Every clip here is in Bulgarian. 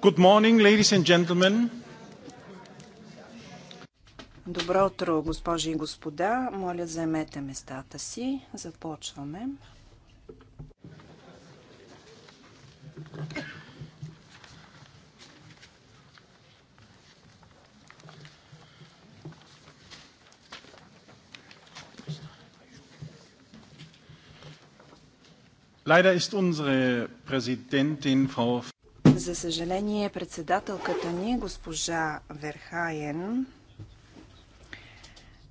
Good morning, ladies and gentlemen. Добро утро, госпожи и господа. Моля, заемете местата си. Започваме. Leider ist unsere Präsidentin Frau за съжаление, председателката ни, госпожа Верхаен,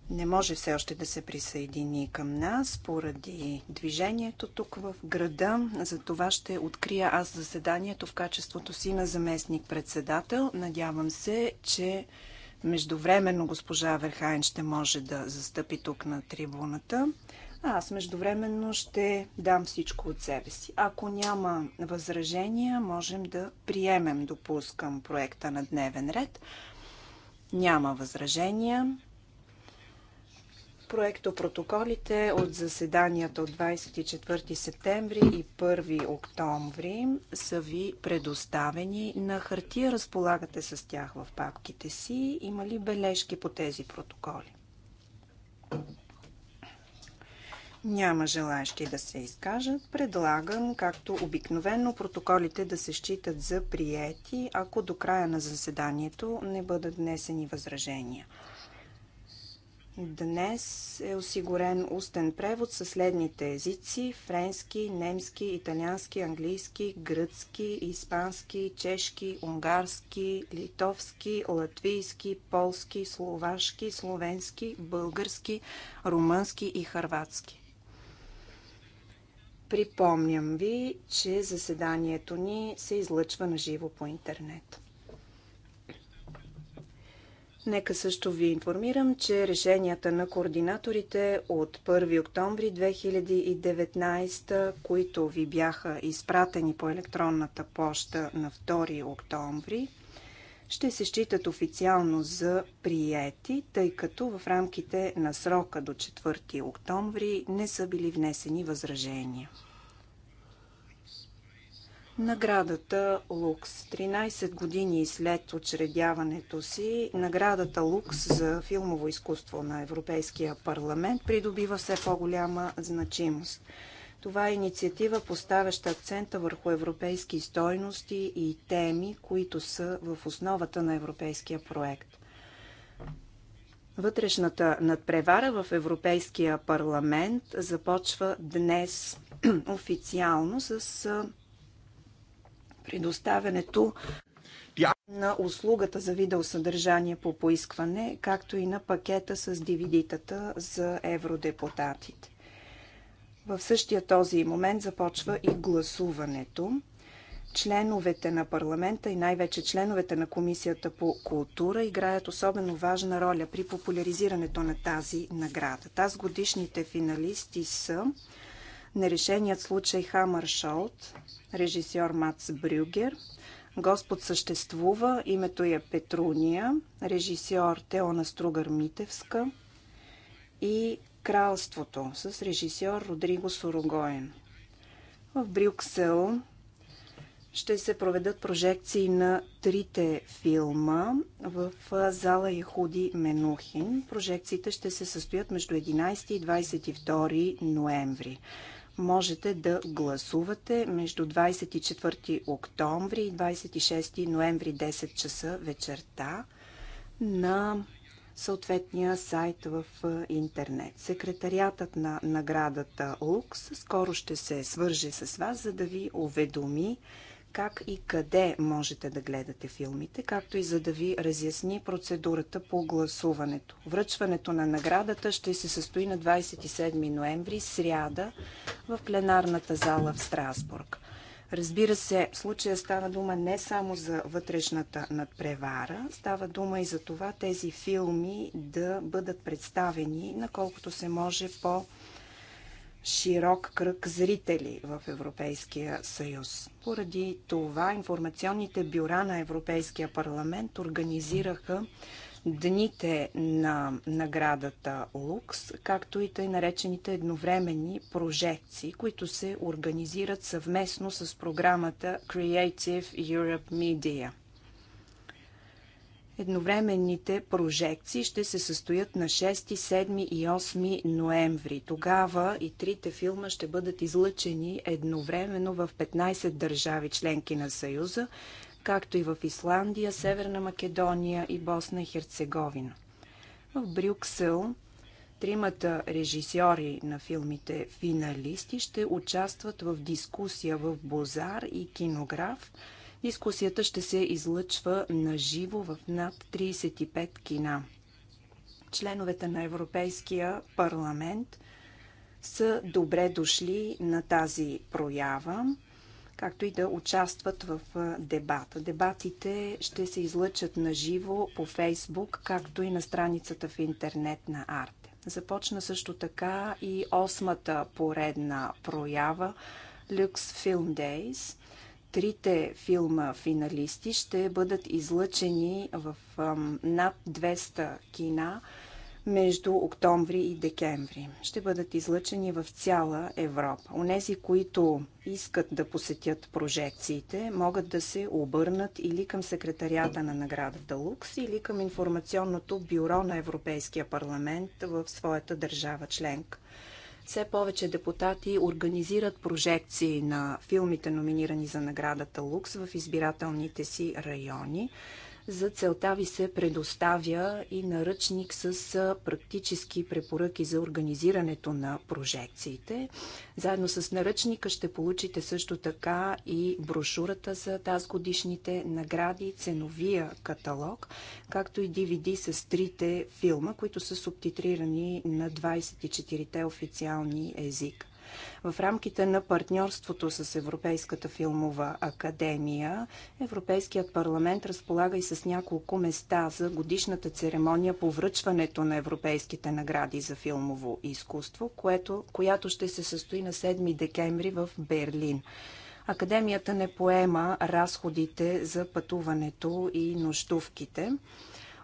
не може все още да се присъедини към нас поради движението тук в града. За това ще открия аз заседанието в качеството си на заместник-председател. Надявам се, че междувременно госпожа Верхайн ще може да застъпи тук на трибуната. А аз междувременно ще дам всичко от себе си. Ако няма възражения, можем да приемем, допускам, проекта на дневен ред. Няма възражения. Проекто протоколите от заседанията от 24 септември и 1 октомври са ви предоставени. На хартия разполагате с тях в папките си. Има ли бележки по тези протоколи? Няма желаящи да се изкажат. Предлагам, както обикновено, протоколите да се считат за приети, ако до края на заседанието не бъдат внесени възражения. Днес е осигурен устен превод със следните езици – френски, немски, италиански, английски, гръцки, испански, чешки, унгарски, литовски, латвийски, полски, словашки, словенски, български, румънски и харватски. Припомням ви, че заседанието ни се излъчва на живо по интернет. Нека също ви информирам, че решенията на координаторите от 1 октомври 2019, които ви бяха изпратени по електронната поща на 2 октомври, ще се считат официално за приети, тъй като в рамките на срока до 4 октомври не са били внесени възражения. Наградата Лукс. 13 години след учредяването си, наградата Лукс за филмово изкуство на Европейския парламент придобива все по-голяма значимост – това е инициатива, поставяща акцента върху европейски стойности и теми, които са в основата на европейския проект. Вътрешната надпревара в Европейския парламент започва днес официално с предоставянето на услугата за видеосъдържание по поискване, както и на пакета с дивидитата за евродепутатите. В същия този момент започва и гласуването. Членовете на парламента и най-вече членовете на Комисията по култура играят особено важна роля при популяризирането на тази награда. Таз годишните финалисти са нерешеният случай Хамър Шолт, режисьор Мац Брюгер, Господ съществува, името е Петруния, режисьор Теона Стругар Митевска и кралството с режисьор Родриго Сорогоен. В Брюксел ще се проведат прожекции на трите филма в зала Ехуди Менухин. Прожекциите ще се състоят между 11 и 22 ноември. Можете да гласувате между 24 октомври и 26 ноември 10 часа вечерта на съответния сайт в интернет. Секретариатът на наградата Лукс скоро ще се свърже с вас, за да ви уведоми как и къде можете да гледате филмите, както и за да ви разясни процедурата по гласуването. Връчването на наградата ще се състои на 27 ноември, сряда, в пленарната зала в Страсбург. Разбира се, в случая става дума не само за вътрешната надпревара, става дума и за това тези филми да бъдат представени наколкото се може по широк кръг зрители в Европейския съюз. Поради това информационните бюра на Европейския парламент организираха дните на наградата Лукс, както и тъй наречените едновременни прожекции, които се организират съвместно с програмата Creative Europe Media. Едновременните прожекции ще се състоят на 6, 7 и 8 ноември. Тогава и трите филма ще бъдат излъчени едновременно в 15 държави членки на Съюза, както и в Исландия, Северна Македония и Босна и Херцеговина. В Брюксел тримата режисьори на филмите финалисти ще участват в дискусия в Бозар и Кинограф. Дискусията ще се излъчва на живо в над 35 кина. Членовете на Европейския парламент са добре дошли на тази проява както и да участват в дебата. Дебатите ще се излъчат на живо по Фейсбук, както и на страницата в интернет на Арте. Започна също така и осмата поредна проява Lux Film Days. Трите филма финалисти ще бъдат излъчени в над 200 кина – между октомври и декември. Ще бъдат излъчени в цяла Европа. Онези, които искат да посетят прожекциите, могат да се обърнат или към секретарията на наградата Лукс, или към информационното бюро на Европейския парламент в своята държава членка. Все повече депутати организират прожекции на филмите, номинирани за наградата Лукс в избирателните си райони. За целта ви се предоставя и наръчник с практически препоръки за организирането на прожекциите. Заедно с наръчника ще получите също така и брошурата за тази годишните награди, ценовия каталог, както и DVD с трите филма, които са субтитрирани на 24-те официални езика. В рамките на партньорството с Европейската филмова академия, Европейският парламент разполага и с няколко места за годишната церемония по връчването на европейските награди за филмово изкуство, което, която ще се състои на 7 декември в Берлин. Академията не поема разходите за пътуването и нощувките.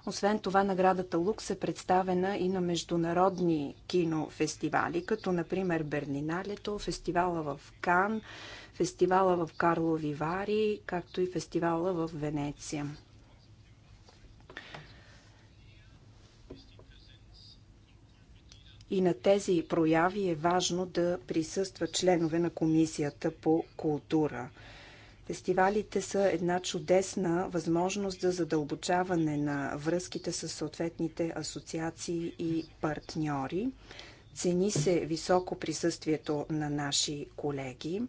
Освен това, наградата Лукс е представена и на международни кинофестивали, като например Берниналето, фестивала в Кан, фестивала в Карло Вивари, както и фестивала в Венеция. И на тези прояви е важно да присъстват членове на Комисията по култура. Фестивалите са една чудесна възможност за задълбочаване на връзките с съответните асоциации и партньори. Цени се високо присъствието на наши колеги.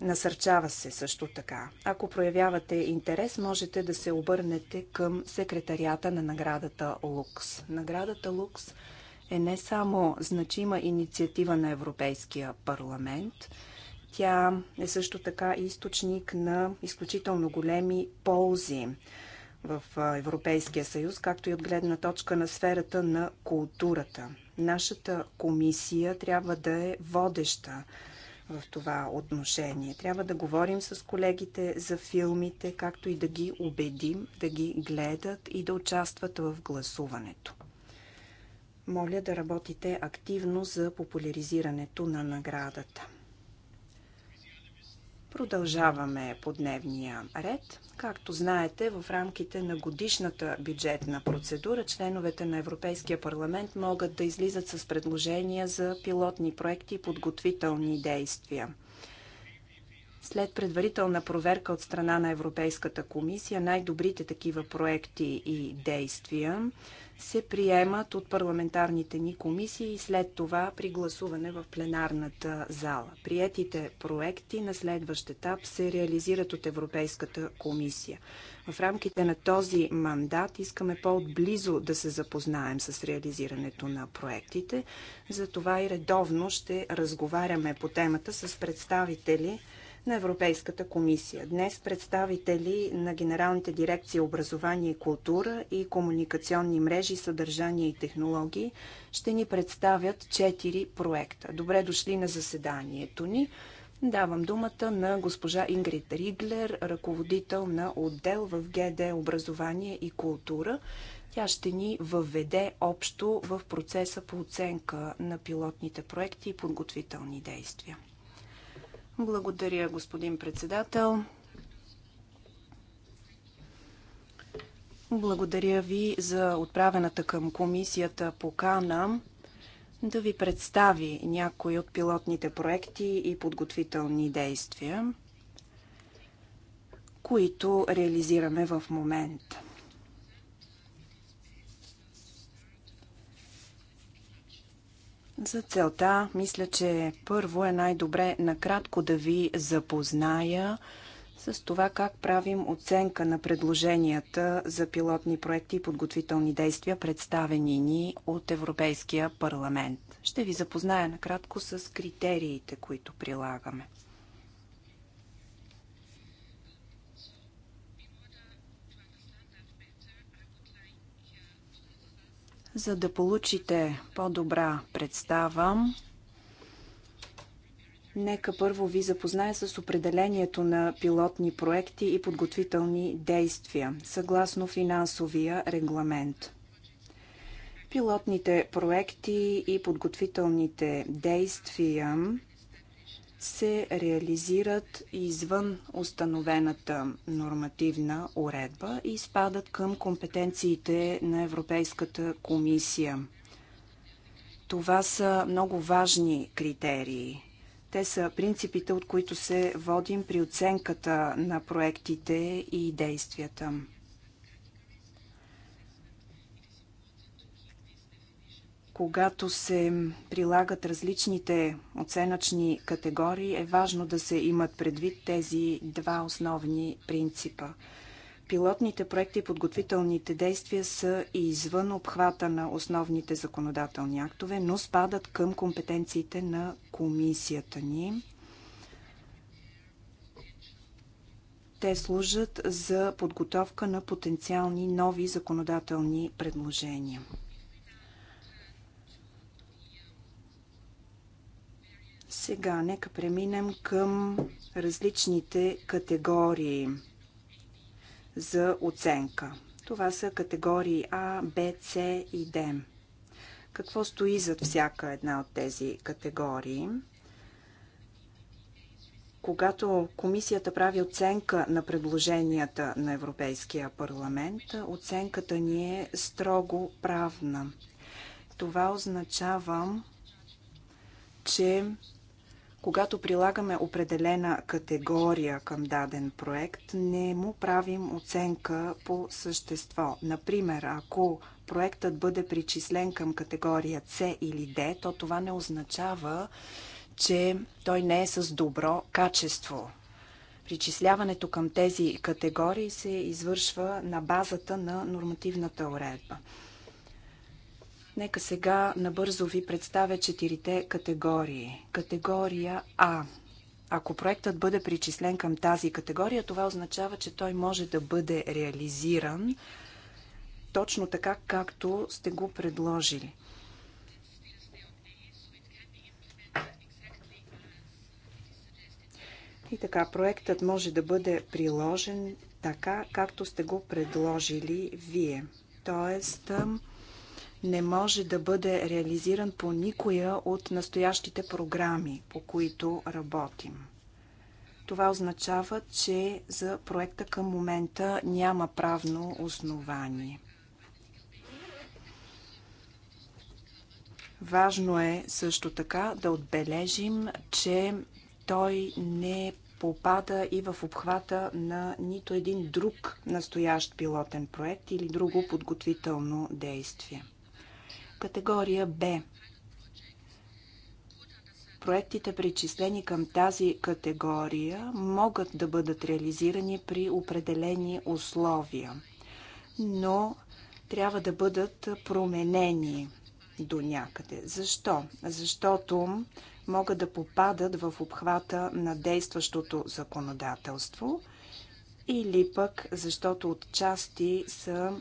Насърчава се също така. Ако проявявате интерес, можете да се обърнете към секретарията на наградата Лукс. Наградата Лукс е не само значима инициатива на Европейския парламент – тя е също така източник на изключително големи ползи в Европейския съюз, както и от гледна точка на сферата на културата. Нашата комисия трябва да е водеща в това отношение. Трябва да говорим с колегите за филмите, както и да ги убедим да ги гледат и да участват в гласуването. Моля да работите активно за популяризирането на наградата. Продължаваме по дневния ред. Както знаете, в рамките на годишната бюджетна процедура членовете на Европейския парламент могат да излизат с предложения за пилотни проекти и подготвителни действия. След предварителна проверка от страна на Европейската комисия, най-добрите такива проекти и действия се приемат от парламентарните ни комисии и след това при гласуване в пленарната зала. Приетите проекти на следващ етап се реализират от Европейската комисия. В рамките на този мандат искаме по-отблизо да се запознаем с реализирането на проектите. Затова и редовно ще разговаряме по темата с представители на Европейската комисия. Днес представители на генералните дирекции Образование и култура и комуникационни мрежи, съдържание и технологии ще ни представят четири проекта. Добре дошли на заседанието ни. Давам думата на госпожа Ингрид Риглер, ръководител на отдел в ГД Образование и култура. Тя ще ни въведе общо в процеса по оценка на пилотните проекти и подготвителни действия. Благодаря, господин председател. Благодаря ви за отправената към комисията покана да ви представи някои от пилотните проекти и подготвителни действия, които реализираме в момента. За целта, мисля, че първо е най-добре накратко да ви запозная с това как правим оценка на предложенията за пилотни проекти и подготвителни действия, представени ни от Европейския парламент. Ще ви запозная накратко с критериите, които прилагаме. За да получите по-добра представа, нека първо ви запозная с определението на пилотни проекти и подготвителни действия, съгласно финансовия регламент. Пилотните проекти и подготвителните действия се реализират извън установената нормативна уредба и спадат към компетенциите на Европейската комисия. Това са много важни критерии. Те са принципите, от които се водим при оценката на проектите и действията. Когато се прилагат различните оценъчни категории, е важно да се имат предвид тези два основни принципа. Пилотните проекти и подготвителните действия са и извън обхвата на основните законодателни актове, но спадат към компетенциите на комисията ни. Те служат за подготовка на потенциални нови законодателни предложения. Сега нека преминем към различните категории за оценка. Това са категории А, Б, С и Д. Какво стои зад всяка една от тези категории? Когато комисията прави оценка на предложенията на Европейския парламент, оценката ни е строго правна. Това означава, че когато прилагаме определена категория към даден проект, не му правим оценка по същество. Например, ако проектът бъде причислен към категория C или D, то това не означава, че той не е с добро качество. Причисляването към тези категории се извършва на базата на нормативната уредба. Нека сега набързо ви представя четирите категории. Категория А. Ако проектът бъде причислен към тази категория, това означава, че той може да бъде реализиран точно така, както сте го предложили. И така, проектът може да бъде приложен така, както сте го предложили вие. Тоест, не може да бъде реализиран по никоя от настоящите програми, по които работим. Това означава, че за проекта към момента няма правно основание. Важно е също така да отбележим, че той не попада и в обхвата на нито един друг настоящ пилотен проект или друго подготвително действие. Категория Б. Проектите, причислени към тази категория, могат да бъдат реализирани при определени условия, но трябва да бъдат променени до някъде. Защо? Защото могат да попадат в обхвата на действащото законодателство или пък защото отчасти са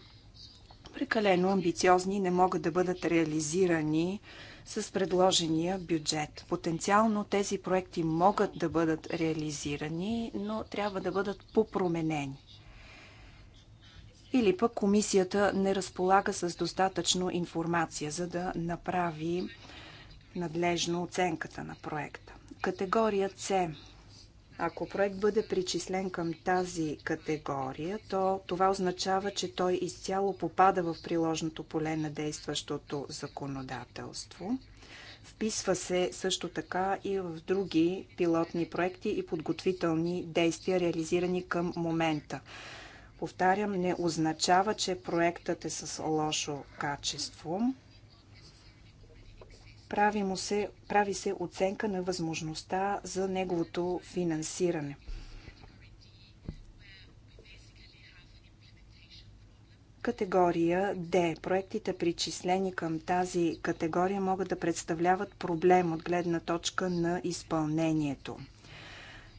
прекалено амбициозни не могат да бъдат реализирани с предложения бюджет. Потенциално тези проекти могат да бъдат реализирани, но трябва да бъдат попроменени. Или пък комисията не разполага с достатъчно информация, за да направи надлежно оценката на проекта. Категория С ако проект бъде причислен към тази категория, то това означава, че той изцяло попада в приложното поле на действащото законодателство. Вписва се също така и в други пилотни проекти и подготвителни действия, реализирани към момента. Повтарям, не означава, че проектът е с лошо качество прави, му се, прави се оценка на възможността за неговото финансиране. категория D. Проектите, причислени към тази категория, могат да представляват проблем от гледна точка на изпълнението.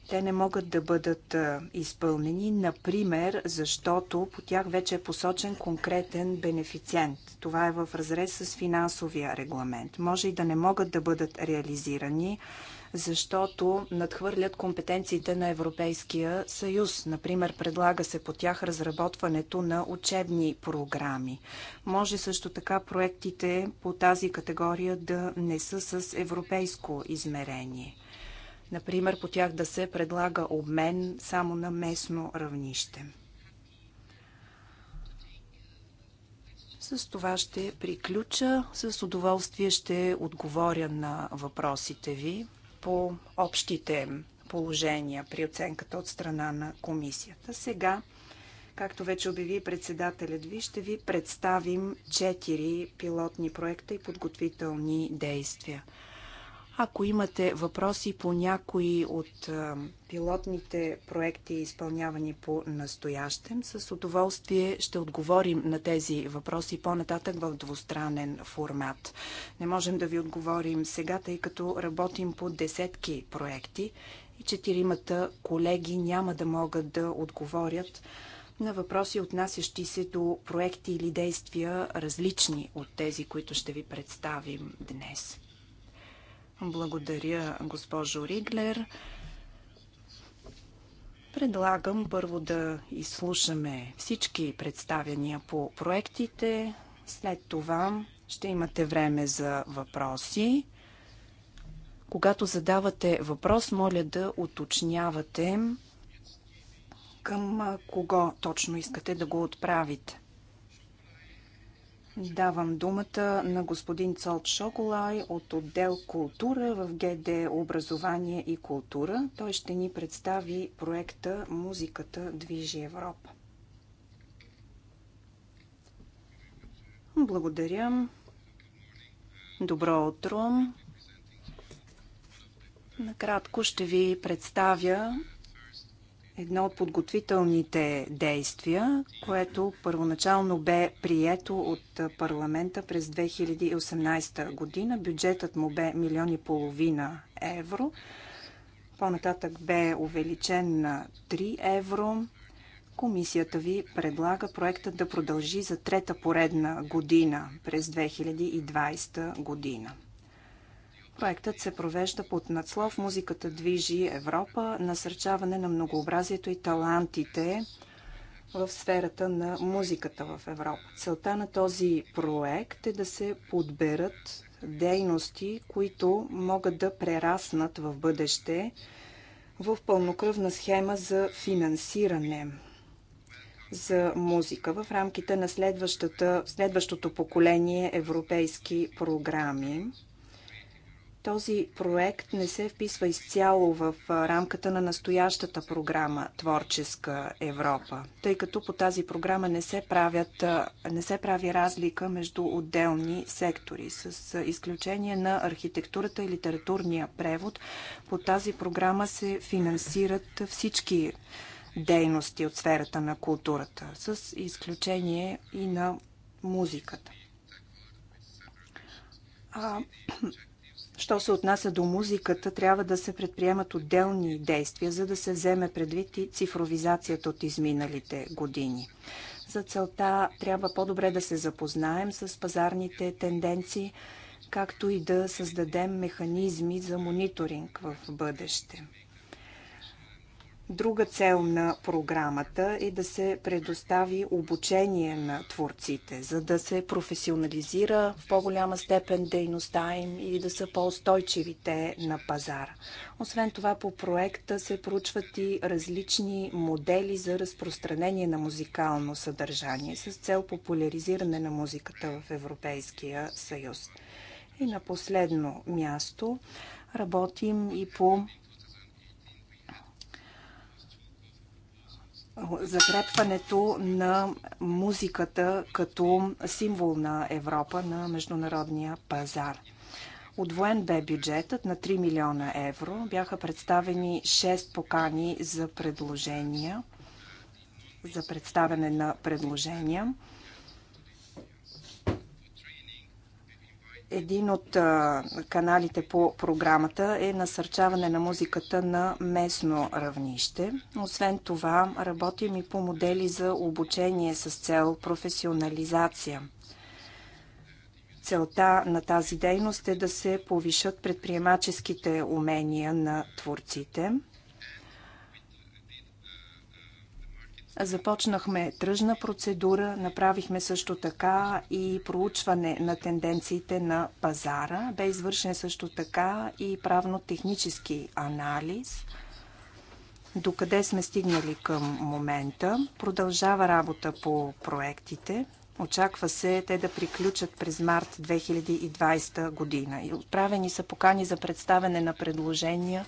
Те не могат да бъдат изпълнени, например, защото по тях вече е посочен конкретен бенефициент. Това е в разрез с финансовия регламент. Може и да не могат да бъдат реализирани, защото надхвърлят компетенциите на Европейския съюз. Например, предлага се по тях разработването на учебни програми. Може също така проектите по тази категория да не са с европейско измерение. Например, по тях да се предлага обмен само на местно равнище. С това ще приключа. С удоволствие ще отговоря на въпросите ви по общите положения при оценката от страна на комисията. Сега, както вече обяви председателят ви, ще ви представим четири пилотни проекта и подготвителни действия. Ако имате въпроси по някои от пилотните проекти, изпълнявани по настоящем, с удоволствие ще отговорим на тези въпроси по-нататък в двустранен формат. Не можем да ви отговорим сега, тъй като работим по десетки проекти и четиримата колеги няма да могат да отговорят на въпроси, отнасящи се до проекти или действия, различни от тези, които ще ви представим днес. Благодаря, госпожо Риглер. Предлагам първо да изслушаме всички представяния по проектите. След това ще имате време за въпроси. Когато задавате въпрос, моля да уточнявате към кого точно искате да го отправите. Давам думата на господин Цолт Шоколай от отдел Култура в ГД Образование и култура. Той ще ни представи проекта Музиката движи Европа. Благодаря. Добро утро. Накратко ще ви представя едно от подготвителните действия, което първоначално бе прието от парламента през 2018 година. Бюджетът му бе милион и половина евро. По-нататък бе увеличен на 3 евро. Комисията ви предлага проектът да продължи за трета поредна година през 2020 година. Проектът се провежда под надслов Музиката движи Европа, насърчаване на многообразието и талантите в сферата на музиката в Европа. Целта на този проект е да се подберат дейности, които могат да прераснат в бъдеще в пълнокръвна схема за финансиране за музика в рамките на следващото поколение европейски програми. Този проект не се вписва изцяло в рамката на настоящата програма Творческа Европа, тъй като по тази програма не се, правят, не се прави разлика между отделни сектори. С изключение на архитектурата и литературния превод, по тази програма се финансират всички дейности от сферата на културата, с изключение и на музиката. А, Що се отнася до музиката, трябва да се предприемат отделни действия, за да се вземе предвид и цифровизацията от изминалите години. За целта трябва по-добре да се запознаем с пазарните тенденции, както и да създадем механизми за мониторинг в бъдеще. Друга цел на програмата е да се предостави обучение на творците, за да се професионализира в по-голяма степен дейността им и да са по-устойчиви те на пазара. Освен това, по проекта се проучват и различни модели за разпространение на музикално съдържание с цел популяризиране на музиката в Европейския съюз. И на последно място работим и по закрепването на музиката като символ на Европа на международния пазар. Отвоен бе бюджетът на 3 милиона евро. Бяха представени 6 покани за предложения, за представяне на предложения. Един от каналите по програмата е насърчаване на музиката на местно равнище. Освен това, работим и по модели за обучение с цел професионализация. Целта на тази дейност е да се повишат предприемаческите умения на творците – Започнахме тръжна процедура, направихме също така и проучване на тенденциите на пазара. Бе извършен също така и правно-технически анализ. Докъде сме стигнали към момента? Продължава работа по проектите. Очаква се те да приключат през март 2020 година. И отправени са покани за представяне на предложения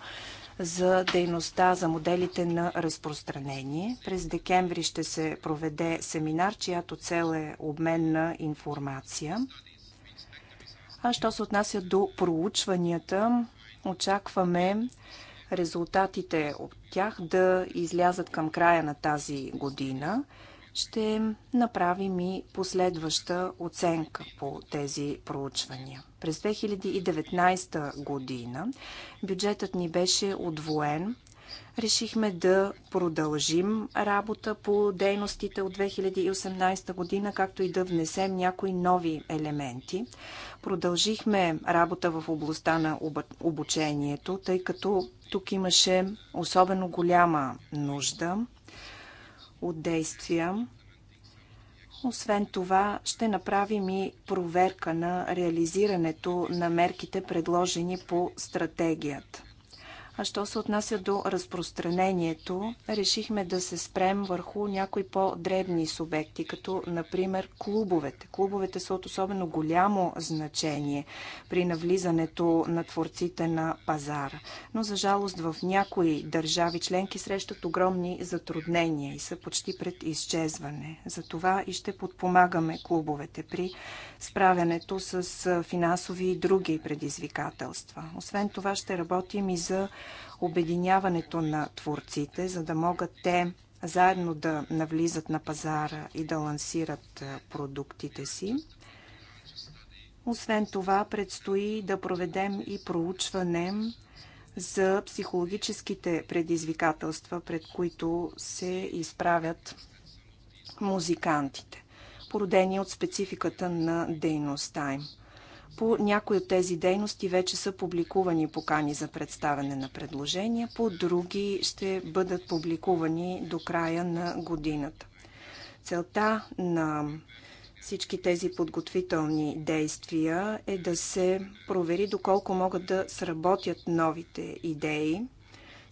за дейността за моделите на разпространение. През декември ще се проведе семинар, чиято цел е обмен на информация. А що се отнася до проучванията, очакваме резултатите от тях да излязат към края на тази година ще направим и последваща оценка по тези проучвания. През 2019 година бюджетът ни беше отвоен. Решихме да продължим работа по дейностите от 2018 година, както и да внесем някои нови елементи. Продължихме работа в областта на обучението, тъй като тук имаше особено голяма нужда от действия. Освен това, ще направим и проверка на реализирането на мерките, предложени по стратегията. А що се отнася до разпространението, решихме да се спрем върху някои по-дребни субекти, като например клубовете. Клубовете са от особено голямо значение при навлизането на творците на пазара. Но за жалост в някои държави членки срещат огромни затруднения и са почти пред изчезване. Затова и ще подпомагаме клубовете при справянето с финансови и други предизвикателства. Освен това ще работим и за обединяването на творците, за да могат те заедно да навлизат на пазара и да лансират продуктите си. Освен това, предстои да проведем и проучване за психологическите предизвикателства, пред които се изправят музикантите, породени от спецификата на дейността им. По някои от тези дейности вече са публикувани покани за представяне на предложения, по други ще бъдат публикувани до края на годината. Целта на всички тези подготвителни действия е да се провери доколко могат да сработят новите идеи.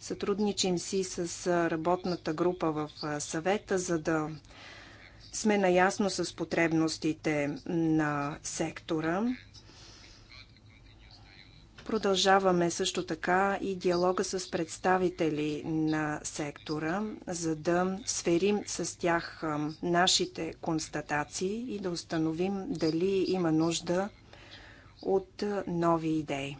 Сътрудничим си с работната група в съвета, за да сме наясно с потребностите на сектора. Продължаваме също така и диалога с представители на сектора, за да сверим с тях нашите констатации и да установим дали има нужда от нови идеи.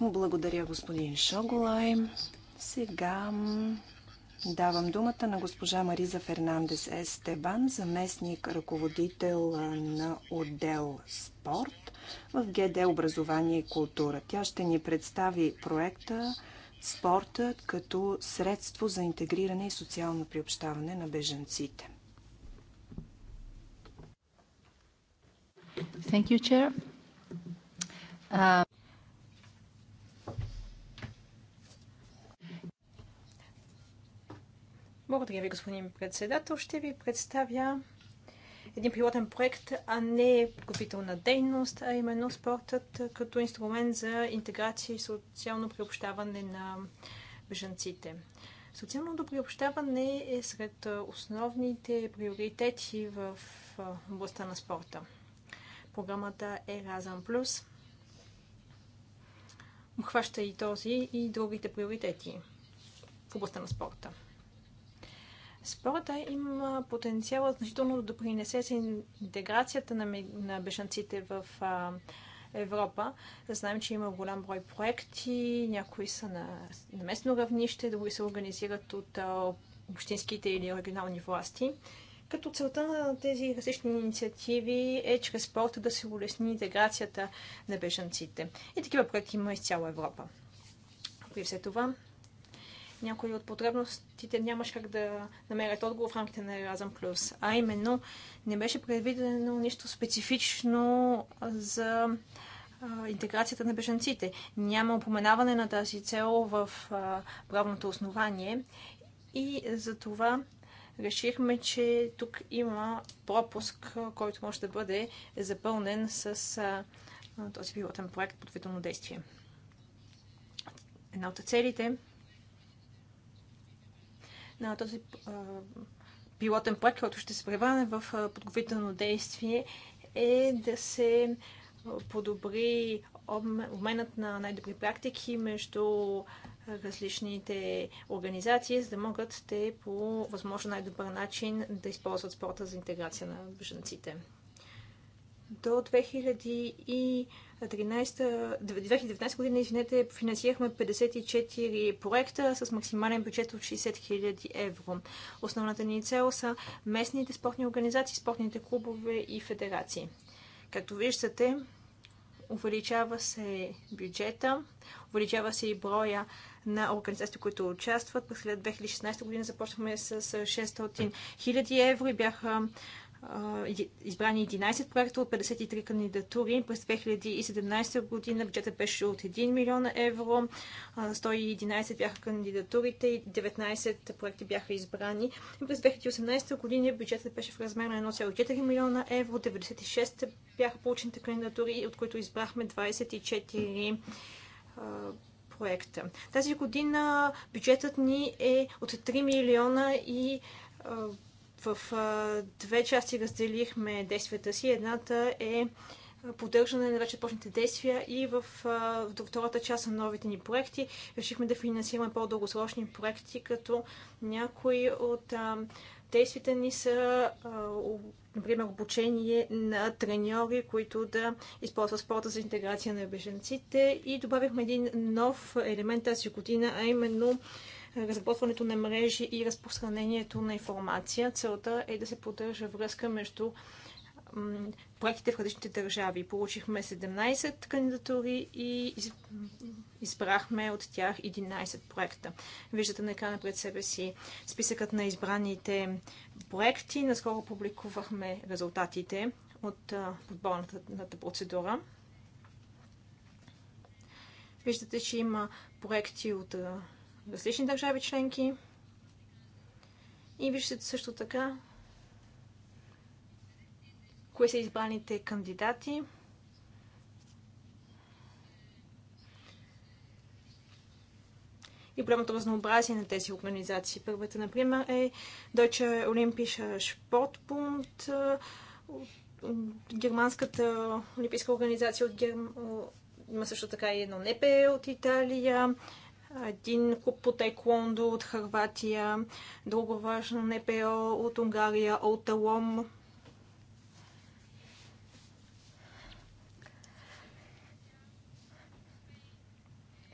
Благодаря, господин Шоголай. Сега Давам думата на госпожа Мариза Фернандес Естебан, заместник ръководител на отдел спорт в ГД Образование и култура. Тя ще ни представи проекта спортът като средство за интегриране и социално приобщаване на беженците. Thank you, Chair. Uh... Благодаря ви, господин председател. Ще ви представя един пилотен проект, а не подготвителна дейност, а именно спортът като инструмент за интеграция и социално приобщаване на бежанците. Социалното приобщаване е сред основните приоритети в областта на спорта. Програмата Еразъм Плюс обхваща и този и другите приоритети в областта на спорта. Спорта има потенциал значително да принесе с интеграцията на, на бежанците в а, Европа. Знаем, че има голям брой проекти, някои са на, на местно равнище, други се организират от а, общинските или регионални власти. Като целта на тези различни инициативи е чрез спорта да се улесни интеграцията на бежанците. И такива проекти има из цяла Европа. При все това, някои от потребностите нямаше как да намерят отговор в рамките на Erasm+. Плюс. А именно, не беше предвидено нищо специфично за интеграцията на бежанците. Няма упоменаване на тази цел в правното основание и за това решихме, че тук има пропуск, който може да бъде запълнен с този пилотен проект под действие. Една от целите на този пилотен проект, който ще се превърне в подготвително действие, е да се подобри обменът на най-добри практики между различните организации, за да могат те по възможно най-добър начин да използват спорта за интеграция на бежанците. До 2000 и 2019 година, извинете, финансирахме 54 проекта с максимален бюджет от 60 000 евро. Основната ни цел са местните спортни организации, спортните клубове и федерации. Както виждате, увеличава се бюджета, увеличава се и броя на организации, които участват. През 2016 година започнахме с 600 000 евро и бяха избрани 11 проекта от 53 кандидатури. През 2017 година бюджетът беше от 1 милиона евро, 111 бяха кандидатурите и 19 проекти бяха избрани. През 2018 година бюджетът беше в размер на 1,4 милиона евро, 96 бяха получените кандидатури, от които избрахме 24 проекта. Тази година бюджетът ни е от 3 милиона и в две части разделихме действията си. Едната е поддържане на вече почните действия и в, в втората част на новите ни проекти решихме да финансираме по-дългосрочни проекти, като някои от а, действията ни са, а, например, обучение на треньори, които да използват спорта за интеграция на беженците и добавихме един нов елемент тази година, а именно разработването на мрежи и разпространението на информация. Целта е да се поддържа връзка между проектите в различните държави. Получихме 17 кандидатури и избрахме от тях 11 проекта. Виждате на екрана пред себе си списъкът на избраните проекти. Наскоро публикувахме резултатите от подборната процедура. Виждате, че има проекти от различни държави членки. И вижте също така кои са избраните кандидати. и голямото разнообразие на тези организации. Първата, например, е Deutsche Olympische Sportbund, германската олимпийска организация от Герм... Има също така и едно НП е от Италия, един клуб по тейквондо от Харватия, друго важно НПО от Унгария, Олталом.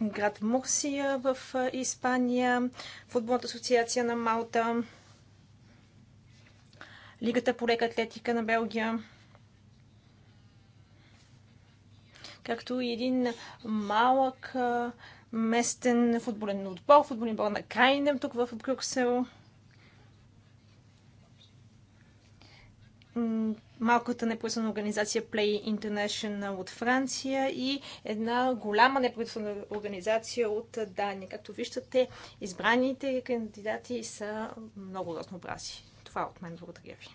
Град Мурсия в Испания, Футболната асоциация на Малта, Лигата по лека атлетика на Белгия. както и един малък местен футболен отбор, футболен отбор на Крайнем тук в Брюксел. малката неправителствена организация Play International от Франция и една голяма неправителствена организация от Дания. Както виждате, избраните кандидати са много разнообрази. Това е от мен. Благодаря ви.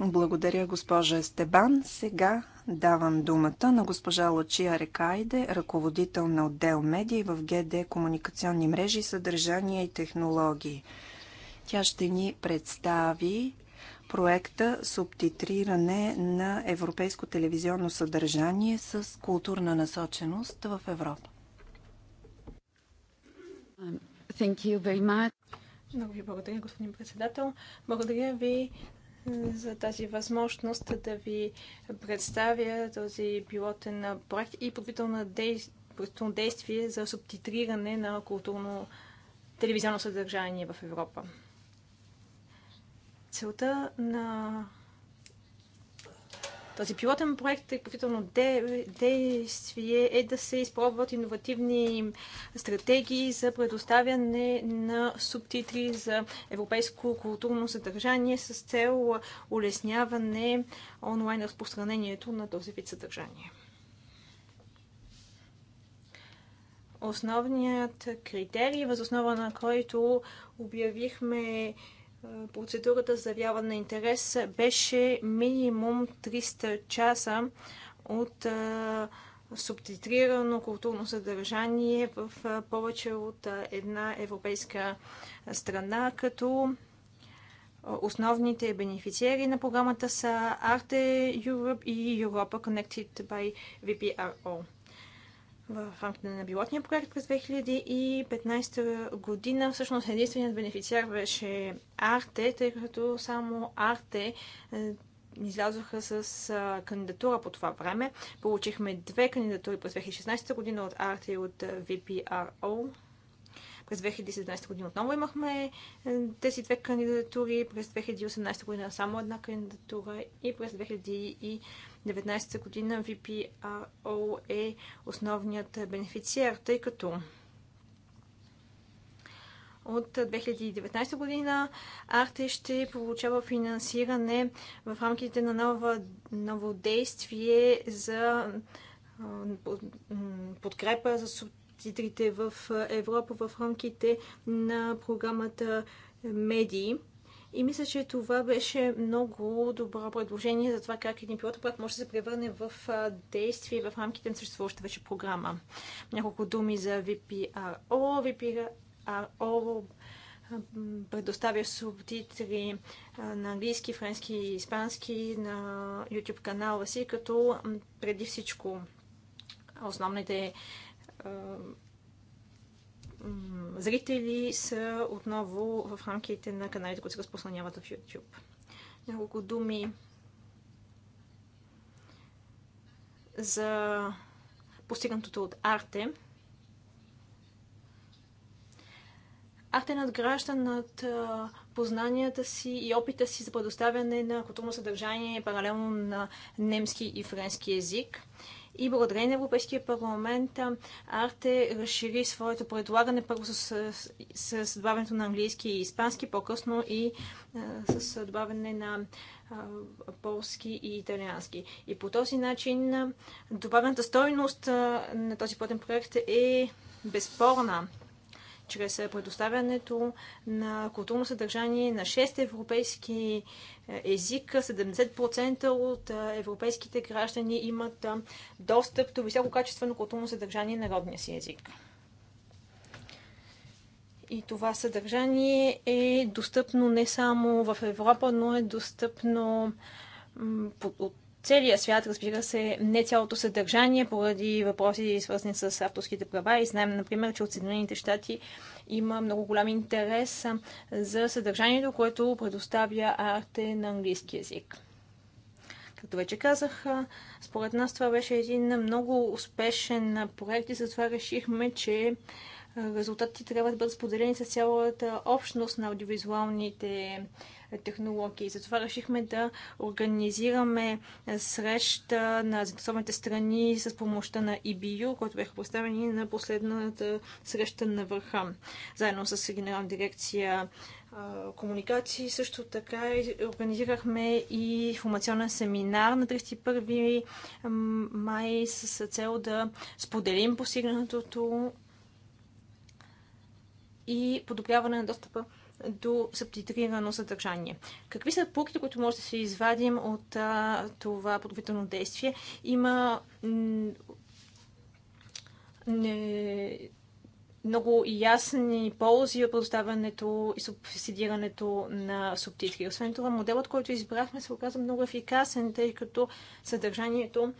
Благодаря, госпожа Естебан. Сега давам думата на госпожа Лочия Рекайде, ръководител на отдел медии в ГД Комуникационни мрежи, съдържания и технологии. Тя ще ни представи проекта Субтитриране на европейско телевизионно съдържание с културна насоченост в Европа. Um, thank you very much. Много ви благодаря, господин председател. Благодаря ви за тази възможност да ви представя този пилотен проект и подвително действие за субтитриране на културно телевизионно съдържание в Европа. Целта на този пилотен проект е профително действие е да се изпробват иновативни стратегии за предоставяне на субтитри за европейско културно съдържание с цел улесняване онлайн разпространението на този вид съдържание. Основният критерий, възоснова на който обявихме процедурата за явяване на интерес беше минимум 300 часа от субтитрирано културно съдържание в повече от една европейска страна, като основните бенефициери на програмата са Arte Europe и Europa Connected by VPRO в рамките на пилотния проект през 2015 година. Всъщност единственият бенефициар беше Арте, тъй като само Арте е, излязоха с а, кандидатура по това време. Получихме две кандидатури през 2016 година от Арте и от VPRO. През 2017 година отново имахме е, тези две кандидатури, през 2018 година само една кандидатура и през 2019 година VPRO е основният бенефициер, тъй като от 2019 година Арте ще получава финансиране в рамките на нова, ново действие за подкрепа за титрите в е, Европа в рамките на програмата Медии. И мисля, че това беше много добро предложение за това как един пилот проект може да се превърне в действие в рамките на съществуваща вече програма. Няколко думи за VPRO. VPRO предоставя субтитри на английски, френски и испански на YouTube канала си, като преди всичко основните зрители са отново в рамките на каналите, които се разпространяват в YouTube. Няколко думи за постигнатото от Арте. Арте надгражда над познанията си и опита си за предоставяне на културно съдържание паралелно на немски и френски язик. И благодарение на Европейския парламент Арте разшири своето предлагане първо с, с, с добавянето на английски и испански, по-късно и а, с добавяне на а, полски и италиански. И по този начин добавената стойност на този пътен проект е безспорна чрез предоставянето на културно съдържание на 6 европейски е, езика. 70% от е, европейските граждани имат е, достъп до висококачествено културно съдържание на родния си език. И това съдържание е достъпно не само в Европа, но е достъпно от целия свят, разбира се, не цялото съдържание, поради въпроси свързани с авторските права. И знаем, например, че от Съединените щати има много голям интерес за съдържанието, което предоставя арте на английски язик. Както вече казах, според нас това беше един много успешен проект и затова решихме, че резултатите трябва да бъдат споделени с цялата общност на аудиовизуалните технологии. Затова решихме да организираме среща на заинтересованите страни с помощта на EBU, който бяха представени на последната среща на върха, заедно с Генерална дирекция комуникации. Също така организирахме и информационен семинар на 31 май с цел да споделим постигнатото и подобряване на достъпа до субтитрирано съдържание. Какви са полките, които може да се извадим от а, това подготвително действие? Има не, много ясни ползи от предоставянето и субсидирането на субтитри. Освен това, моделът, който избрахме, се оказа много ефикасен, тъй като съдържанието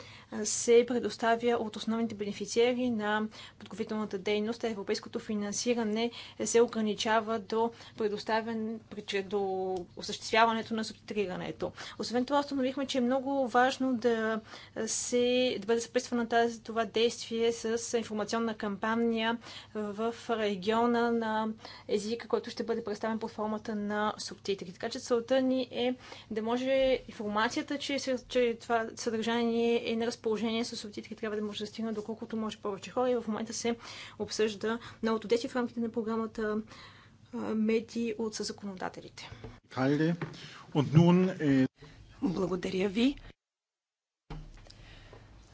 се предоставя от основните бенефициери на подготвителната дейност, а европейското финансиране се ограничава до, предоставен, до осъществяването на субтитрирането. Освен това, установихме, че е много важно да, се, да бъде съпътствана това действие с информационна кампания в в региона на езика, който ще бъде представен под формата на субтитри. Така че целта ни е да може информацията, че, че това съдържание е на разположение с субтитри, трябва да може да стигне доколкото може повече хора. И в момента се обсъжда новото действие в рамките на програмата медии от законодателите. Е- Благодаря ви.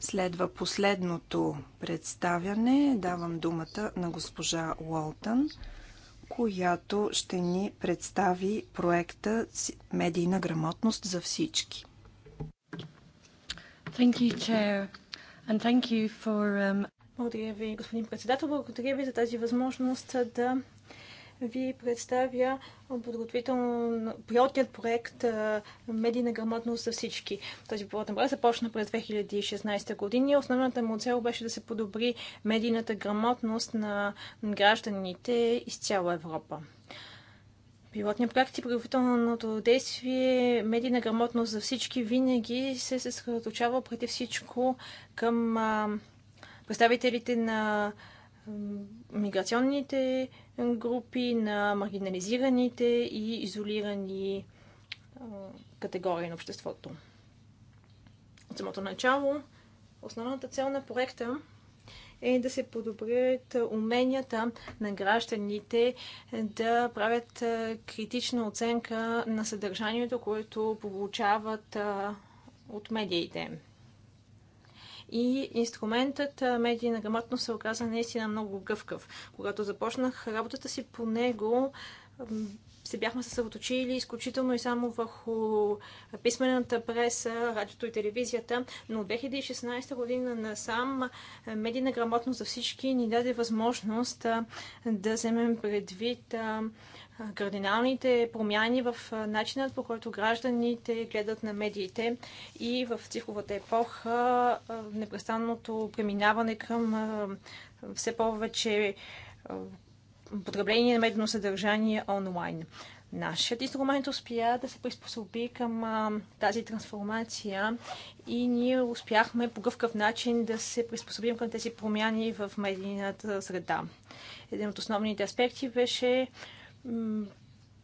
Следва последното представяне. Давам думата на госпожа Уолтън, която ще ни представи проекта Медийна грамотност за всички. Thank you, Chair. And thank you for, um... Благодаря ви, господин председател. Благодаря ви за тази възможност да ви представя подготвително пилотният проект Медийна грамотност за всички. Този пилотен проект започна през 2016 година. Основната му цел беше да се подобри медийната грамотност на гражданите из цяла Европа. Пилотният проект и приготвителното действие медийна грамотност за всички винаги се съсредоточава преди всичко към представителите на миграционните групи, на маргинализираните и изолирани категории на обществото. От самото начало, основната цел на проекта е да се подобрят уменията на гражданите да правят критична оценка на съдържанието, което получават от медиите и инструментът медийна грамотност се оказа наистина много гъвкав. Когато започнах работата си по него, се бяхме съсредоточили изключително и само върху писмената преса, радиото и телевизията, но от 2016 година насам медийна грамотност за всички ни даде възможност да вземем предвид кардиналните промяни в начинът по който гражданите гледат на медиите и в цифровата епоха непрестанното преминаване към все повече потребление на медийно съдържание онлайн. Нашият инструмент успя да се приспособи към а, тази трансформация и ние успяхме по гъвкав начин да се приспособим към тези промяни в медийната среда. Един от основните аспекти беше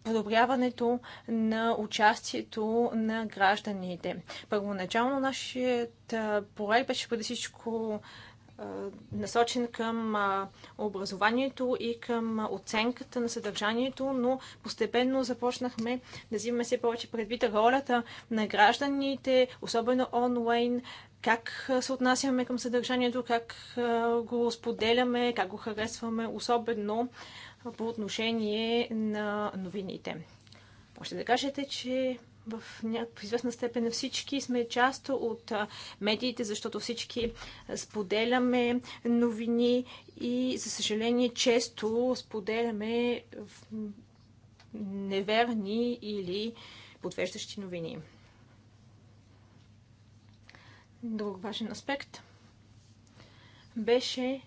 подобряването на участието на гражданите. Първоначално нашият проект беше преди всичко насочен към образованието и към оценката на съдържанието, но постепенно започнахме да взимаме все повече предвид ролята на гражданите, особено онлайн, как се отнасяме към съдържанието, как го споделяме, как го харесваме, особено по отношение на новините. Можете да кажете, че в някаква известна степен всички сме част от медиите, защото всички споделяме новини и, за съжаление, често споделяме неверни или подвеждащи новини. Друг важен аспект беше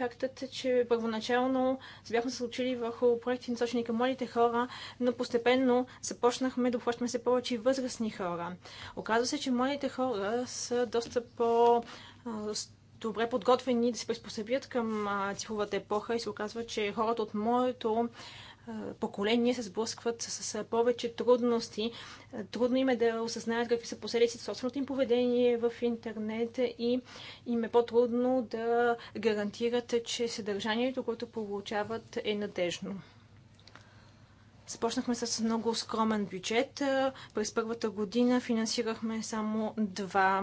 Фактът е, че първоначално се бяхме се учили върху проекти насочени към младите хора, но постепенно започнахме да обхващаме се повече и възрастни хора. Оказва се, че младите хора са доста по добре подготвени да се приспособят към цифровата епоха и се оказва, че хората от моето поколения се сблъскват с повече трудности. Трудно им е да осъзнаят какви са последиците собственото им поведение в интернет и им е по-трудно да гарантират, че съдържанието, което получават, е надежно. Започнахме с много скромен бюджет. През първата година финансирахме само два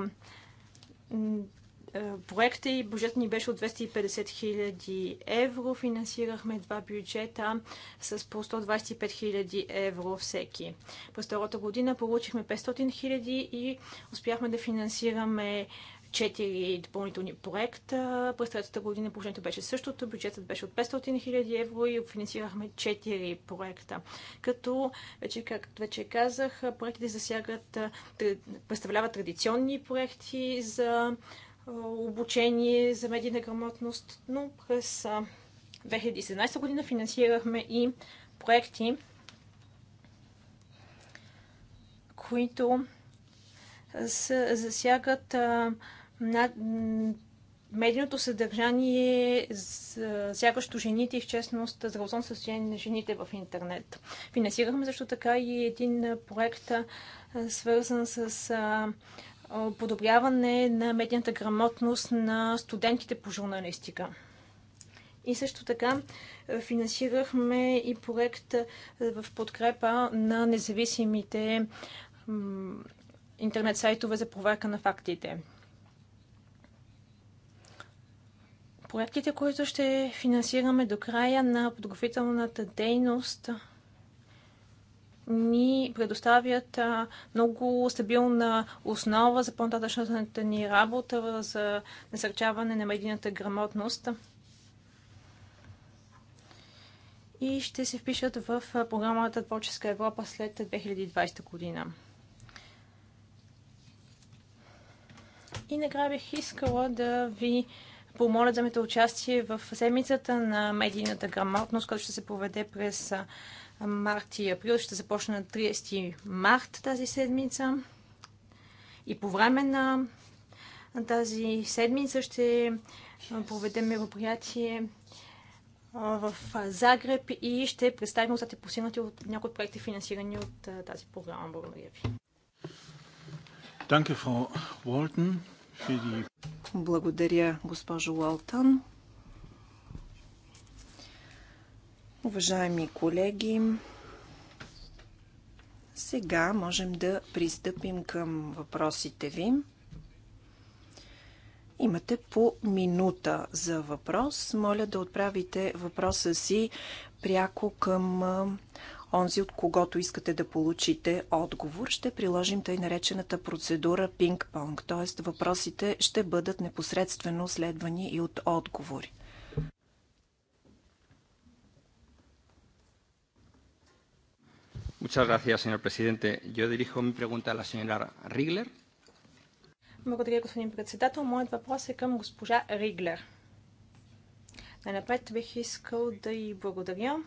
е, проекта и бюджетът ни беше от 250 хиляди евро. Финансирахме два бюджета с по 125 хиляди евро всеки. През втората година получихме 500 хиляди и успяхме да финансираме 4 допълнителни проекта. През третата година положението беше същото. Бюджетът беше от 500 000 евро и финансирахме 4 проекта. Като, вече, както вече казах, проектите засягат, представляват традиционни проекти за обучение за медийна грамотност, но през 2017 година финансирахме и проекти, които засягат медийното съдържание, засягащо жените и в честност здравословно състояние на жените в интернет. Финансирахме също така и един проект, свързан с подобряване на медийната грамотност на студентите по журналистика. И също така финансирахме и проект в подкрепа на независимите интернет сайтове за проверка на фактите. Проектите, които ще финансираме до края на подготвителната дейност, ни предоставят много стабилна основа за по-нататъчната ни работа за насърчаване на медийната грамотност и ще се впишат в програмата Творческа Европа след 2020 година. И накрая бих искала да ви помоля да имате участие в седмицата на медийната грамотност, която ще се проведе през март и април. Ще започна на 30 март тази седмица. И по време на тази седмица ще проведем мероприятие в Загреб и ще представим резултатите посигнати от някои проекти, финансирани от тази програма. Благодаря ви. Благодаря, госпожо Уолтън. Уважаеми колеги, сега можем да пристъпим към въпросите ви. Имате по минута за въпрос. Моля да отправите въпроса си пряко към онзи, от когото искате да получите отговор. Ще приложим тъй наречената процедура пинг-понг, т.е. въпросите ще бъдат непосредствено следвани и от отговори. Muchas gracias, señor presidente. Yo dirijo mi pregunta a la señora Riegler. Благодаря, господин председател. Моят въпрос е към госпожа Риглер. Най-напред бих искал да й благодаря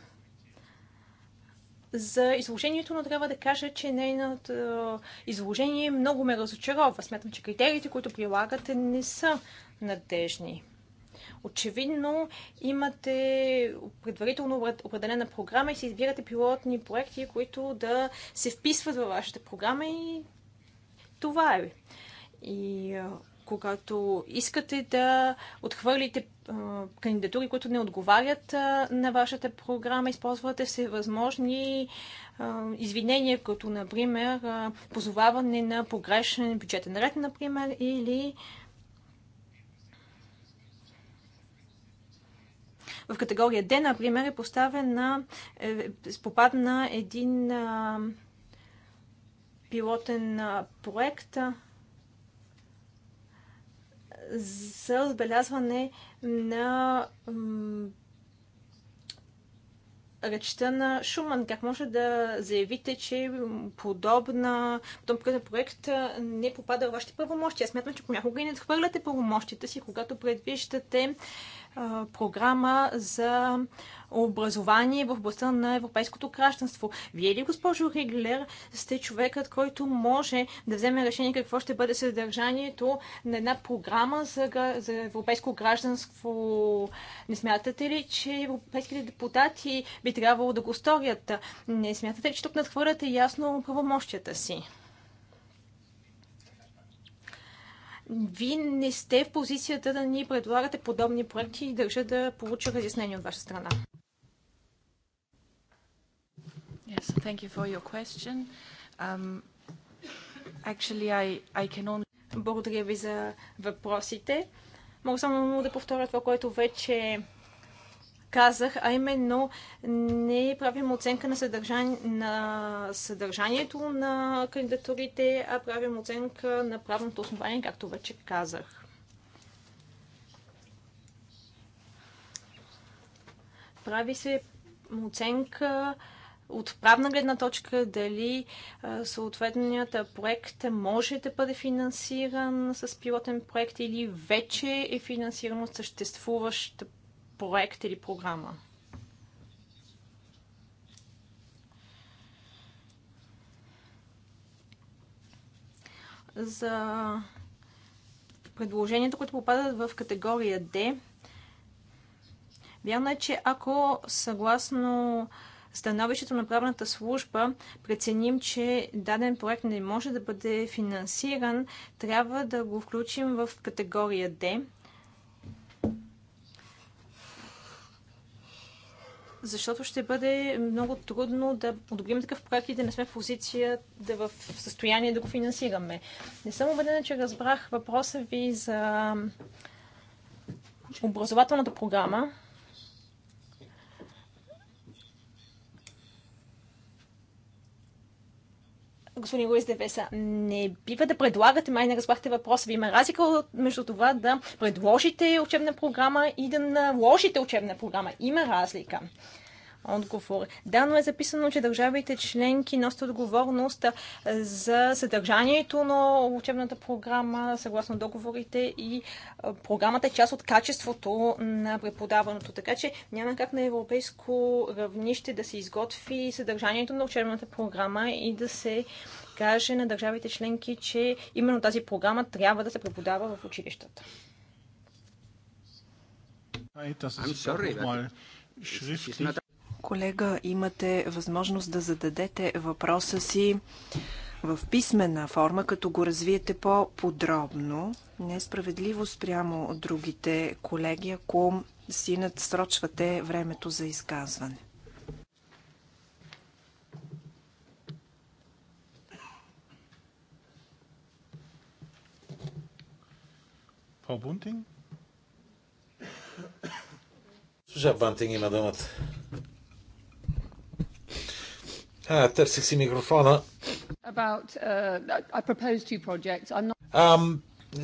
за изложението, но трябва да кажа, че нейното е, изложение много ме разочарова. Смятам, че критериите, които прилагате, не са надежни. Очевидно имате предварително определена програма и си избирате пилотни проекти, които да се вписват във вашата програма и това е. И когато искате да отхвърлите кандидатури, които не отговарят на вашата програма, използвате се възможни извинения, като, например, позоваване на погрешен бюджетен ред, например, или в категория Д, например, е поставен на, е, е попадна един а, пилотен а, проект а, за отбелязване на речта на Шуман. Как може да заявите, че подобна, подобен проект не попада в вашите правомощия? Смятам, че понякога и не отхвърляте правомощите си, когато предвиждате програма за образование в областта на европейското гражданство. Вие ли, госпожо Риглер, сте човекът, който може да вземе решение какво ще бъде съдържанието на една програма за, за европейско гражданство? Не смятате ли, че европейските депутати би трябвало да го сторят? Не смятате ли, че тук надхвърляте ясно правомощията си? вие не сте в позицията да ни предлагате подобни проекти и държа да получа разяснение от ваша страна. Yes, thank you for your question. Um, actually, I, I can only... Благодаря ви за въпросите. Мога само да повторя това, което вече казах, а именно не правим оценка на, съдържание, на съдържанието на кандидатурите, а правим оценка на правното основание, както вече казах. Прави се оценка от правна гледна точка дали съответният проект може да бъде финансиран с пилотен проект или вече е финансиран от съществуващ проект или програма. За предложението, което попадат в категория D, вярно е, че ако съгласно становището на правната служба преценим, че даден проект не може да бъде финансиран, трябва да го включим в категория D, защото ще бъде много трудно да одобрим такъв проект и да не сме в позиция да в състояние да го финансираме. Не съм убедена, че разбрах въпроса ви за образователната програма. господин Луис Девеса, не бива да предлагате, май не разбрахте въпроса ви. Има разлика между това да предложите учебна програма и да наложите учебна програма. Има разлика отговор. Да, но е записано, че държавите членки носят отговорност за съдържанието на учебната програма, съгласно договорите и програмата е част от качеството на преподаването. Така че няма как на европейско равнище да се изготви съдържанието на учебната програма и да се каже на държавите членки, че именно тази програма трябва да се преподава в училищата. Sorry, but... Schriftlich Колега, имате възможност да зададете въпроса си в писмена форма, като го развиете по-подробно. Не справедливо спрямо от другите колеги, ако си надсрочвате времето за изказване. Frau Bunting? Бантинг има думата. А, търсих си микрофона. About, uh, not... Ам,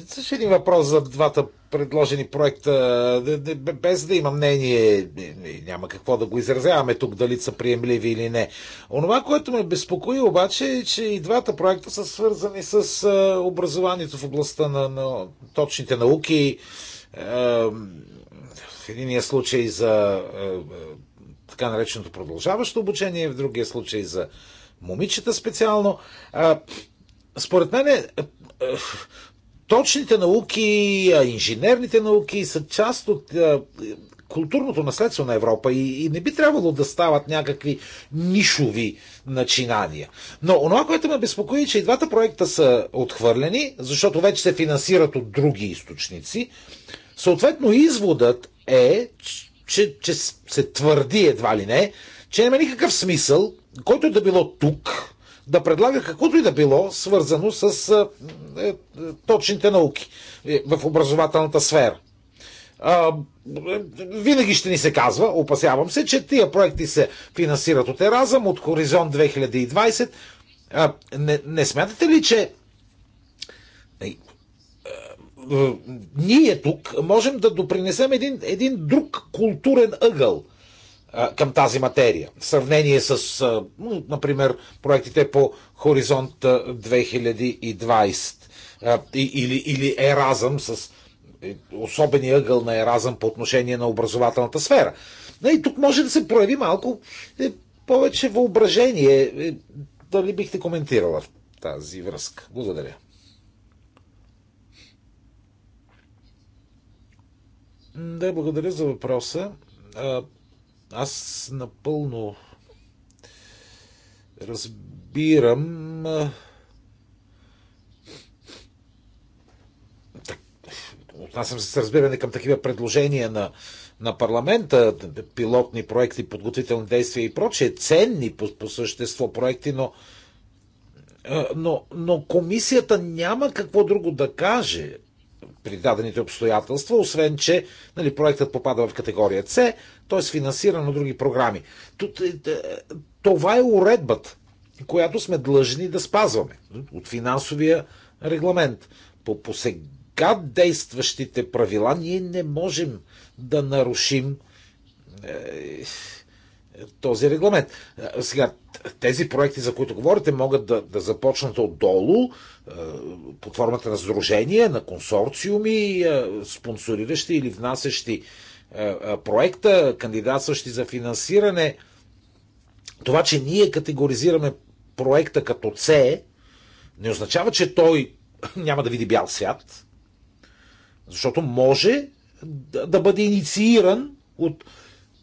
също един въпрос за двата предложени проекта. Без да има мнение, е, е, няма какво да го изразяваме тук, дали са приемливи или не. Онова, което ме безпокои обаче е, че и двата проекта са свързани с образованието в областта на, на точните науки. В единия случай за така нареченото продължаващо обучение, в другия случай за момичета специално. А, според мен е, е, точните науки, инженерните науки са част от е, културното наследство на Европа и, и не би трябвало да стават някакви нишови начинания. Но онова, което ме безпокои, че и двата проекта са отхвърлени, защото вече се финансират от други източници. Съответно, изводът е, че, че се твърди едва ли не, че няма никакъв смисъл, който да било тук, да предлага каквото и да било, свързано с е, е, точните науки е, в образователната сфера. А, е, винаги ще ни се казва, опасявам се, че тия проекти се финансират от Еразъм, от Хоризонт 2020. А, не, не смятате ли, че е, ние тук можем да допринесем един, един друг културен ъгъл към тази материя. В сравнение с, например, проектите по Хоризонт 2020 или, или Еразъм с е, особения ъгъл на Еразъм по отношение на образователната сфера. И нали, тук може да се прояви малко е, повече въображение. Дали бихте коментирала в тази връзка? Благодаря. Да, благодаря за въпроса. Аз напълно разбирам отнасям се с разбиране към такива предложения на, на парламента, пилотни проекти, подготвителни действия и прочее, ценни по, по същество проекти, но, но, но комисията няма какво друго да каже при дадените обстоятелства, освен че нали, проектът попада в категория С, т.е. финансиран на други програми. Е, е, това е уредбата, която сме длъжни да спазваме от финансовия регламент. По, по сега действащите правила ние не можем да нарушим е, този регламент. Сега, тези проекти, за които говорите, могат да, да започнат отдолу, под формата на сдружение, на консорциуми, спонсориращи или внасящи проекта, кандидатстващи за финансиране. Това, че ние категоризираме проекта като С, не означава, че той няма да види бял свят, защото може да бъде иницииран от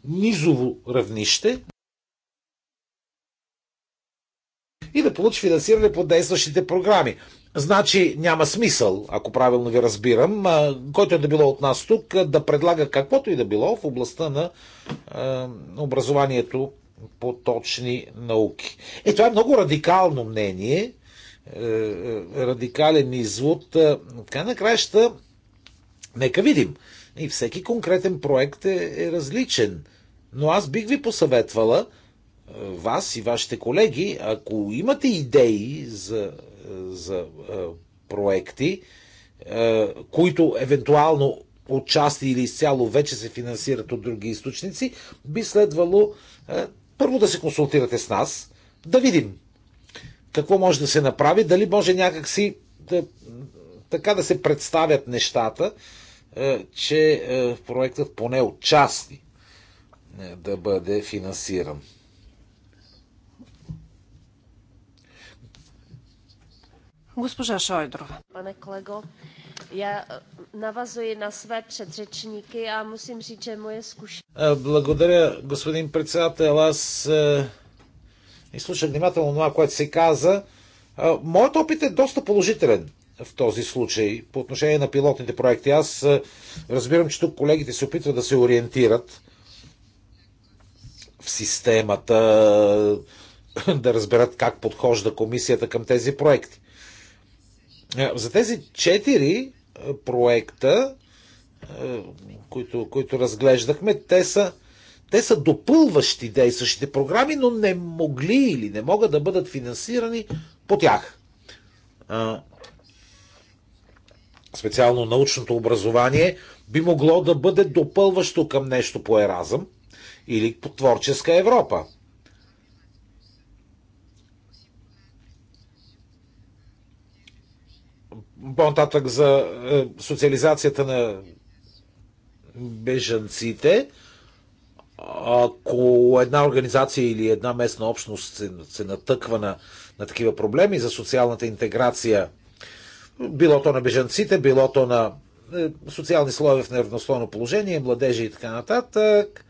низово равнище и да получи финансиране по действащите програми. Значи няма смисъл, ако правилно ви разбирам, който е да било от нас тук, да предлага каквото и да било в областта на е, образованието по точни науки. Е, това е много радикално мнение, е, е радикален извод. Така на краища, нека видим. И всеки конкретен проект е, е различен. Но аз бих ви посъветвала, е, вас и вашите колеги, ако имате идеи за, за е, проекти, е, които евентуално отчасти или изцяло вече се финансират от други източници, би следвало първо да се консултирате с нас, да видим какво може да се направи, дали може някакси да, така да се представят нещата, че проектът поне отчасти да бъде финансиран. Госпожа Шойдрова. Пане колего, я навазвам на све предречники а мусим си, че е скушен. Благодаря, господин председател. Аз изслушах е, внимателно това, което се каза. Е, моят опит е доста положителен в този случай по отношение на пилотните проекти. Аз е, разбирам, че тук колегите се опитват да се ориентират в системата, да разберат как подхожда комисията към тези проекти. Е, за тези четири е, проекта, е, които, които разглеждахме, те са, те са допълващи действащите програми, но не могли или не могат да бъдат финансирани по тях. Специално научното образование би могло да бъде допълващо към нещо по еразъм, или по творческа Европа. По-нататък за е, социализацията на бежанците, ако една организация или една местна общност се, се натъква на, на такива проблеми за социалната интеграция, било то на бежанците, било то на е, социални слоеве в неравностойно положение, младежи и така нататък,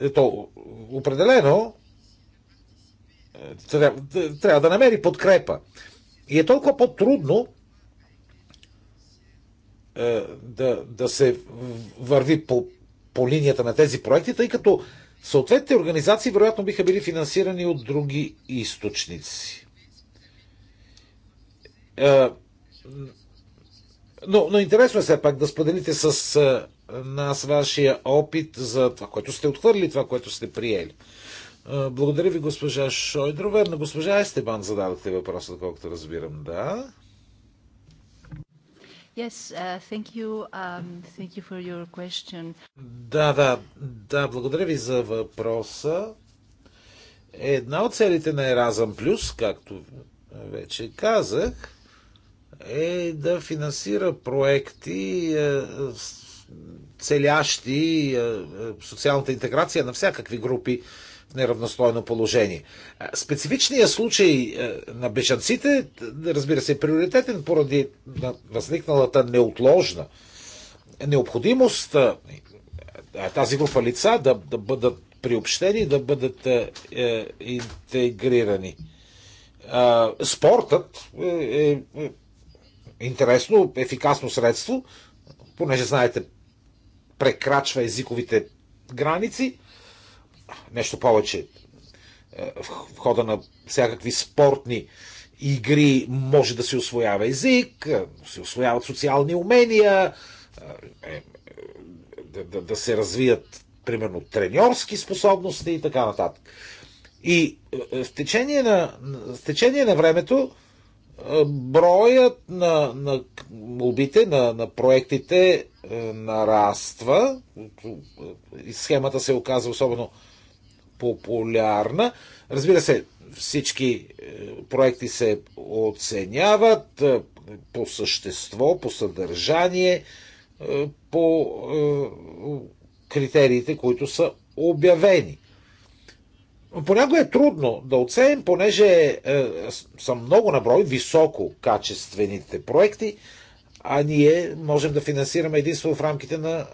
е, то определено е, трябва, трябва да намери подкрепа. И е толкова по-трудно е, да, да се върви по, по линията на тези проекти, тъй като съответните организации вероятно биха били финансирани от други източници. но, но интересно е все пак да споделите с на вашия опит за това, което сте отхвърли, това, което сте приели. Благодаря ви, госпожа Шойдрова. На госпожа Естебан зададохте въпроса, доколкото разбирам. Да. Yes, uh, thank you. Um, thank you for your question. Да, да, да, благодаря ви за въпроса. Една от целите на Еразъм Плюс, както вече казах, е да финансира проекти е, целящи е, е, социалната интеграция на всякакви групи в неравностойно положение. Е, специфичният случай на бежанците, разбира се, е приоритетен поради възникналата неотложна необходимост тази група лица да, да бъдат приобщени, да бъдат е, интегрирани. Е, спортът е, е интересно, ефикасно средство, понеже знаете прекрачва езиковите граници. Нещо повече, е, в хода на всякакви спортни игри може да се освоява език, е, се освояват социални умения, е, да, да, да се развият, примерно, треньорски способности и така нататък. И в течение на, в течение на времето броят на, на молбите, на, на проектите е, нараства. Схемата се оказа особено популярна. Разбира се, всички е, проекти се оценяват е, по същество, по съдържание, по критериите, които са обявени. Понякога е трудно да оценим, понеже са много наброй високо качествените проекти, а ние можем да финансираме единство в рамките на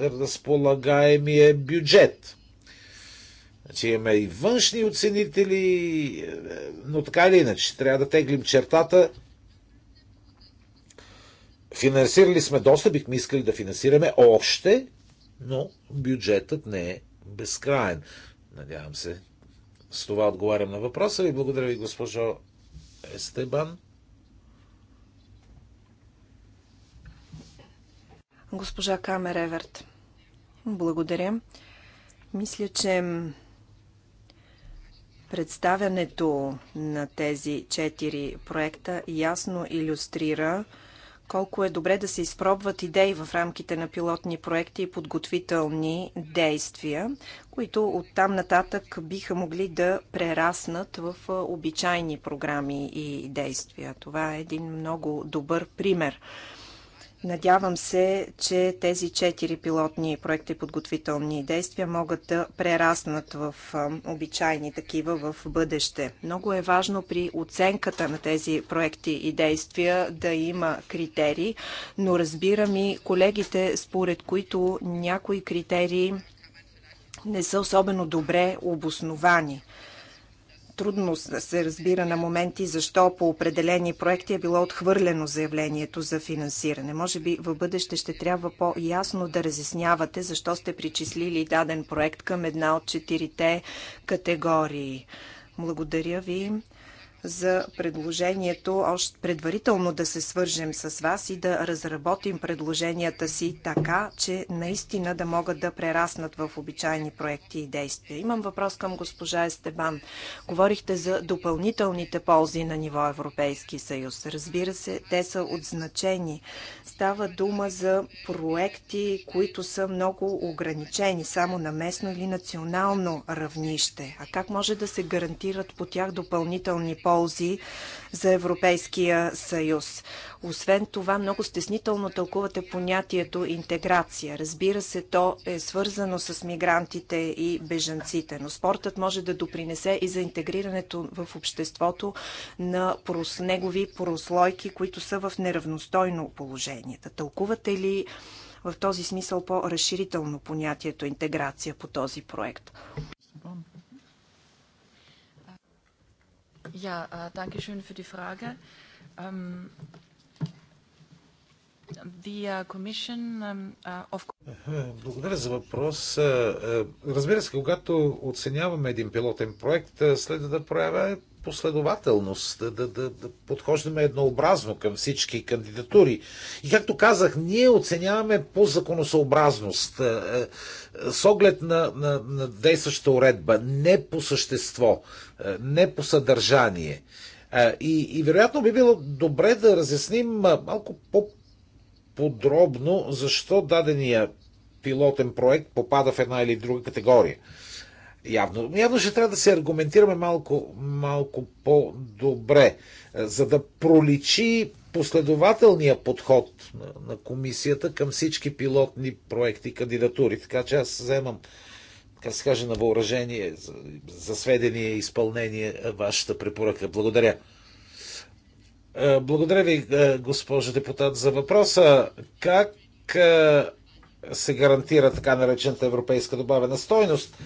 е, разполагаемия бюджет. Значи имаме и външни оценители, е, но така или иначе трябва да теглим чертата. Финансирали сме доста, бихме искали да финансираме още, но бюджетът не е безкраен. Надявам се. С това отговарям на въпроса ви. Благодаря ви, госпожо Естебан. Госпожа Камер Еверт. Благодаря. Мисля, че представянето на тези четири проекта ясно иллюстрира колко е добре да се изпробват идеи в рамките на пилотни проекти и подготвителни действия, които оттам нататък биха могли да прераснат в обичайни програми и действия. Това е един много добър пример Надявам се, че тези четири пилотни проекти и подготвителни действия могат да прераснат в обичайни такива в бъдеще. Много е важно при оценката на тези проекти и действия да има критерии, но разбирам и колегите, според които някои критерии не са особено добре обосновани трудно се разбира на моменти защо по определени проекти е било отхвърлено заявлението за финансиране. Може би в бъдеще ще трябва по-ясно да разяснявате защо сте причислили даден проект към една от четирите категории. Благодаря ви за предложението още предварително да се свържем с вас и да разработим предложенията си така, че наистина да могат да прераснат в обичайни проекти и действия. Имам въпрос към госпожа Естебан. Говорихте за допълнителните ползи на ниво Европейски съюз. Разбира се, те са от значение. Става дума за проекти, които са много ограничени само на местно или национално равнище. А как може да се гарантират по тях допълнителни ползи? ползи за Европейския съюз. Освен това, много стеснително тълкувате понятието интеграция. Разбира се, то е свързано с мигрантите и бежанците, но спортът може да допринесе и за интегрирането в обществото на прос... негови прослойки, които са в неравностойно положение. Да тълкувате ли в този смисъл по-разширително понятието интеграция по този проект? Ja, äh, danke schön für die Frage. Ähm, ähm äh, Благодаря за въпрос. Е, разбира се, когато оценяваме един пилотен проект, е, следва да проявя последователност, да, да, да, да подхождаме еднообразно към всички кандидатури. И както казах, ние оценяваме по законосъобразност, е, е, с оглед на, на, на действаща уредба, не по същество, е, не по съдържание. И, и вероятно би било добре да разясним малко по-подробно защо дадения пилотен проект попада в една или друга категория. Явно, явно ще трябва да се аргументираме малко, малко по-добре, е, за да проличи последователния подход на, на комисията към всички пилотни проекти и кандидатури. Така че аз вземам, така се каже, на въоръжение, за, за сведение и изпълнение е, вашата препоръка. Благодаря. Е, благодаря ви, госпожо депутат, за въпроса. Как се гарантира така наречената европейска добавена стойност?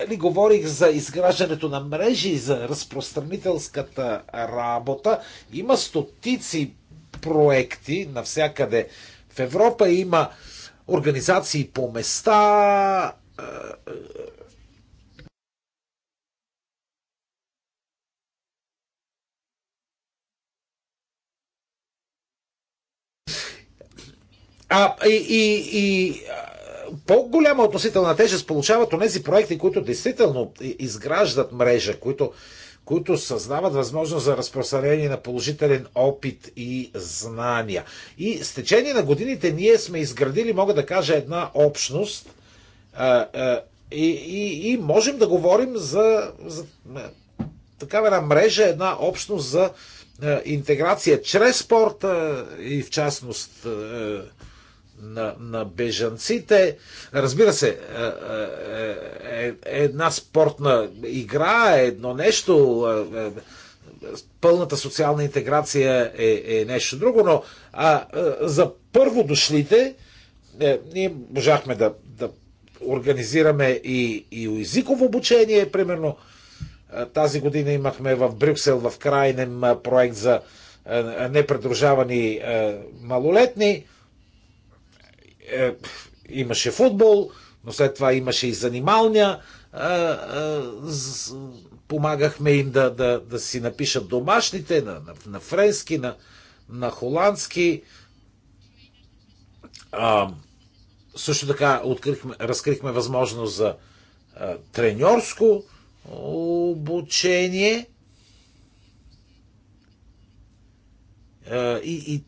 Ли нали, говорих за изграждането на мрежи, за разпространителската работа. Има стотици проекти навсякъде. В Европа има организации по места, А, и, и, и по-голяма относителна тежест получават онези проекти, които действително изграждат мрежа, които, които създават възможност за разпространение на положителен опит и знания. И с течение на годините ние сме изградили, мога да кажа, една общност а, а, и, и, и можем да говорим за, за е, такава една мрежа, една общност за а, е, интеграция чрез спорта и в частност. А, е, на, на бежанците. Разбира се, е е, е, е, една спортна игра е едно нещо, е, е, пълната социална интеграция е, е нещо друго, но а, за първо дошлите е, ние можахме да, да организираме и, и езиково обучение, примерно. Тази година имахме в Брюксел в крайнем проект за непредружавани малолетни е, имаше футбол, но след това имаше и занималния. Е, е, с, помагахме им да, да, да си напишат домашните на, на, на френски, на, на холандски. А, също така открихме, разкрихме възможност за а, треньорско обучение. А, и, и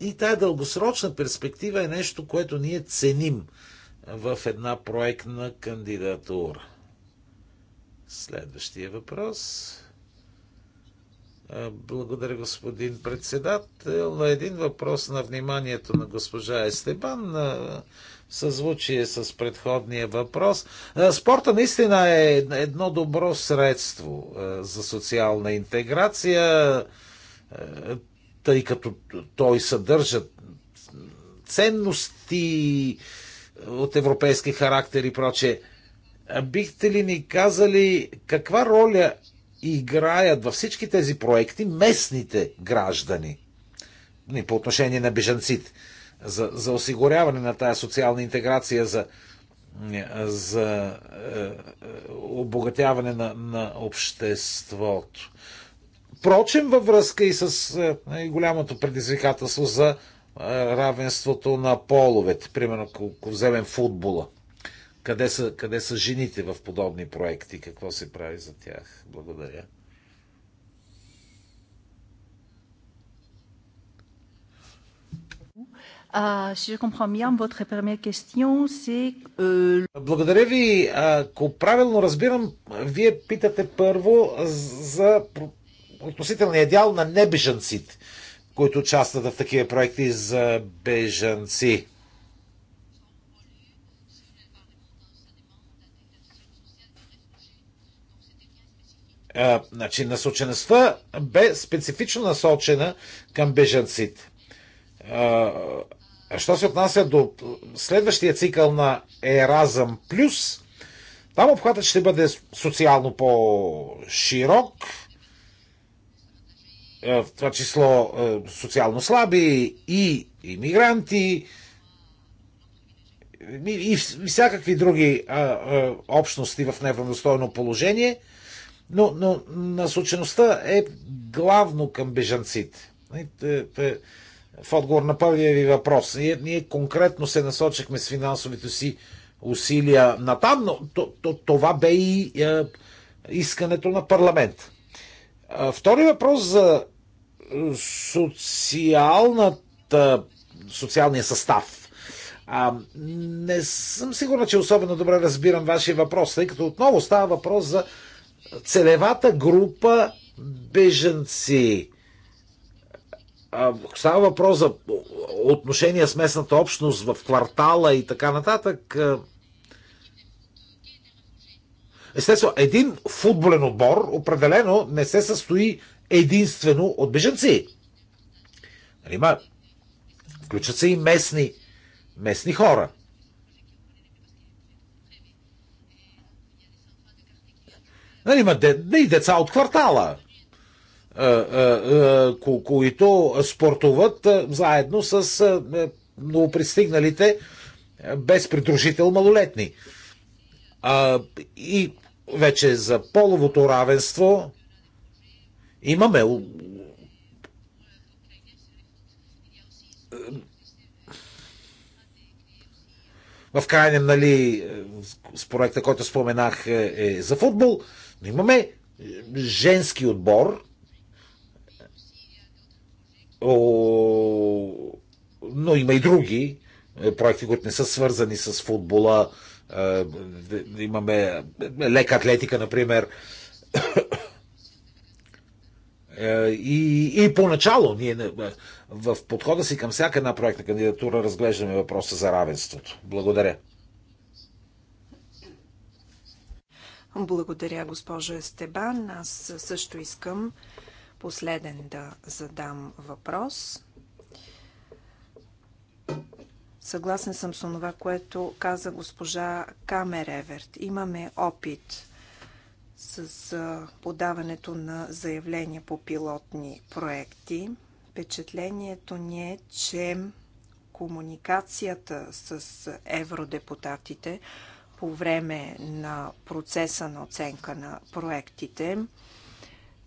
и тая дългосрочна перспектива е нещо, което ние ценим в една проектна кандидатура. Следващия въпрос. Благодаря, господин председател. Един въпрос на вниманието на госпожа Естебан съзвучие с предходния въпрос. Спорта наистина е едно добро средство за социална интеграция тъй като той съдържа ценности от европейски характер и прочее. Бихте ли ни казали каква роля играят във всички тези проекти местните граждани по отношение на бежанците за, за осигуряване на тая социална интеграция, за, за е, е обогатяване на, на обществото? Впрочем, във връзка и с е, голямото предизвикателство за е, равенството на половете, примерно ако вземем футбола, къде са, къде са жените в подобни проекти, какво се прави за тях? Благодаря. Euh, Благодаря ви. Ако правилно разбирам, вие питате първо за относителния дял на небежанците, които участват в такива проекти за бежанци. значи, насочеността бе специфично насочена към бежанците. Що се отнася до следващия цикъл на Еразъм Плюс, там обхватът ще бъде социално по-широк, е, в това число е, социално слаби и иммигранти и всякакви други общности в неравностойно положение, но, но насочеността е главно към бежанците. Е, в отговор на първия ви въпрос, ние, ние конкретно се насочихме с финансовите си усилия на там, но то, то, това бе и е, искането на парламент. Втори въпрос за социалната, социалния състав. А, не съм сигурна, че особено добре разбирам вашия въпрос, тъй като отново става въпрос за целевата група беженци. Става въпрос за отношения с местната общност в квартала и така нататък. Естествено, един футболен отбор определено не се състои единствено от бежанци. Рима, нали, включат се и местни, местни хора. Нали, има де, и деца от квартала, които спортуват заедно с новопристигналите без придружител малолетни. И вече за половото равенство Имаме в крайнем, нали, с проекта, който споменах е, е за футбол, но имаме е, женски отбор. О, но има и други е, проекти, които не са свързани с футбола. Имаме лека атлетика, например. Е, и, и поначало ние е, в подхода си към всяка една проектна кандидатура разглеждаме въпроса за равенството. Благодаря. Благодаря, госпожо Естебан. Аз също искам последен да задам въпрос. Съгласен съм с това, което каза госпожа Камереверт. Имаме опит с подаването на заявления по пилотни проекти. Впечатлението ни е, че комуникацията с евродепутатите по време на процеса на оценка на проектите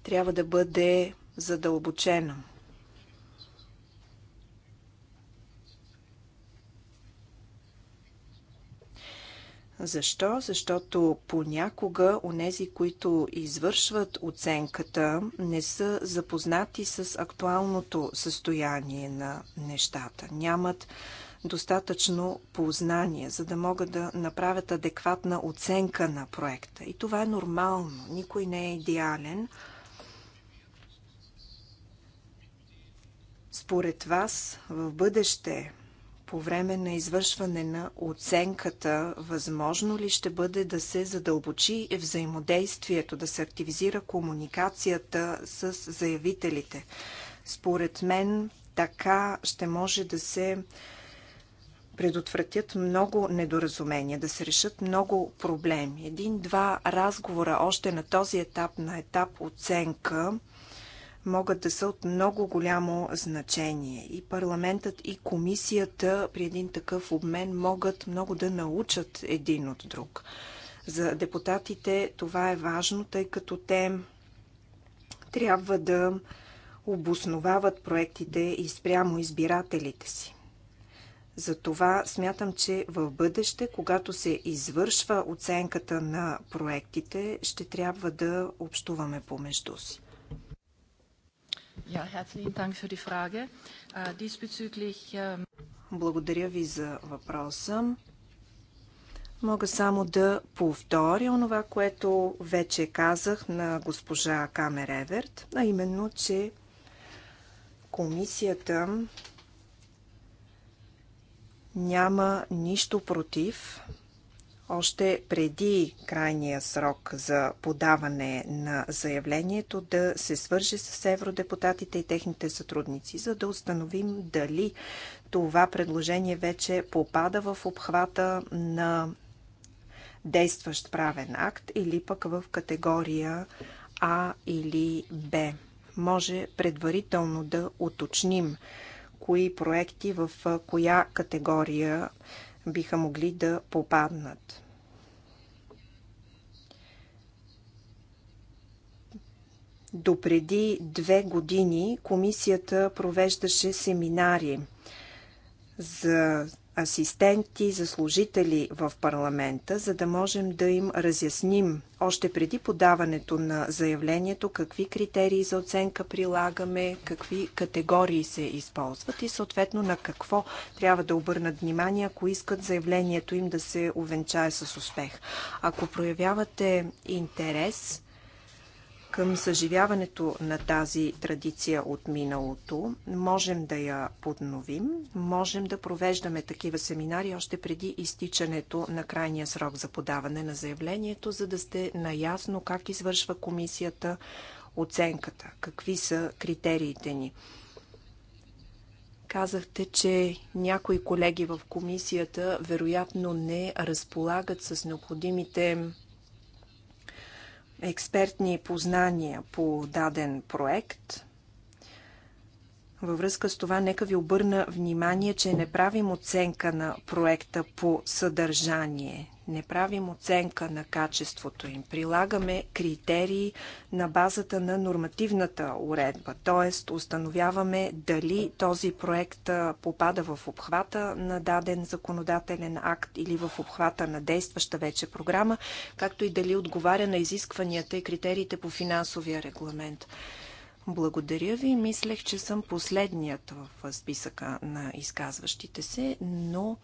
трябва да бъде задълбочена. Защо? Защото понякога онези, които извършват оценката, не са запознати с актуалното състояние на нещата. Нямат достатъчно познание, за да могат да направят адекватна оценка на проекта. И това е нормално. Никой не е идеален. Според вас в бъдеще по време на извършване на оценката, възможно ли ще бъде да се задълбочи взаимодействието, да се активизира комуникацията с заявителите? Според мен така ще може да се предотвратят много недоразумения, да се решат много проблеми. Един-два разговора още на този етап, на етап оценка, могат да са от много голямо значение. И парламентът, и комисията при един такъв обмен могат много да научат един от друг. За депутатите това е важно, тъй като те трябва да обосновават проектите и спрямо избирателите си. Затова смятам, че в бъдеще, когато се извършва оценката на проектите, ще трябва да общуваме помежду си. Ja, herzlichen Dank für die Frage. Äh, diesbezüglich... Ähm, Благодаря ви за въпроса. Мога само да повторя онова, което вече казах на госпожа Камер Еверт, а именно, че комисията няма нищо против още преди крайния срок за подаване на заявлението да се свърже с евродепутатите и техните сътрудници, за да установим дали това предложение вече попада в обхвата на действащ правен акт или пък в категория А или Б. Може предварително да уточним кои проекти в коя категория биха могли да попаднат. Допреди две години комисията провеждаше семинари за асистенти, за служители в парламента, за да можем да им разясним още преди подаването на заявлението какви критерии за оценка прилагаме, какви категории се използват и съответно на какво трябва да обърнат внимание, ако искат заявлението им да се увенчае с успех. Ако проявявате интерес, към съживяването на тази традиция от миналото. Можем да я подновим, можем да провеждаме такива семинари още преди изтичането на крайния срок за подаване на заявлението, за да сте наясно как извършва комисията оценката, какви са критериите ни. Казахте, че някои колеги в комисията вероятно не разполагат с необходимите експертни познания по даден проект, във връзка с това, нека ви обърна внимание, че не правим оценка на проекта по съдържание. Не правим оценка на качеството им. Прилагаме критерии на базата на нормативната уредба, т.е. установяваме дали този проект попада в обхвата на даден законодателен акт или в обхвата на действаща вече програма, както и дали отговаря на изискванията и критериите по финансовия регламент. Благодаря ви. Мислех, че съм последният в списъка на изказващите се, но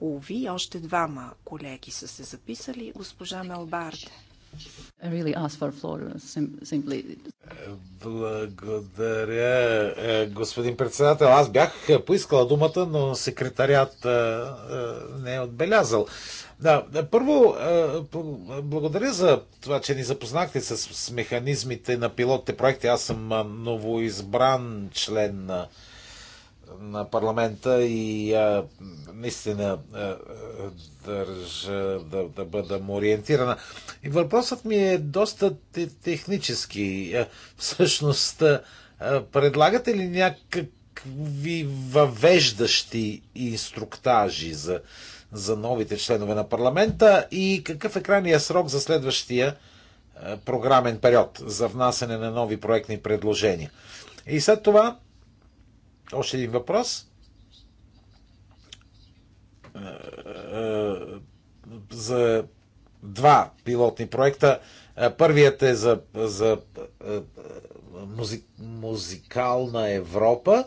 Уви, още двама колеги са се записали. Госпожа Мелбарде. Really uh, Благодаря, е, господин председател. Аз бях поискала думата, но секретарят е, е, не е отбелязал. Да, първо, благодаря за това, че ни запознахте с, с механизмите на пилотните проекти. Аз съм новоизбран член на, на парламента и а, наистина а, държа да, да бъда му ориентирана. И въпросът ми е доста технически. Всъщност, а, предлагате ли някакви въвеждащи инструктажи за за новите членове на парламента и какъв е крайния срок за следващия е, програмен период за внасене на нови проектни предложения. И след това, още един въпрос. Е, е, за два пилотни проекта. Първият е за, за музик, музикална Европа,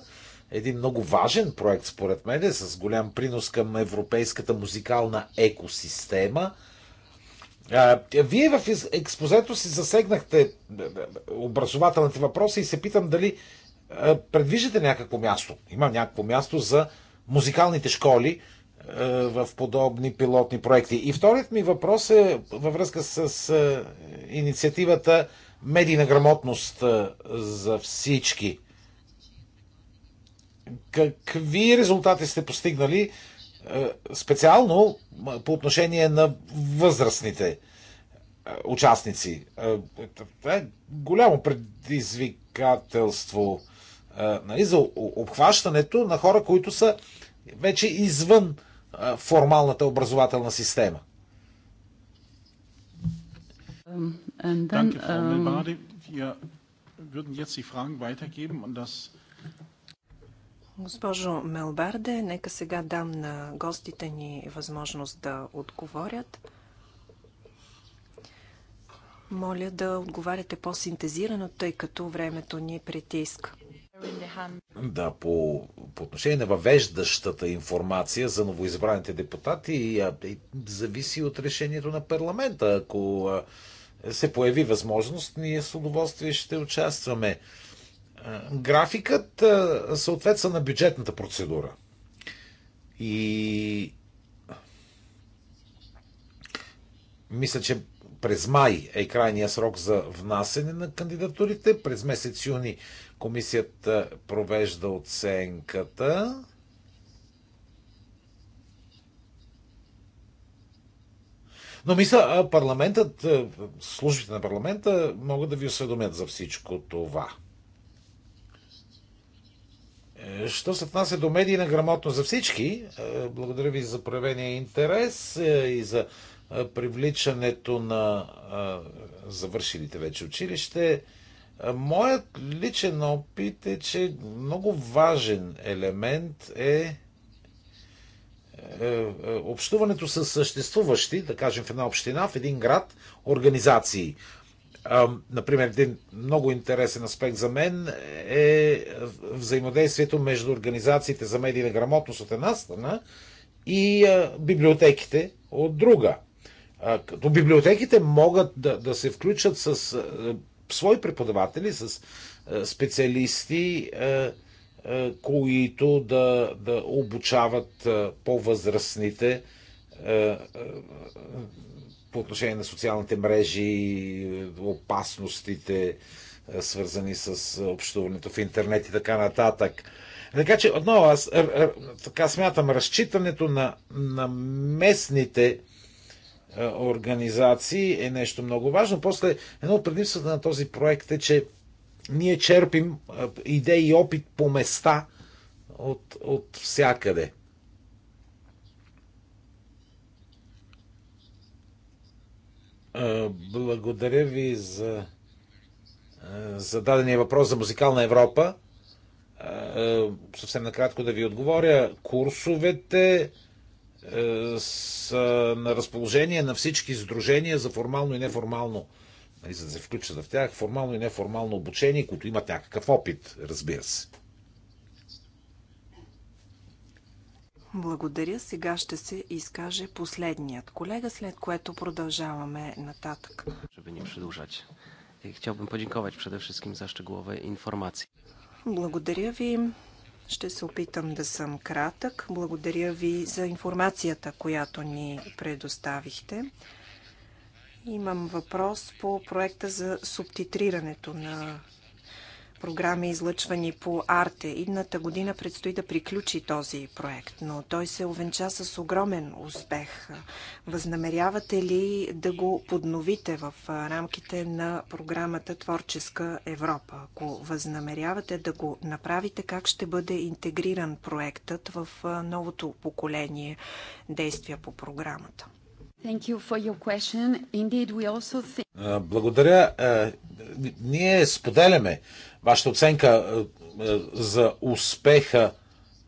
един много важен проект, според мен, е с голям принос към европейската музикална екосистема. Вие в експозето си засегнахте е, е, образователните въпроси и се питам дали предвиждате някакво място. Има някакво място за музикалните школи в подобни пилотни проекти. И вторият ми въпрос е във връзка с инициативата Медийна грамотност за всички какви резултати сте постигнали е, специално по отношение на възрастните е, участници? Е, това е голямо предизвикателство нали, за обхващането на хора, които са вече извън формалната образователна система. Um, and then, um... Danke, Frau um, Wir würden jetzt die Fragen weitergeben das Госпожо Мелбарде, нека сега дам на гостите ни възможност да отговорят. Моля да отговаряте по-синтезирано, тъй като времето ни притиска. Да, по, по отношение на въвеждащата информация за новоизбраните депутати и, и, зависи от решението на парламента. Ако се появи възможност, ние с удоволствие ще участваме графикът съответства на бюджетната процедура. И мисля, че през май е крайния срок за внасене на кандидатурите. През месец юни комисията провежда оценката. Но мисля, парламентът, службите на парламента могат да ви осведомят за всичко това. Е, що се отнася до медийна грамотност за всички, е, благодаря ви за проявения интерес е, и за привличането на завършилите вече училище. Моят личен опит е, че много важен елемент е общуването с съществуващи, да кажем в една община, в един град, организации. Например, един много интересен аспект за мен е взаимодействието между организациите за медийна грамотност от една страна и библиотеките от друга. Като библиотеките могат да, да се включат с свои преподаватели, с специалисти, които да, да обучават по-възрастните по отношение на социалните мрежи, опасностите, е, свързани с е, общуването в интернет и така нататък. Така че, отново, аз така смятам, разчитането на, на местните е, организации е нещо много важно. После, едно от предимствата на този проект е, че ние черпим идеи и опит по места от, от всякъде. Благодаря ви за зададения въпрос за музикална Европа. Съвсем накратко да ви отговоря. Курсовете са на разположение на всички сдружения за формално и неформално, нали, за да се включат в тях, формално и неформално обучение, които имат някакъв опит, разбира се. Благодаря. Сега ще се изкаже последният колега, след което продължаваме нататък. Е, Благодаря ви. Ще се опитам да съм кратък. Благодаря ви за информацията, която ни предоставихте. Имам въпрос по проекта за субтитрирането на програми, излъчвани по Арте. Идната година предстои да приключи този проект, но той се овенча с огромен успех. Възнамерявате ли да го подновите в рамките на програмата Творческа Европа? Ако възнамерявате да го направите, как ще бъде интегриран проектът в новото поколение действия по програмата? You Indeed, think... Благодаря. Ние споделяме вашата оценка за успеха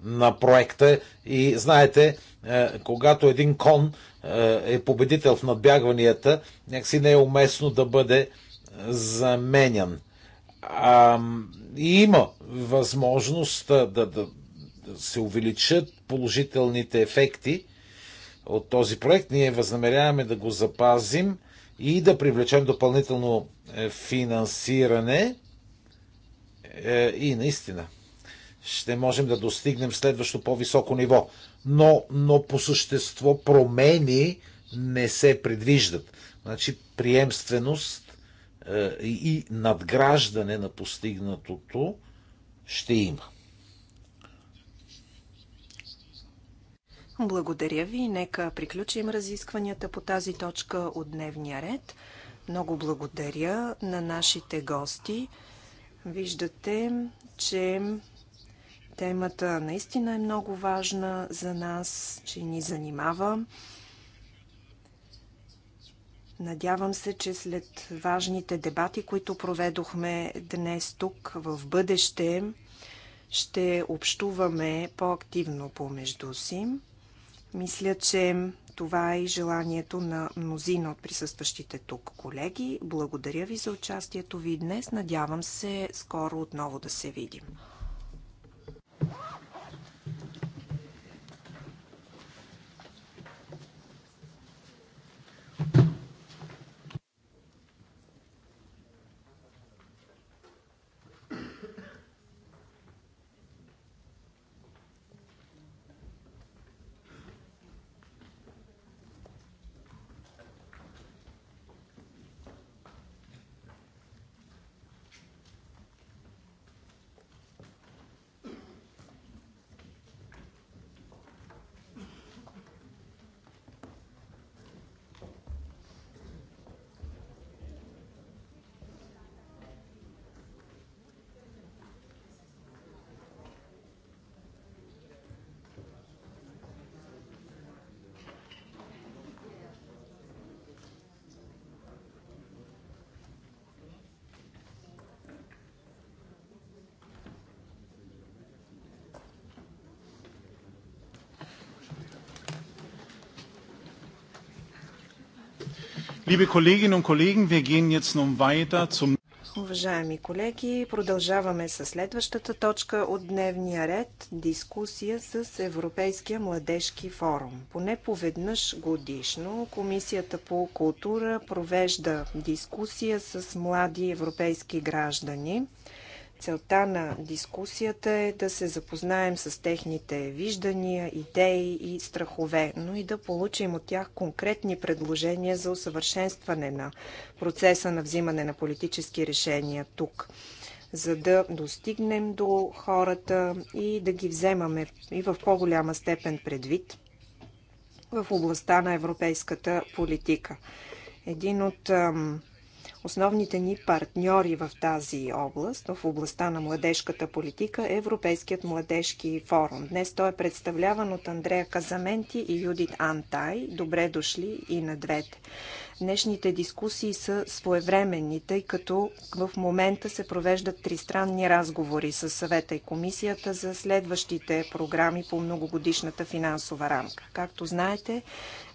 на проекта и знаете, когато един кон е победител в надбягванията, някакси не е уместно да бъде заменян. И има възможност да, да, да се увеличат положителните ефекти от този проект. Ние възнамеряваме да го запазим и да привлечем допълнително е, финансиране. Е, и наистина ще можем да достигнем следващо по-високо ниво. Но, но по същество промени не се предвиждат. Значи приемственост е, и надграждане на постигнатото ще има. Благодаря ви. Нека приключим разискванията по тази точка от дневния ред. Много благодаря на нашите гости. Виждате, че темата наистина е много важна за нас, че ни занимава. Надявам се, че след важните дебати, които проведохме днес тук, в бъдеще ще общуваме по-активно помежду си. Мисля, че това е и желанието на мнозина от присъстващите тук колеги. Благодаря ви за участието ви днес. Надявам се скоро отново да се видим. Уважаеми колеги, продължаваме с следващата точка от дневния ред – дискусия с Европейския младежки форум. Поне поведнъж годишно Комисията по култура провежда дискусия с млади европейски граждани. Целта на дискусията е да се запознаем с техните виждания, идеи и страхове, но и да получим от тях конкретни предложения за усъвършенстване на процеса на взимане на политически решения тук, за да достигнем до хората и да ги вземаме и в по-голяма степен предвид в областта на европейската политика. Един от Основните ни партньори в тази област, в областта на младежката политика, е Европейският младежки форум. Днес той е представляван от Андрея Казаменти и Юдит Антай. Добре дошли и на двете. Днешните дискусии са своевременни, тъй като в момента се провеждат тристранни разговори с съвета и комисията за следващите програми по многогодишната финансова рамка. Както знаете,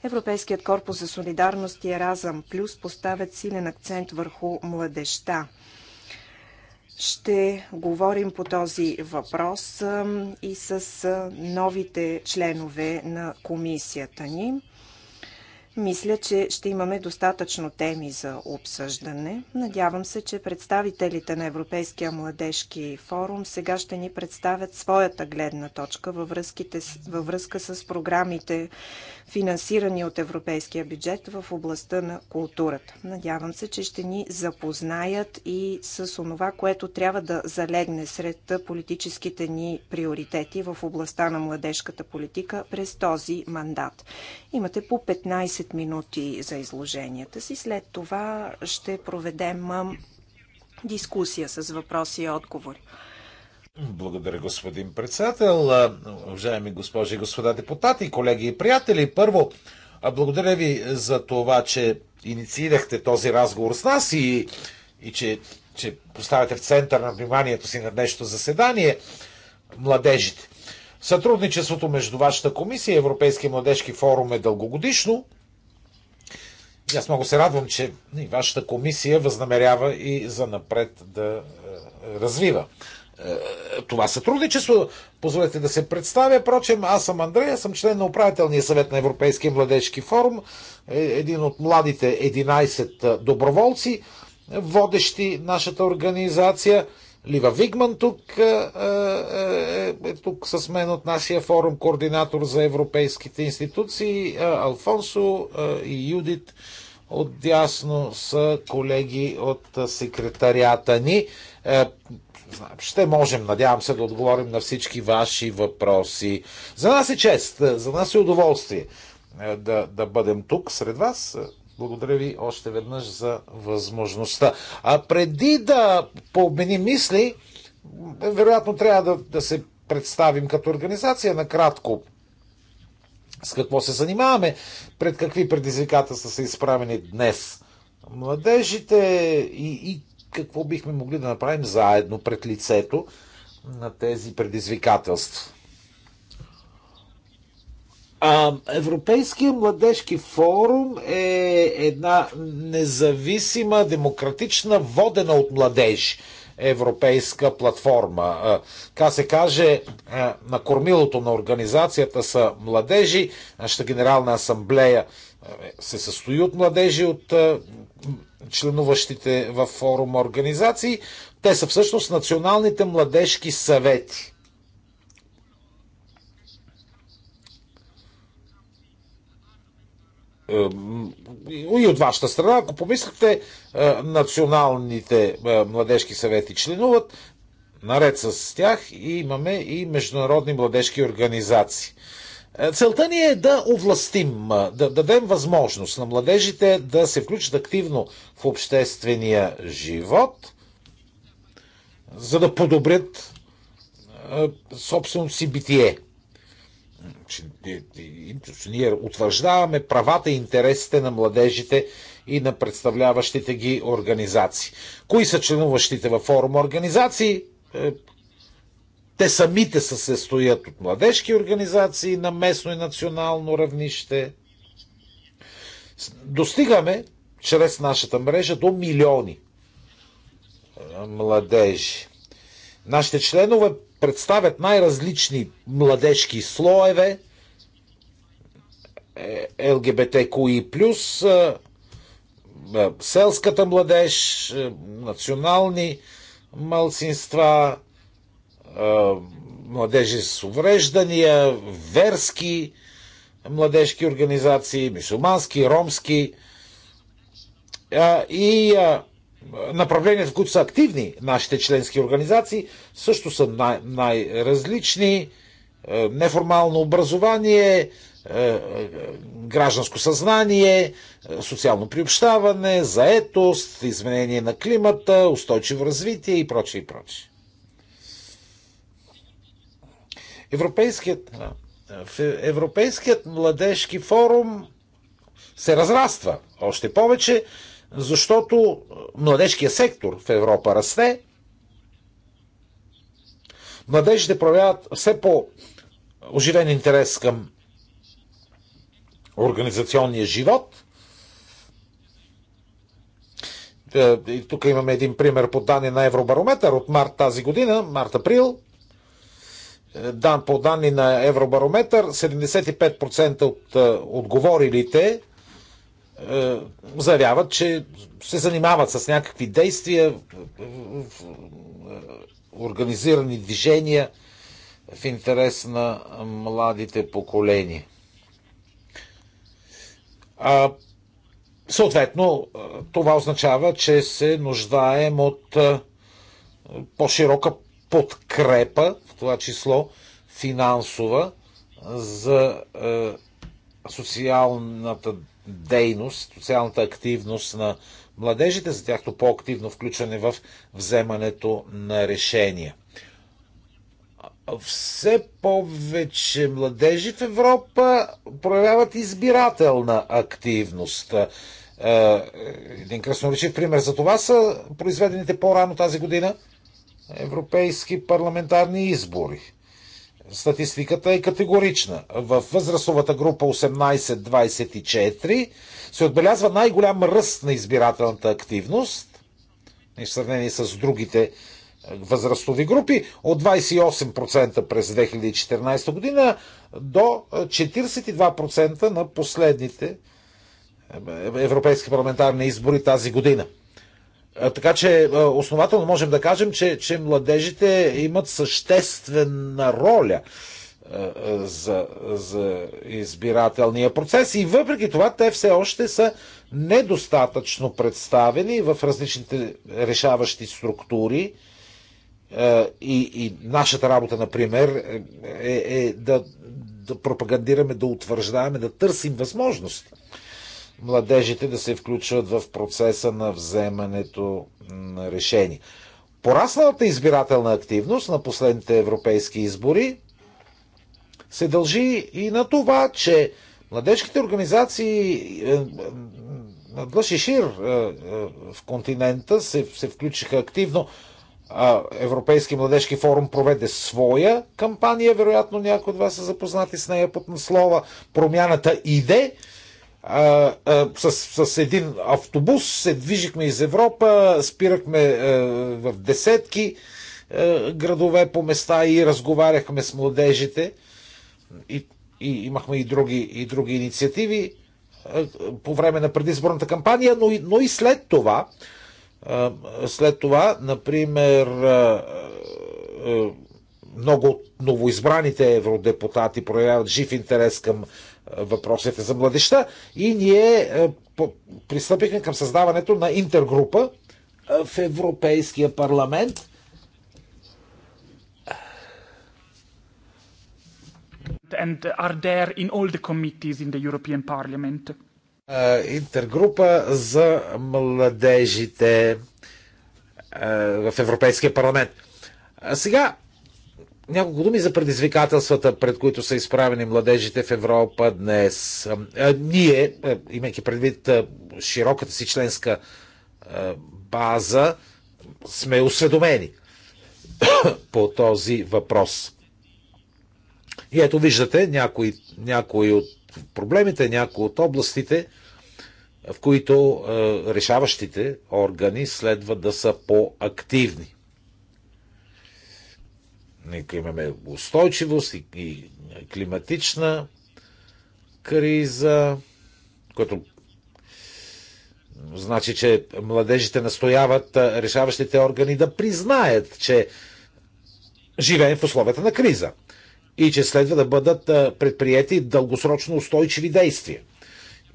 Европейският корпус за солидарност и Еразъм Плюс поставят силен акцент върху младеща. Ще говорим по този въпрос и с новите членове на комисията ни. Мисля, че ще имаме достатъчно теми за обсъждане. Надявам се, че представителите на Европейския младежки форум сега ще ни представят своята гледна точка във, връзките, във връзка с програмите, финансирани от Европейския бюджет в областта на културата. Надявам се, че ще ни запознаят и с онова, което трябва да залегне сред политическите ни приоритети в областта на младежката политика през този мандат. Имате по 15 10 минути за изложенията си. След това ще проведем дискусия с въпроси и отговори. Благодаря, господин председател. Уважаеми госпожи и господа депутати, колеги и приятели, първо, благодаря ви за това, че инициирахте този разговор с нас и, и че, че поставяте в център на вниманието си на днешното заседание младежите. Сътрудничеството между вашата комисия и Европейския младежки форум е дългогодишно аз много се радвам, че и вашата комисия възнамерява и за напред да е, развива е, това сътрудничество. Позволете да се представя. Прочем, аз съм Андрея, съм член на управителния съвет на Европейския младежки форум, е, един от младите 11 доброволци, водещи нашата организация. Лива Вигман тук е, е, тук с мен от нашия форум, координатор за европейските институции, Алфонсо и Юдит Отдясно са колеги от секретарията ни. Е, ще можем, надявам се, да отговорим на всички ваши въпроси. За нас е чест, за нас е удоволствие е, да, да бъдем тук сред вас. Благодаря ви още веднъж за възможността. А преди да пообменим мисли, вероятно трябва да, да се представим като организация накратко с какво се занимаваме, пред какви предизвикателства са изправени днес младежите и, и какво бихме могли да направим заедно пред лицето на тези предизвикателства. А, Европейския младежки форум е една независима, демократична, водена от младежи европейска платформа. Така се каже, на кормилото на организацията са младежи, нашата генерална асамблея се състои от младежи, от членуващите във форума организации. Те са всъщност националните младежки съвети. Е, и от вашата страна, ако помислите, е, националните е, младежки съвети членуват, наред с тях имаме и международни младежки организации. Целта ни е да овластим, да дадем възможност на младежите да се включат активно в обществения живот, за да подобрят собственото си битие че ние утвърждаваме правата и интересите на младежите и на представляващите ги организации. Кои са членуващите във форум организации? Е, те самите се състоят от младежки организации на местно и национално равнище. Достигаме чрез нашата мрежа до милиони е, младежи. Нашите членове представят най-различни младежки слоеве, е, ЛГБТКИ+, е, е, селската младеж, национални малцинства, младежи с увреждания, верски младежки организации, мисулмански, ромски. И направления, в които са активни нашите членски организации, също са най- най-различни. Е, неформално образование, е, е, гражданско съзнание, социално приобщаване, заетост, изменение на климата, устойчиво развитие и прочее и прочее. Европейският, Европейският младежки форум се разраства още повече защото е, младежкият сектор в Европа расте, младежите проявяват все по-оживен интерес към организационния живот. Е, и тук имаме един пример по данни на Евробарометър от март тази година, март-април. Е, дан по данни на Евробарометър, 75% от отговорилите е, заявяват, че се занимават с някакви действия, организирани движения в интерес на младите поколения. А, съответно, това означава, че се нуждаем от е, по-широка подкрепа, в това число финансова, за е, социалната дейност, социалната активност на младежите, за тяхто по-активно включване в вземането на решения. Все повече младежи в Европа проявяват избирателна активност. Е, един красноречив пример за това са произведените по-рано тази година европейски парламентарни избори статистиката е категорична. В възрастовата група 18-24 се отбелязва най-голям ръст на избирателната активност в сравнение с другите е, възрастови групи от 28% през 2014 година до 42% е, на последните е, европейски парламентарни избори тази година. Така че основателно можем да кажем, че, че младежите имат съществена роля за, за избирателния процес и въпреки това те все още са недостатъчно представени в различните решаващи структури и, и нашата работа, например, е, е да, да пропагандираме, да утвърждаваме, да търсим възможности младежите да се включват в процеса на вземането на решения. Порасналата избирателна активност на последните европейски избори се дължи и на това, че младежките организации е, на шир е, е, в континента се, се включиха активно. Европейски младежки форум проведе своя кампания, вероятно някои от вас са запознати с нея под наслова Промяната иде а, а, с, с един автобус се движихме из Европа, спирахме а, в десетки а, градове по места и разговаряхме с младежите. И, и имахме и други, и други инициативи а, по време на предизборната кампания, но, и, но и след това. А, след това, например, а, а, много новоизбраните евродепутати проявяват жив интерес към въпросите за младеща и ние е, пристъпихме към създаването на интергрупа е, в Европейския парламент. And are there in all the committees in the European Parliament? Е, интергрупа за младежите в Европейския парламент. А сега няколко думи за предизвикателствата, пред които са изправени младежите в Европа днес. Ние, имайки предвид широката си членска база, сме осведомени по този въпрос. И ето виждате някои, някои от проблемите, някои от областите, в които решаващите органи следва да са по-активни нека имаме устойчивост и, и климатична криза, което значи, че младежите настояват решаващите органи да признаят, че живеем в условията на криза и че следва да бъдат предприяти дългосрочно устойчиви действия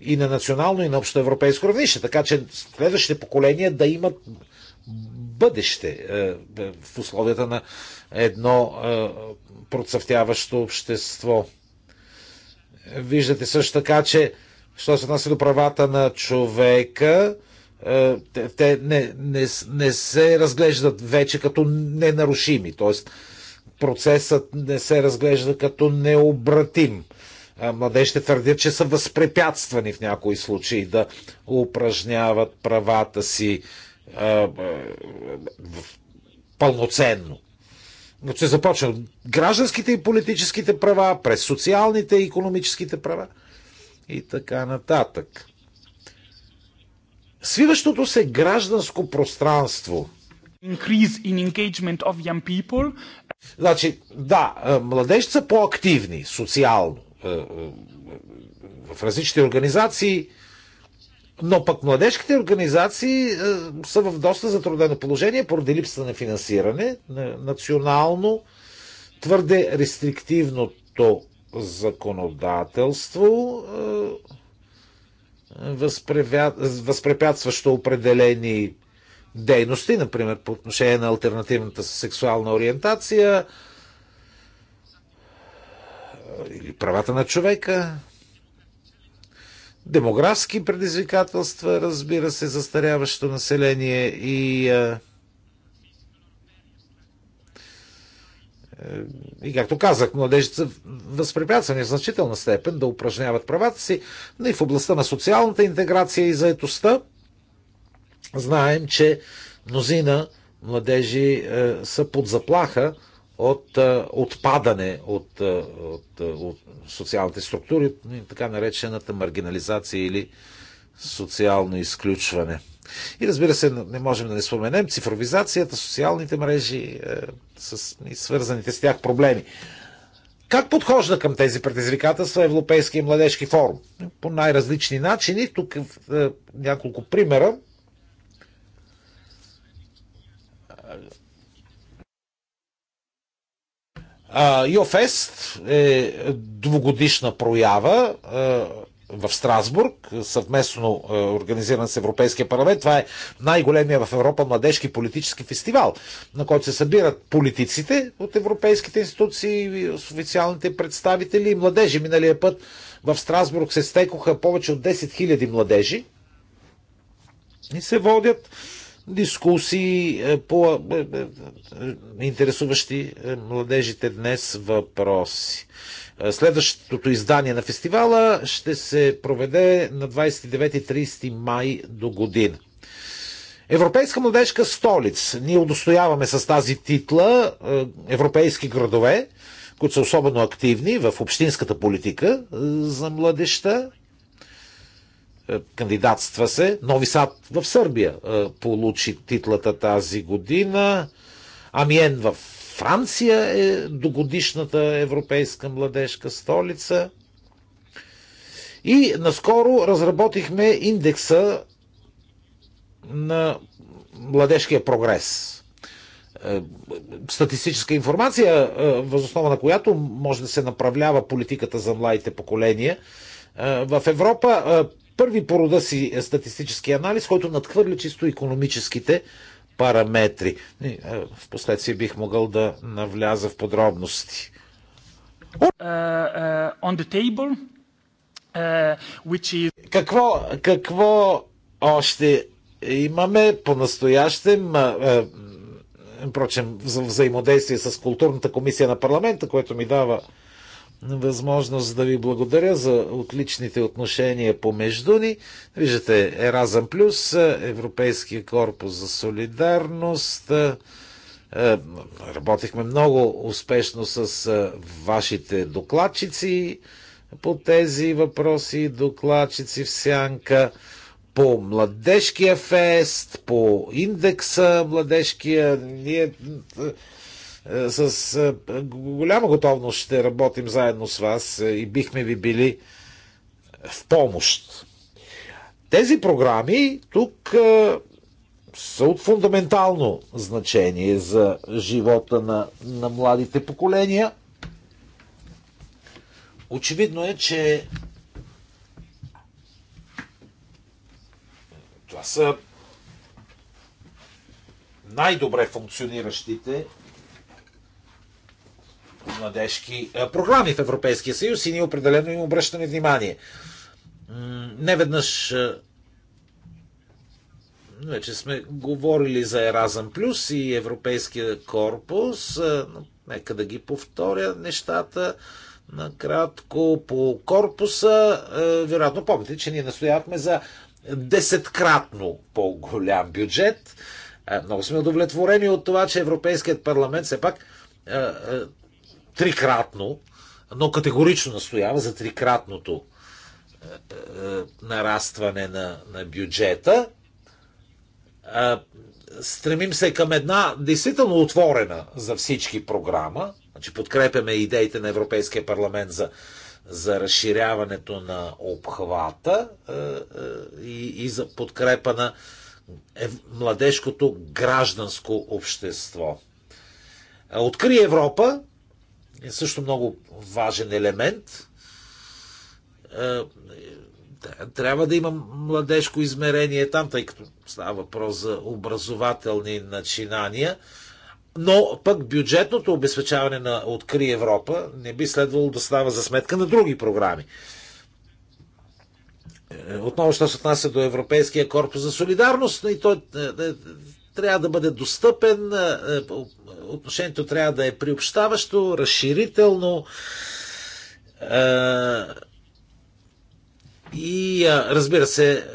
и на национално и на общоевропейско равнище, така че следващите поколения да имат бъдеще е, е, в условията на едно е, процъфтяващо общество. Виждате също така, че що се отнася до правата на човека, те, не, не, не се разглеждат вече като ненарушими, т.е. процесът не се разглежда като необратим. Младежите твърдят, че са възпрепятствани в някои случаи да упражняват правата си пълноценно. Но се започва от гражданските и политическите права, през социалните и економическите права и така нататък. Свиващото се гражданско пространство. Increase in engagement of young people. Значи, да, младежца са по-активни социално в различните организации, но пък младежките организации а, е, са в доста затруднено положение поради липса на финансиране, на национално, твърде рестриктивното законодателство, е, възпрепятстващо определени дейности, например по отношение на альтернативната сексуална ориентация е, или правата на човека, демографски предизвикателства, разбира се, застаряващо население и е, и както казах, младежите са възпрепятствани в значителна степен да упражняват правата си, но и в областта на социалната интеграция и заетостта. Знаем, че мнозина младежи е, са под заплаха от отпадане от, от, от социалните структури, така наречената маргинализация или социално изключване. И разбира се, не можем да не споменем цифровизацията, социалните мрежи а, е, с, и свързаните с тях проблеми. Как подхожда към тези предизвикателства Европейския младежки форум? По най-различни начини. Тук а, е, няколко примера Йофест е двугодишна проява в Страсбург, съвместно организиран с Европейския парламент. Това е най-големия в Европа младежки политически фестивал, на който се събират политиците от европейските институции, официалните представители и младежи. Миналия път в Страсбург се стекоха повече от 10 000 младежи и се водят дискусии е, по е, е, интересуващи младежите днес въпроси. Следващото издание на фестивала ще се проведе на 29-30 май до година. Европейска младежка столица. Ние удостояваме с тази титла европейски градове, които са особено активни в общинската политика за младеща е, кандидатства се. Нови Сад в Сърбия е, получи титлата тази година. Амиен в Франция е догодишната европейска младежка столица. И наскоро разработихме индекса на младежкия прогрес. Е, статистическа информация, възоснова на която може да се направлява политиката за младите поколения в Европа. Първи по рода си статистически анализ, който надхвърля чисто економическите параметри. Е, Впоследствие бих могъл да навляза в подробности. Е, е, какво, какво още имаме по-настоящем? Впрочем, взаимодействие с културната комисия на парламента, което ми дава възможност да ви благодаря за отличните отношения помежду ни. Виждате Еразъм Плюс, Европейския корпус за солидарност. Е, е, работихме много успешно с е, вашите докладчици по тези въпроси, докладчици в сянка, по младежкия фест, по индекса младежкия. Ние е, с е, голяма готовност ще работим заедно с вас е, и бихме ви били в помощ. Тези програми тук са от фундаментално значение за живота на, на младите поколения. Очевидно е, че това са най-добре функциониращите младежки програми в Европейския съюз и ние определено им обръщаме внимание. Не веднъж вече сме говорили за Еразъм Плюс и Европейския корпус. Нека да ги повторя нещата накратко по корпуса. Вероятно помните, че ние настояхме за десеткратно по-голям бюджет. Много сме удовлетворени от това, че Европейският парламент все пак трикратно, но категорично настоява за трикратното е, е, нарастване на, на бюджета. Е, стремим се към една действително отворена за всички програма. Значи подкрепяме идеите на Европейския парламент за, за разширяването на обхвата и, и за подкрепа на младежкото гражданско общество. Откри Европа е също много важен елемент. Е, е, трябва да има младежко измерение там, тъй като става въпрос за образователни начинания. Но пък бюджетното обезпечаване на Откри Европа не би следвало да става за сметка на други програми. Е, отново, що се отнася до Европейския корпус за солидарност, и той трябва да бъде достъпен, отношението трябва да е приобщаващо, разширително и разбира се,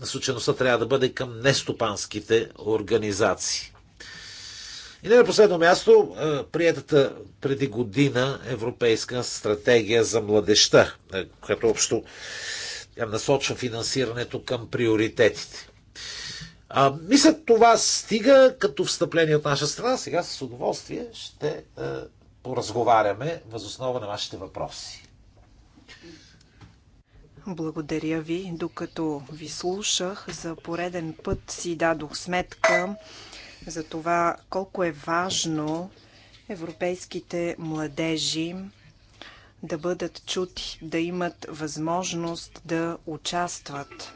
насочеността трябва да бъде към нестопанските организации. И не на последно място, приятата преди година Европейска стратегия за младеща, която общо насочва финансирането към приоритетите. А, мисля, това стига като встъпление от наша страна. Сега с удоволствие ще а, е, поразговаряме възоснова на вашите въпроси. Благодаря ви. Докато ви слушах, за пореден път си дадох сметка за това колко е важно европейските младежи да бъдат чути, да имат възможност да участват